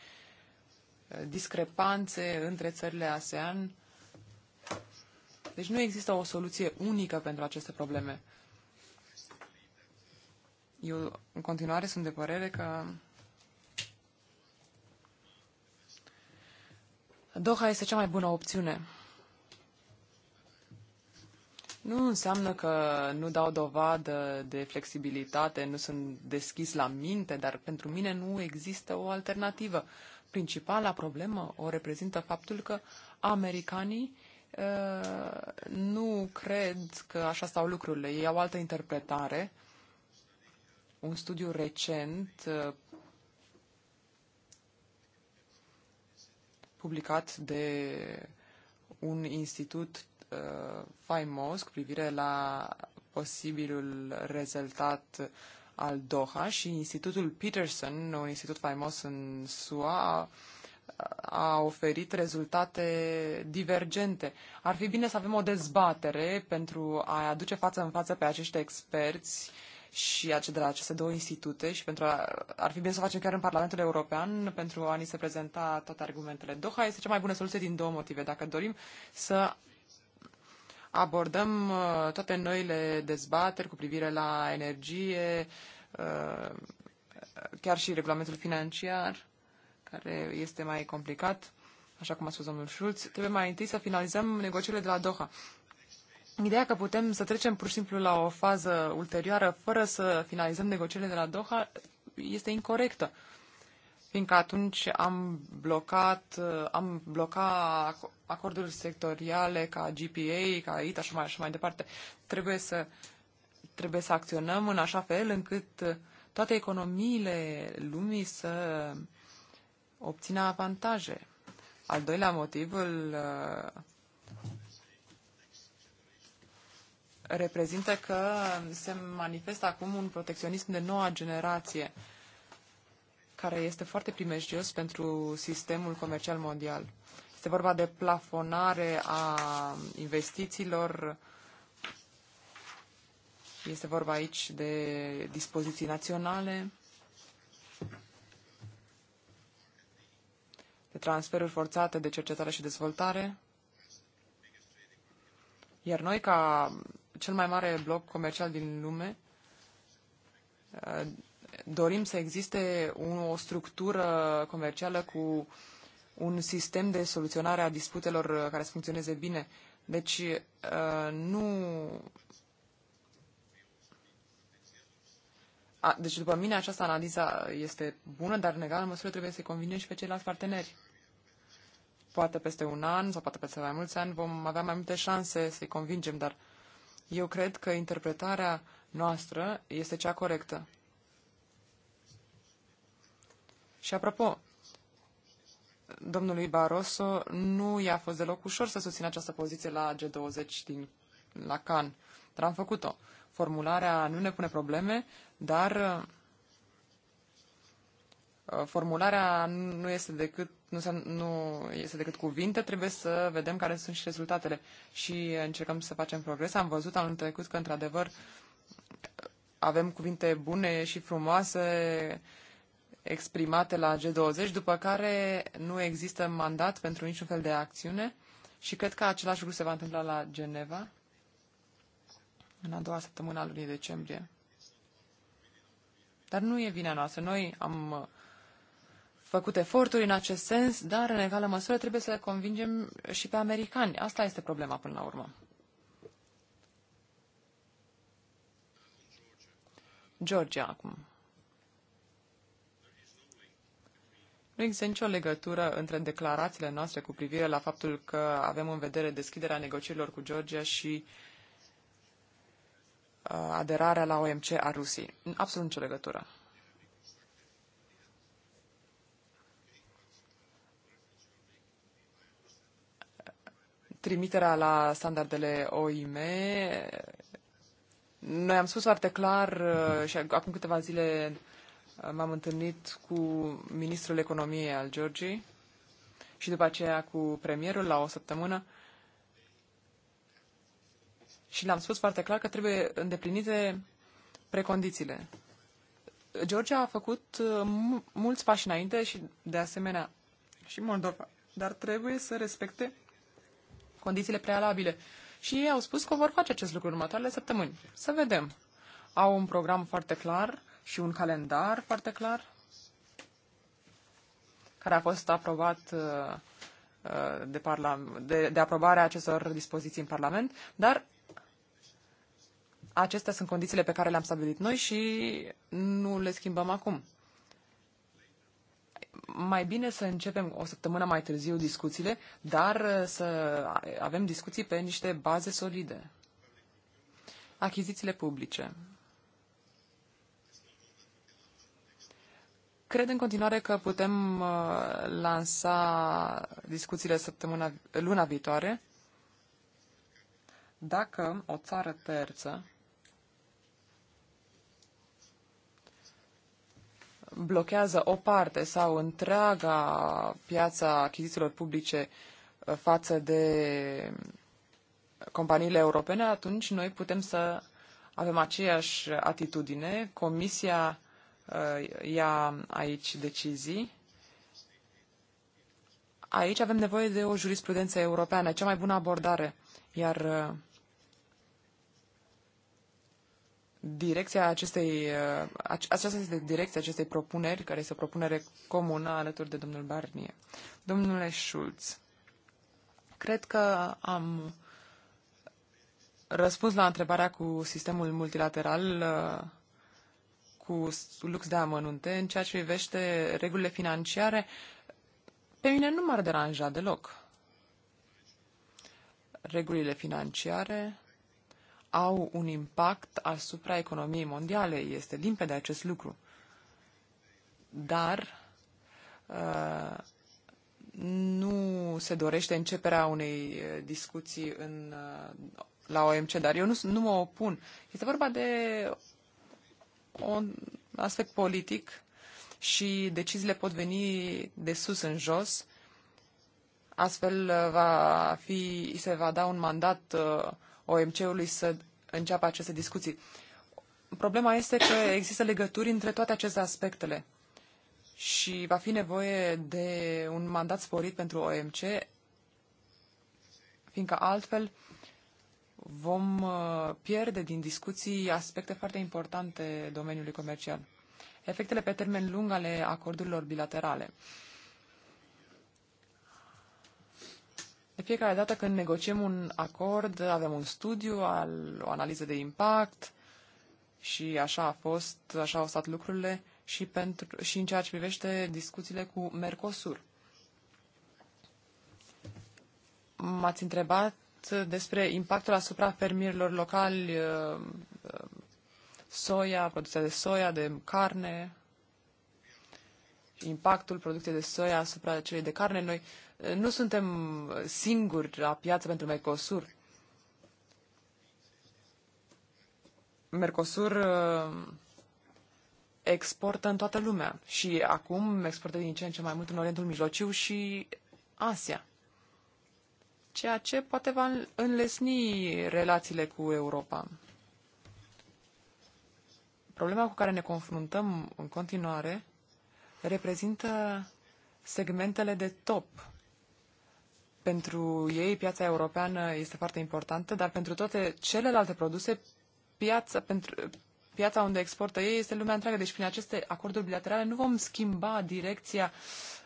discrepanțe între țările ASEAN. Deci nu există o soluție unică pentru aceste probleme. Eu, în continuare, sunt de părere că Doha este cea mai bună opțiune. Nu înseamnă că nu dau dovadă de flexibilitate, nu sunt deschis la minte, dar pentru mine nu există o alternativă. Principala problemă o reprezintă faptul că americanii uh, nu cred că așa stau lucrurile. Ei au altă interpretare uh, un studiu recent uh, publicat de un institut uh, faimos cu privire la posibilul rezultat al Doha și Institutul Peterson, un institut faimos în SUA, a oferit rezultate divergente. Ar fi bine să avem o dezbatere pentru a aduce față în față pe acești experți uh, și de la aceste două institute și pentru a, ar fi bine să o facem chiar în Parlamentul European pentru a ni se prezenta toate argumentele. Doha este cea mai bună soluție din două motive. Dacă dorim să abordăm uh, toate noile dezbateri cu privire la energie, uh, chiar și regulamentul financiar, care este mai complicat, așa cum a spus domnul Schulz, trebuie mai întâi să finalizăm negocierile de la Doha. Ideea că putem să trecem pur și simplu la o fază ulterioară fără să finalizăm negocierile de la Doha este incorrectă, fiindcă atunci am blocat, am blocat acorduri sectoriale ca GPA, ca ITA și mai, așa mai departe. Trebuie să, trebuie să acționăm în așa fel încât toate economiile lumii să obțină avantaje. Al doilea motiv îl reprezintă că se manifestă acum un protecționism de noua generație, care este foarte primejdios pentru sistemul comercial mondial. Este vorba de plafonare a investițiilor, este vorba aici de dispoziții naționale, de transferuri forțate de cercetare și dezvoltare, iar noi, ca cel mai mare bloc comercial din lume, uh, dorim să existe o structură comercială cu un sistem de soluționare a disputelor uh, care să funcționeze bine. Deci uh, nu. Deci, după mine, această analiză este bună, dar în egală măsură trebuie să-i convingem și pe ceilalți parteneri. Poate peste un an sau poate peste mai mulți ani vom avea mai multe șanse să-i convingem, dar eu cred că interpretarea noastră este cea corectă. Și apropo, domnului Barroso nu i-a fost deloc ușor să susțină această poziție la G20 din la Cannes, dar am făcut-o. Formularea nu ne pune probleme, dar Uh, formularea nu este decât, nu, nu este decât cuvinte, trebuie să vedem care sunt și rezultatele și încercăm să facem progres. Am văzut anul trecut că, într-adevăr, avem cuvinte bune și frumoase exprimate la G20, după care nu există mandat pentru niciun fel de acțiune și cred că același lucru se va întâmpla la Geneva în a doua săptămână a lunii decembrie. Dar nu e vina noastră. Noi am făcut eforturi în acest sens, dar în egală măsură trebuie să le convingem și pe americani. Asta este problema până la urmă. Georgia acum. Nu există nicio legătură între declarațiile noastre cu privire la faptul că avem în vedere deschiderea negocierilor cu Georgia și uh, aderarea la OMC a Rusiei. Absolut nicio legătură. trimiterea la standardele OIM. Noi am spus foarte clar uh, și acum câteva zile uh, m-am întâlnit cu ministrul economiei al Georgiei și după aceea cu premierul la o săptămână și le-am spus foarte clar că trebuie îndeplinite precondițiile. Georgia a făcut uh, mulți pași înainte și de asemenea și Moldova, dar trebuie să respecte condițiile prealabile. Și ei au spus că vor face acest lucru în următoarele săptămâni. Să vedem. Au un program foarte clar și un calendar foarte clar care a fost aprobat uh, uh, de, de, de aprobarea acestor dispoziții în Parlament, dar acestea sunt condițiile pe care le-am stabilit noi și nu le schimbăm acum mai bine să începem o săptămână mai târziu discuțiile, dar uh, să avem discuții pe niște baze solide. Achizițiile publice. Cred în continuare că putem uh, lansa discuțiile săptămâna, luna viitoare dacă o țară terță blochează o parte sau întreaga piața achizițiilor publice uh, față de um, companiile europene, atunci noi putem să avem aceeași atitudine. Comisia uh, ia aici decizii. Aici avem nevoie de o jurisprudență europeană, cea mai bună abordare. Iar uh, direcția acestei, uh, aceasta este direcția acestei propuneri, care este o propunere comună alături de domnul Barnier. Domnule Schulz, cred că am răspuns la întrebarea cu sistemul multilateral uh, cu lux de amănunte în ceea ce privește regulile financiare. Pe mine nu m-ar deranja deloc. Regulile financiare au un impact asupra economiei mondiale. Este limpede acest lucru. Dar uh, nu se dorește începerea unei uh, discuții în, uh, la OMC, dar eu nu, nu mă opun. Este vorba de un aspect politic și deciziile pot veni de sus în jos. Astfel uh, va fi, se va da un mandat uh, OMC-ului să înceapă aceste discuții. Problema este că există legături între toate aceste aspectele și va fi nevoie de un mandat sporit pentru OMC, fiindcă altfel vom uh, pierde din discuții aspecte foarte importante domeniului comercial. Efectele pe termen lung ale acordurilor bilaterale. De fiecare dată când negociem un acord, avem un studiu, al, o analiză de impact și așa a fost, așa au stat lucrurile și, pentru, și în ceea ce privește discuțiile cu Mercosur. M-ați întrebat despre impactul asupra fermierilor locali, uh, uh, soia, producția de soia, de carne, impactul producției de soia asupra celei de carne. Noi nu suntem singuri la piață pentru Mercosur. Mercosur uh, exportă în toată lumea și acum exportă din ce în ce mai mult în Orientul Mijlociu și Asia. Ceea ce poate va înlesni relațiile cu Europa. Problema cu care ne confruntăm în continuare reprezintă segmentele de top pentru ei piața europeană este foarte importantă, dar pentru toate celelalte produse, piața, pentru, piața unde exportă ei este lumea întreagă. Deci prin aceste acorduri bilaterale nu vom schimba direcția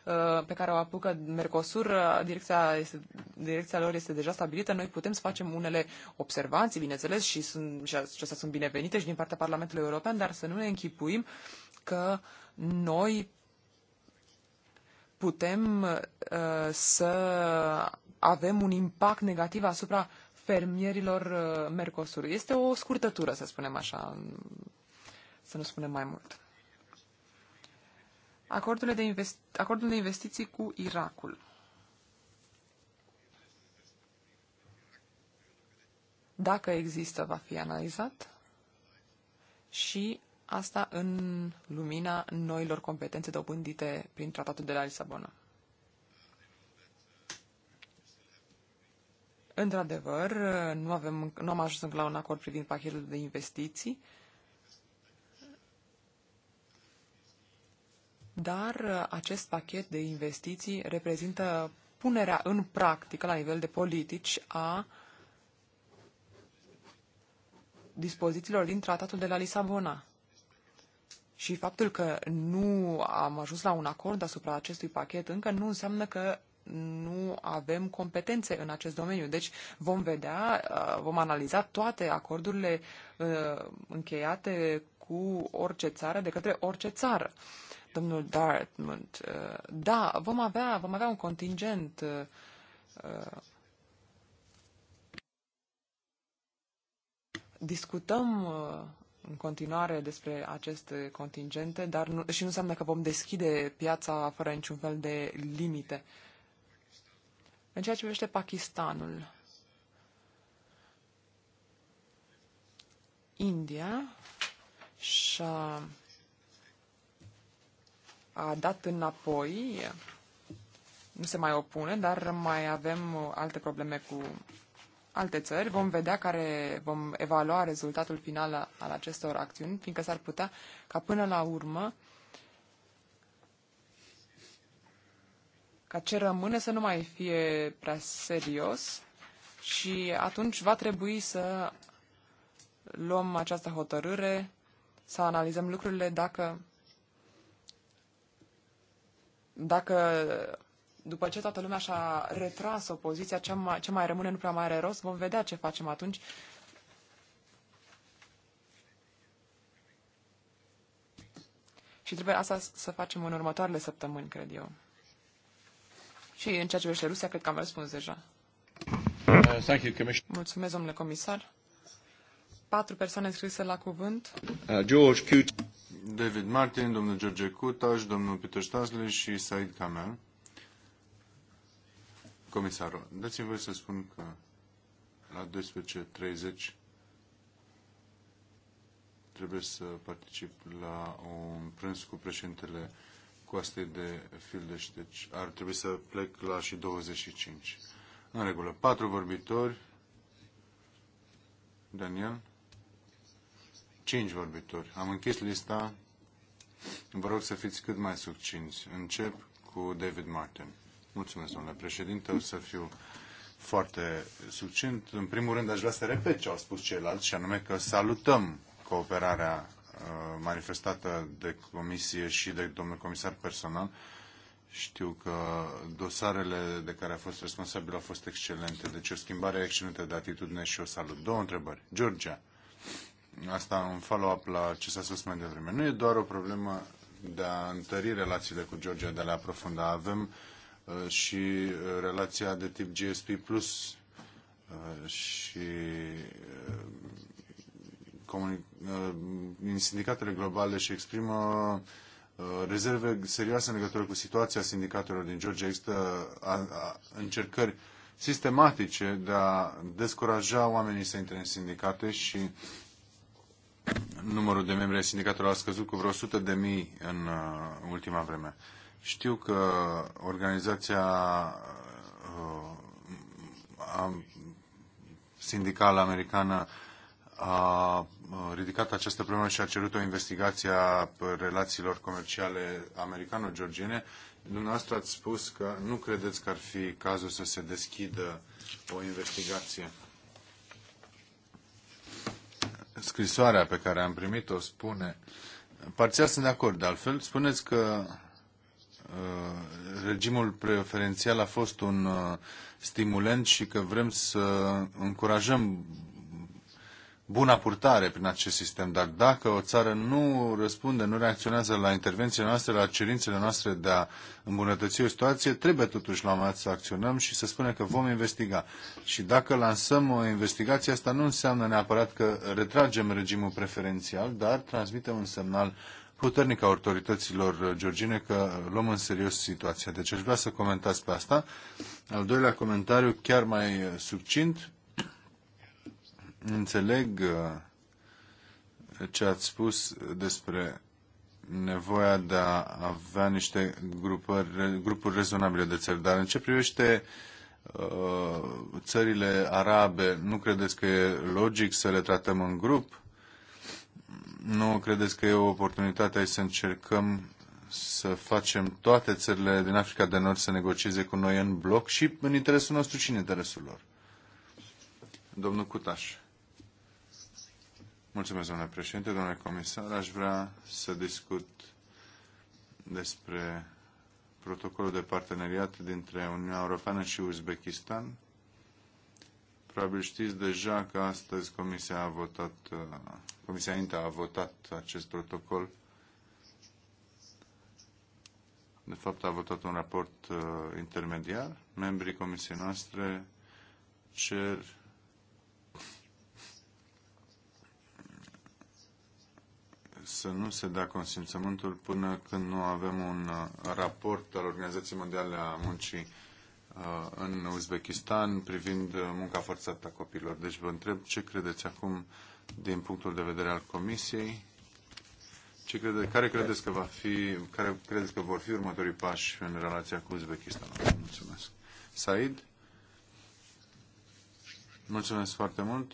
uh, pe care o apucă Mercosur, direcția, este, direcția lor este deja stabilită, noi putem să facem unele observanții, bineînțeles, și, sunt, și acestea sunt binevenite și din partea Parlamentului European, dar să nu ne închipuim că noi putem uh, să avem un impact negativ asupra fermierilor uh, Mercosur. Este o scurtătură, să spunem așa, să nu spunem mai mult. Acordurile de investi- acordul de investiții cu Irakul. Dacă există, va fi analizat și Asta în lumina noilor competențe dobândite prin tratatul de la Lisabona. Într-adevăr, nu, avem, nu am ajuns încă la un acord privind pachetul de investiții, dar acest pachet de investiții reprezintă punerea în practică la nivel de politici a dispozițiilor din tratatul de la Lisabona. Și faptul că nu am ajuns la un acord asupra acestui pachet încă nu înseamnă că nu avem competențe în acest domeniu. Deci vom vedea, uh, vom analiza toate acordurile uh, încheiate cu orice țară, de către orice țară. Domnul Dartmouth, uh, da, vom avea, vom avea un contingent discutăm în continuare despre aceste contingente, dar nu, și nu înseamnă că vom deschide piața fără niciun fel de limite. În ceea ce privește Pakistanul, India și-a a dat înapoi, nu se mai opune, dar mai avem alte probleme cu alte țări. Vom vedea care vom evalua rezultatul final al acestor acțiuni, fiindcă s-ar putea ca până la urmă ca ce rămâne să nu mai fie prea serios și atunci va trebui să luăm această hotărâre, să analizăm lucrurile dacă dacă după ce toată lumea și-a retras opoziția, ce mai, ce mai rămâne nu prea mai are rost, vom vedea ce facem atunci. Și trebuie asta să facem în următoarele săptămâni, cred eu. Și în ceea ce privește Rusia, cred că am răspuns deja. Uh, thank you, Mulțumesc, domnule comisar. Patru persoane înscrise la cuvânt. Uh, George Cut. David Martin, domnul George Cutaș, domnul Peter Stasle și Said Kamel comisarul, dați-mi voi să spun că la 12.30 trebuie să particip la un prânz cu președintele Coastei de Fildeș, deci ar trebui să plec la și 25. În regulă, patru vorbitori. Daniel? Cinci vorbitori. Am închis lista. Vă rog să fiți cât mai succinți. Încep cu David Martin. Mulțumesc, domnule președinte. O să fiu foarte succint. În primul rând, aș vrea să repet ce au spus ceilalți, și anume că salutăm cooperarea uh, manifestată de comisie și de domnul comisar personal. Știu că dosarele de care a fost responsabil au fost excelente, deci o schimbare excelentă de atitudine și o salut. Două întrebări. Georgia, asta un follow-up la ce s-a spus mai devreme. Nu e doar o problemă de a întări relațiile cu Georgia, de a le aprofunda. Avem uh, Uh, și uh, relația de tip GSP+. Plus uh, și sindicatele globale și exprimă rezerve serioase în legătură cu situația sindicatelor din Georgia. Există încercări sistematice de a descuraja oamenii să intre în sindicate și numărul de membri ai sindicatelor a scăzut cu vreo 100 de mii în ultima vreme. Știu că organizația uh, sindicală americană a uh, ridicat această problemă și a cerut o investigație a relațiilor comerciale americano-georgiene. Dumneavoastră ați spus că nu credeți că ar fi cazul să se deschidă o investigație. Scrisoarea pe care am primit-o spune, parțial sunt de acord, de altfel spuneți că Uh, regimul preferențial a fost un uh, stimulent și că vrem să încurajăm buna purtare prin acest sistem. Dar dacă o țară nu răspunde, nu reacționează la intervențiile noastre, la cerințele noastre de a îmbunătăți o situație, trebuie totuși la un moment dat să acționăm și să spunem că vom investiga. Și dacă lansăm o investigație, asta nu înseamnă neapărat că retragem regimul preferențial, dar transmitem un semnal puternic a autorităților georgine că luăm în serios situația. Deci aș vrea să comentați pe asta. Al doilea comentariu, chiar mai eh, succint, înțeleg eh, ce ați spus despre nevoia de a avea niște grupări, grupuri rezonabile de țări, dar în ce privește eh, țările arabe, nu credeți că e logic să le tratăm în grup? nu credeți că e o oportunitate aici să încercăm să facem toate țările din Africa de Nord să negocieze cu noi în bloc și în interesul nostru și în interesul lor? Domnul Cutaș. Mulțumesc, domnule președinte, domnule comisar. Aș vrea să discut despre protocolul de parteneriat dintre Uniunea Europeană și Uzbekistan Probabil știți deja că astăzi Comisia a votat, uh, Comisia Inter a votat acest protocol. De fapt, a votat un raport uh, intermediar. Membrii Comisiei noastre cer să nu se dea consimțământul până când nu avem un uh, raport al Organizației Mondiale a Muncii Uh, în Uzbekistan privind uh, munca forțată a copiilor. Deci vă întreb ce credeți acum din punctul de vedere al Comisiei. Ce crede, care credeți că va fi, care credeți că vor fi următorii pași în relația cu Uzbekistan? Mulțumesc. Said? Mulțumesc foarte mult.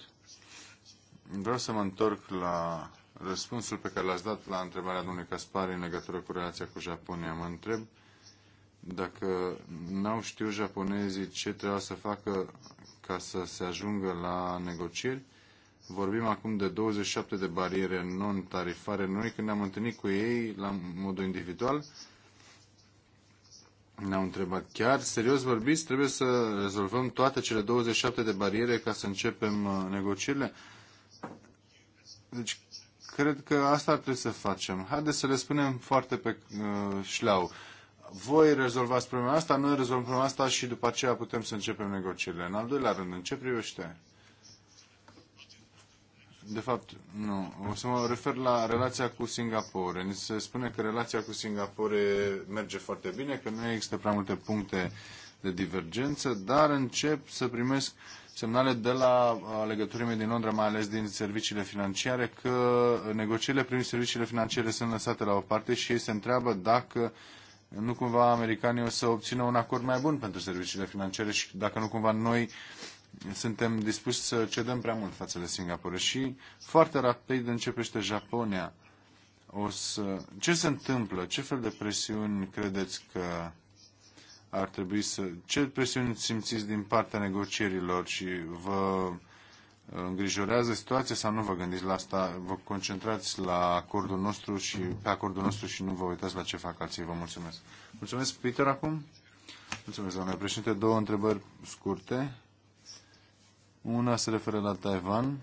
Vreau să mă întorc la răspunsul pe care l-ați dat la întrebarea domnului Caspari în legătură cu relația cu Japonia. Mă întreb dacă n-au știut japonezii ce trebuia să facă ca să se ajungă la negocieri, vorbim acum de 27 de bariere non-tarifare. Noi când ne-am întâlnit cu ei la modul individual, ne-au întrebat chiar, serios vorbiți, trebuie să rezolvăm toate cele 27 de bariere ca să începem uh, negocierile? Deci, cred că asta ar trebui să facem. Haideți să le spunem foarte pe uh, șleau voi rezolvați problema asta, noi rezolvăm problema asta și după aceea putem să începem negocierile. În al doilea rând, în ce privește? De fapt, nu. O să mă refer la relația cu Singapore. Ni se spune că relația cu Singapore merge foarte bine, că nu există prea multe puncte de divergență, dar încep să primesc semnale de la uh, legăturile din Londra, mai ales din serviciile financiare, că negocierile prin serviciile financiare sunt lăsate la o parte și ei se întreabă dacă nu cumva americanii o să obțină un acord mai bun pentru serviciile financiare și dacă nu cumva noi suntem dispuși să cedăm prea mult față de Singapore. Și foarte rapid începește Japonia. O să... Ce se întâmplă? Ce fel de presiuni credeți că ar trebui să... Ce presiuni simțiți din partea negocierilor și vă îngrijorează situația sau nu vă gândiți la asta? Vă concentrați la acordul nostru și pe acordul nostru și nu vă uitați la ce fac alții. Vă mulțumesc. Mulțumesc, Peter, acum. Mulțumesc, doamne președinte. Două întrebări scurte. Una se referă la Taiwan.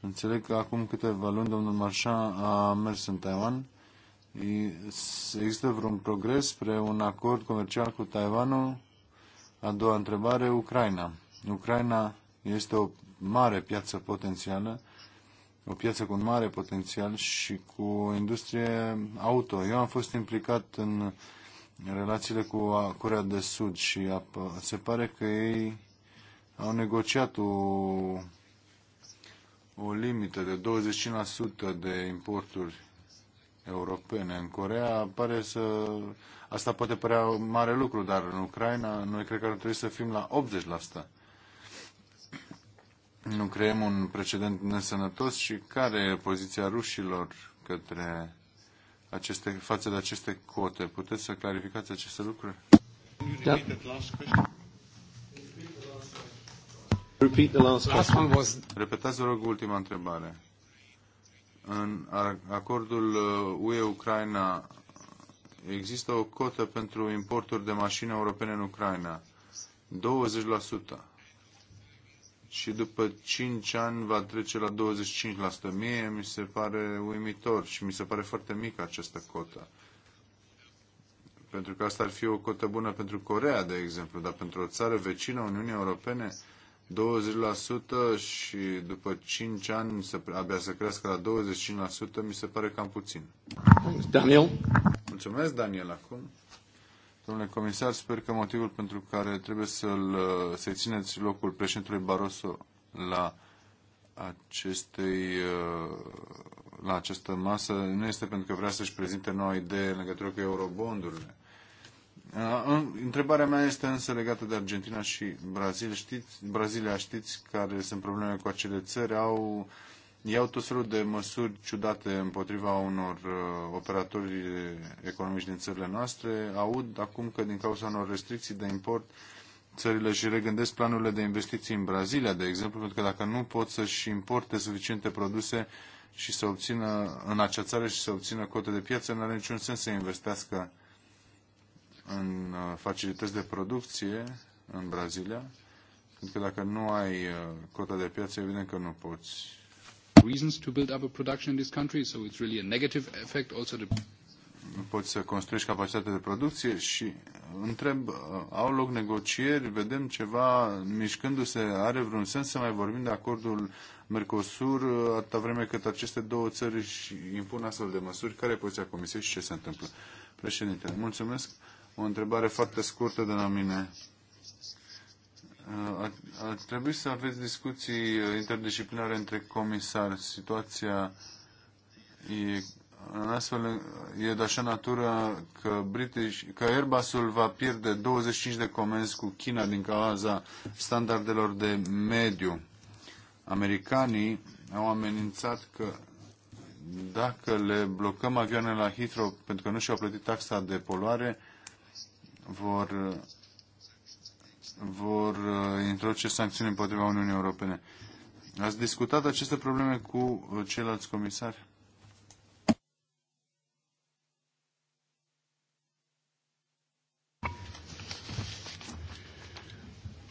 Înțeleg că acum câteva luni domnul Marșan a mers în Taiwan. Există vreun progres spre un acord comercial cu Taiwanul? A doua întrebare, Ucraina. Ucraina este o mare piață potențială, o piață cu un mare potențial și cu o industrie auto. Eu am fost implicat în relațiile cu Corea de Sud și se pare că ei au negociat o, o limită de 25% de importuri europene. În Corea pare să... Asta poate părea mare lucru, dar în Ucraina noi cred că ar trebui să fim la 80% nu creăm un precedent nesănătos și care e poziția rușilor către aceste, față de aceste cote? Puteți să clarificați aceste lucruri? Da. Repeat the last question. Was... Repetați, vă rog, ultima întrebare. În acordul uh, UE-Ucraina există o cotă pentru importuri de mașini europene în Ucraina. 20% și după 5 ani va trece la 25%. Mie mi se pare uimitor și mi se pare foarte mică această cotă. Pentru că asta ar fi o cotă bună pentru Corea, de exemplu, dar pentru o țară vecină a Uniunii Europene, 20% și după 5 ani să, abia să crească la 25%, mi se pare cam puțin. Daniel? Mulțumesc, Daniel, acum. Domnule comisar, sper că motivul pentru care trebuie să-l, să țineți locul președintelui Barroso la, acestei, la această masă nu este pentru că vrea să-și prezinte noua idee în legătură cu eurobondurile. Întrebarea mea este însă legată de Argentina și Brazilia. Știți, Brazilia, știți care sunt problemele cu acele țări? Au uh, iau tot felul de măsuri ciudate împotriva unor uh, operatori economici din țările noastre. Aud acum că din cauza unor restricții de import țările și regândesc planurile de investiții în Brazilia, de exemplu, pentru că dacă nu pot să-și importe suficiente produse și să obțină în acea țară și să obțină cote de piață, nu are niciun sens să investească în uh, facilități de producție în Brazilia, pentru că dacă nu ai uh, cota de piață, evident că nu poți reasons to build up a production in this country, so it's really a negative effect also the poți să construiești capacitatea de producție și întreb, uh, au loc negocieri, vedem ceva mișcându-se, are vreun sens să mai vorbim de acordul Mercosur uh, atâta vreme cât aceste două țări își impun astfel de măsuri? Care e poziția Comisiei și ce se întâmplă? Președinte, mulțumesc. O întrebare foarte scurtă de la mine. Ați trebui să aveți discuții uh, interdisciplinare între comisari. Situația e în astfel e de așa natură că, British, că Airbusul va pierde 25 de comenzi cu China din cauza standardelor de mediu. Americanii au amenințat că dacă le blocăm avioanele la Heathrow pentru că nu și-au plătit taxa de poluare, vor vor uh, introduce sancțiuni împotriva Uniunii Europene. Ați discutat aceste probleme cu uh, ceilalți comisari?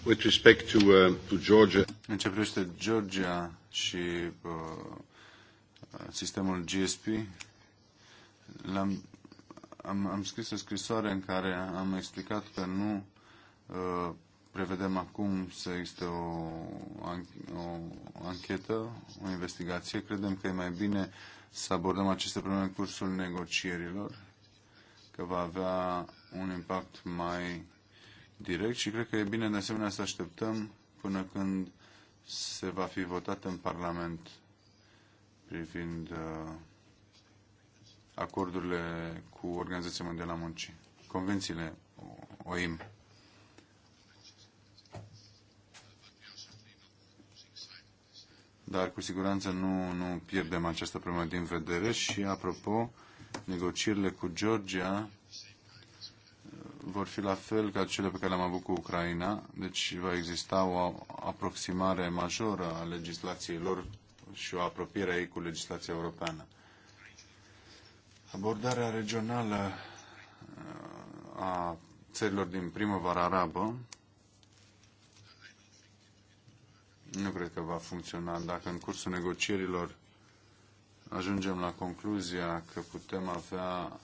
With respect to, uh, to Georgia. În ce privește Georgia și uh, sistemul GSP, am am, am scris o scrisoare în care am explicat că nu uh, prevedem acum să existe o, o anchetă, o investigație. Credem că e mai bine să abordăm aceste probleme în cursul negocierilor, că va avea un impact mai direct și cred că e bine de asemenea să așteptăm până când se va fi votat în Parlament privind uh, acordurile cu Organizația Mondială a Muncii, convențiile OIM. dar cu siguranță nu, nu pierdem această problemă din vedere și, apropo, negocierile cu Georgia uh, vor fi la fel ca cele pe care le-am avut cu Ucraina, deci va exista o aproximare majoră a legislației lor și o apropiere a ei cu legislația europeană. Abordarea regională uh, a țărilor din primăvara arabă nu cred că va funcționa. Dacă în cursul negocierilor ajungem la concluzia că putem avea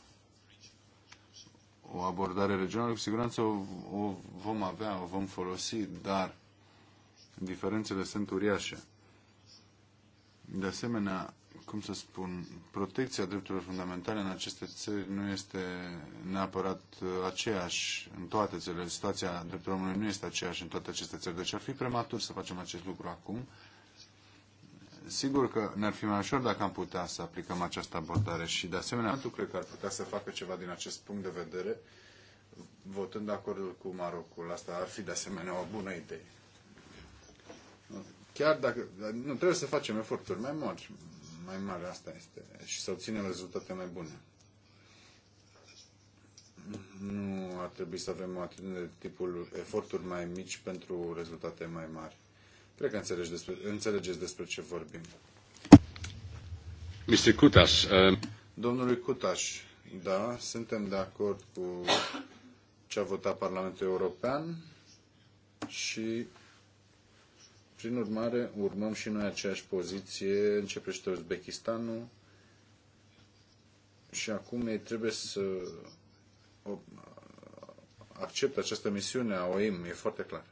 o abordare regională, cu siguranță o, o vom avea, o vom folosi, dar diferențele sunt uriașe. De asemenea, cum să spun, protecția drepturilor fundamentale în aceste țări nu este neapărat aceeași în toate țările. Situația drepturilor omului nu este aceeași în toate aceste țări. Deci ar fi prematur să facem acest lucru acum. Sigur că ne-ar fi mai ușor dacă am putea să aplicăm această abordare și, de asemenea, tu cred că ar putea să facă ceva din acest punct de vedere votând acordul cu Marocul. Asta ar fi, de asemenea, o bună idee. Chiar dacă... Nu, trebuie să facem eforturi mai mari mai mare, asta este, și să obținem rezultate mai bune. Nu ar trebui să avem o atitudine de tipul eforturi mai mici pentru rezultate mai mari. Cred că înțelegi despre, înțelegeți despre ce vorbim. Mr. Cutaș. Uh... Domnului Cutaș, da, suntem de acord cu ce a votat Parlamentul European și prin urmare, urmăm și noi aceeași poziție, începește Uzbekistanul și acum ei trebuie să acceptă această misiune a OIM, e foarte clar.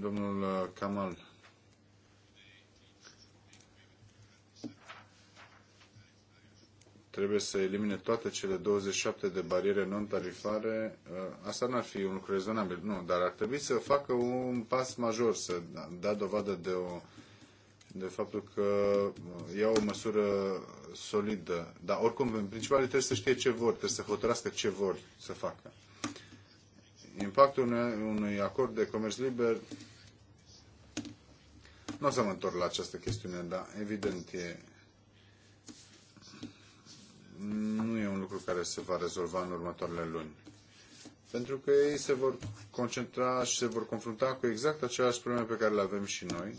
Domnul uh, Kamal. trebuie să elimine toate cele 27 de bariere non-tarifare, uh, asta n-ar fi un lucru rezonabil, nu, dar ar trebui să facă un pas major, să da dovadă de, o, de faptul că uh, ia o măsură solidă. Dar oricum, în principal, trebuie să știe ce vor, trebuie să hotărască ce vor să facă. Impactul unui acord de comerț liber nu o să mă întorc la această chestiune, dar evident e nu e un lucru care se va rezolva în următoarele luni. Pentru că ei se vor concentra și se vor confrunta cu exact aceleași probleme pe care le avem și noi,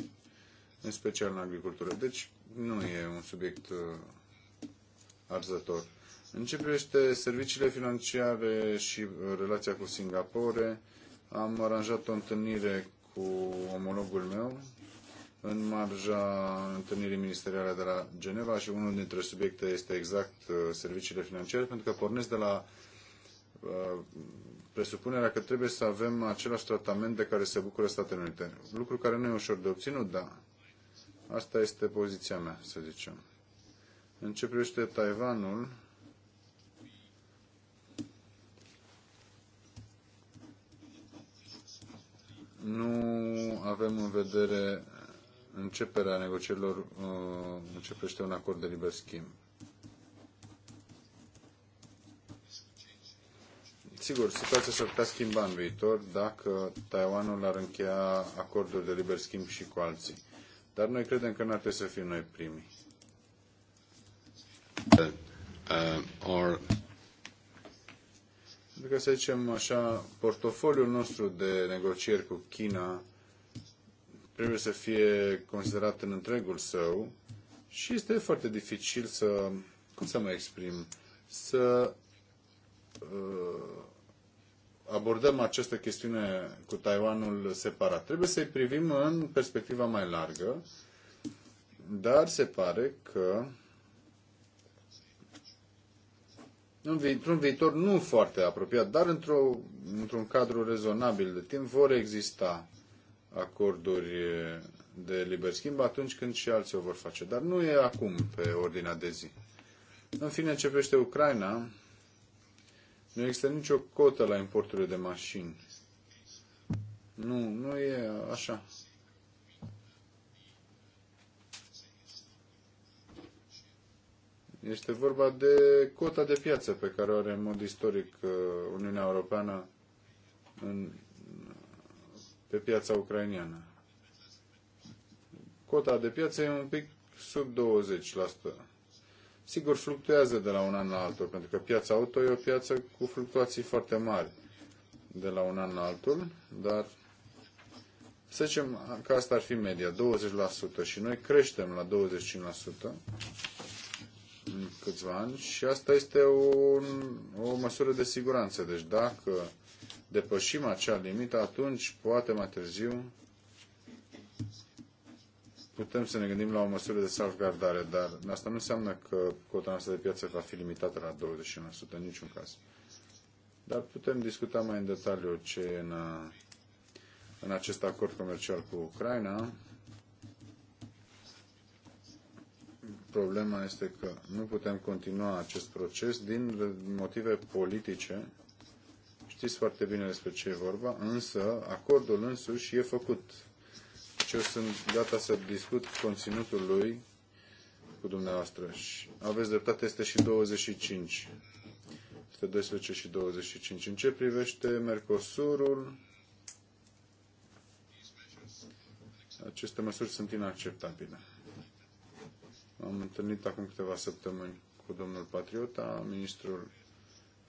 în special în agricultură. Deci nu e un subiect uh, arzător. În ce privește serviciile financiare și uh, relația cu Singapore, am aranjat o întâlnire cu omologul meu, în marja întâlnirii ministeriale de la Geneva și unul dintre subiecte este exact uh, serviciile financiare, pentru că pornesc de la uh, presupunerea că trebuie să avem același tratament de care se bucură Statele Unite. Lucru care nu e ușor de obținut, dar asta este poziția mea, să zicem. În ce privește Taiwanul, nu avem în vedere începerea negocierilor uh, începește un acord de liber schimb. Sigur, situația s-ar putea schimba în viitor dacă Taiwanul ar încheia acorduri de liber schimb și cu alții. Dar noi credem că nu ar trebui să fim noi primii. Uh, uh, or... Adică să zicem așa, portofoliul nostru de negocieri cu China trebuie să fie considerat în întregul său și este foarte dificil să, cum să mă exprim, să uh, abordăm această chestiune cu Taiwanul separat. Trebuie să-i privim în perspectiva mai largă, dar se pare că într-un viitor nu foarte apropiat, dar într-un într cadru rezonabil de timp vor exista acorduri de liber schimb atunci când și alții o vor face. Dar nu e acum pe ordinea de zi. În fine, începește Ucraina. Nu există nicio cotă la importurile de mașini. Nu, nu e așa. Este vorba de cota de piață pe care o are în mod istoric uh, Uniunea Europeană în pe piața ucraineană. Cota de piață e un pic sub 20%. Sigur, fluctuează de la un an la altul, pentru că piața auto e o piață cu fluctuații foarte mari de la un an la altul, dar să zicem că asta ar fi media, 20% și noi creștem la 25% în câțiva ani și asta este o, o măsură de siguranță. Deci dacă depășim acea limită, atunci, poate mai târziu, putem să ne gândim la o măsură de salvgardare, dar asta nu înseamnă că cota noastră de piață va fi limitată la 21% în niciun caz. Dar putem discuta mai în detaliu ce e în, în acest acord comercial cu Ucraina. Problema este că nu putem continua acest proces din motive politice Știți foarte bine despre ce e vorba, însă acordul însuși e făcut. Și deci eu sunt gata să discut conținutul lui cu dumneavoastră. Și aveți dreptate, este și 25. Este 12 și 25. În ce privește Mercosurul, aceste măsuri sunt inacceptabile. Am întâlnit acum câteva săptămâni cu domnul Patriota, ministrul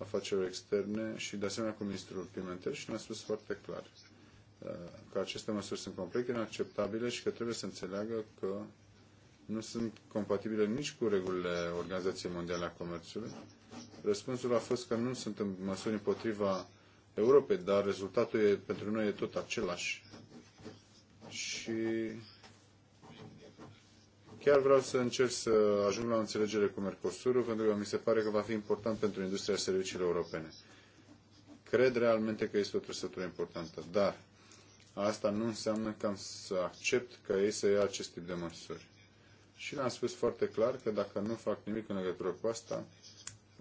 Afacerilor Externe și de asemenea cu ministrul Pimentel și ne-a spus foarte clar uh, că aceste măsuri sunt complet inacceptabile și că trebuie să înțeleagă că nu sunt compatibile nici cu regulile Organizației Mondiale a Comerțului. Răspunsul a fost că nu sunt în măsuri împotriva Europei, dar rezultatul e, pentru noi e tot același. Și Chiar vreau să încerc să ajung la o înțelegere cu Mercosurul, pentru că mi se pare că va fi important pentru industria serviciilor europene. Cred realmente că este o trăsătură importantă, dar asta nu înseamnă că am să accept ca ei să ia acest tip de măsuri. Și le-am spus foarte clar că dacă nu fac nimic în legătură cu asta,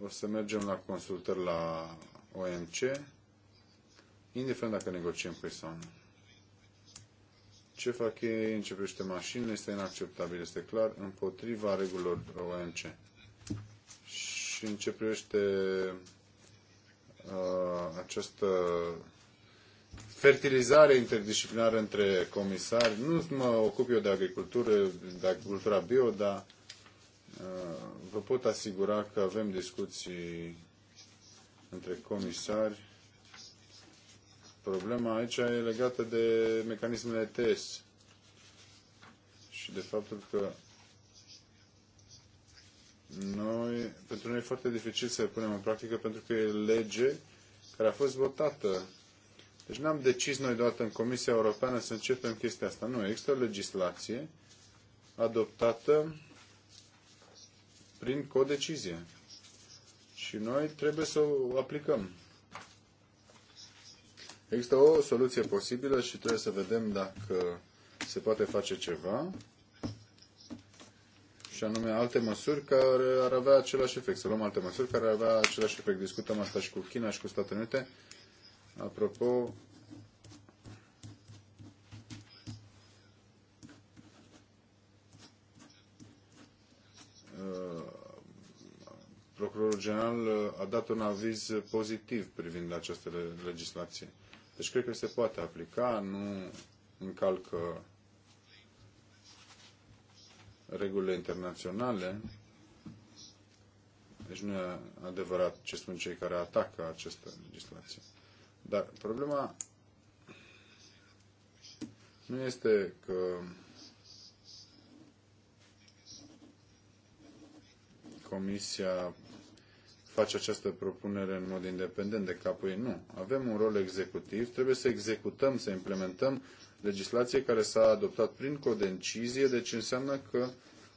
o să mergem la consultări la OMC, indiferent dacă negociem cu ei sau nu. Ce fac ei în ce privește mașinile este inacceptabil, este clar, împotriva regulilor OMC. Și în ce privește uh, această fertilizare interdisciplinară între comisari. Nu mă ocup eu de agricultură, de agricultura bio, dar uh, vă pot asigura că avem discuții între comisari Problema aici e legată de mecanismele ETS și de faptul că noi, pentru noi e foarte dificil să le punem în practică pentru că e lege care a fost votată. Deci n-am decis noi deodată în Comisia Europeană să începem chestia asta. Nu, există o legislație adoptată prin codecizie. Și noi trebuie să o aplicăm. Există o soluție posibilă și trebuie să vedem dacă se poate face ceva și anume alte măsuri care ar avea același efect. Să luăm alte măsuri care ar avea același efect. Discutăm asta și cu China și cu Statele Unite. Apropo, uh, Procurorul General a dat un aviz pozitiv privind această legislație. Deci cred că se poate aplica, nu încalcă regulile internaționale. Deci nu e adevărat ce spun cei care atacă această legislație. Dar problema nu este că Comisia face această propunere în mod independent de capul ei. Nu. Avem un rol executiv, trebuie să executăm, să implementăm legislație care s-a adoptat prin codecizie, deci înseamnă că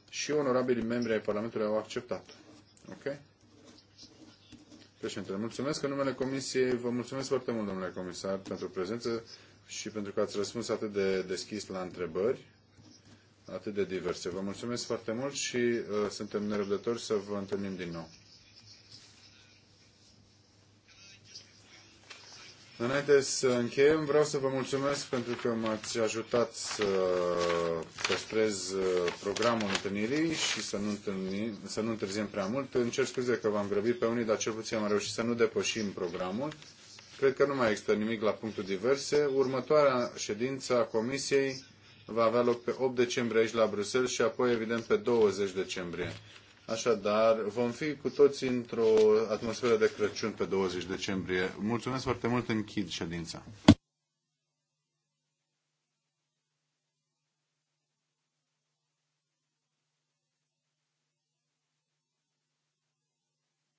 și onorabilii membri ai Parlamentului au acceptat. Ok? Președintele, mulțumesc în numele Comisiei, vă mulțumesc foarte mult, domnule comisar, pentru prezență și pentru că ați răspuns atât de deschis la întrebări atât de diverse. Vă mulțumesc foarte mult și uh, suntem nerăbdători să vă întâlnim din nou. Înainte să încheiem, vreau să vă mulțumesc pentru că m-ați ajutat să păstrez uh, programul întâlnirii și să nu, întâlni, să nu întârziem prea mult. Îmi cer scuze că v-am grăbit pe unii, dar cel puțin am reușit să nu depășim programul. Cred că nu mai există nimic la punctul diverse. Următoarea ședință a Comisiei va avea loc pe 8 decembrie aici la Bruxelles și apoi, evident, pe 20 decembrie. Așadar, vom fi cu toții într-o atmosferă de Crăciun pe 20 decembrie. Mulțumesc foarte mult, închid ședința.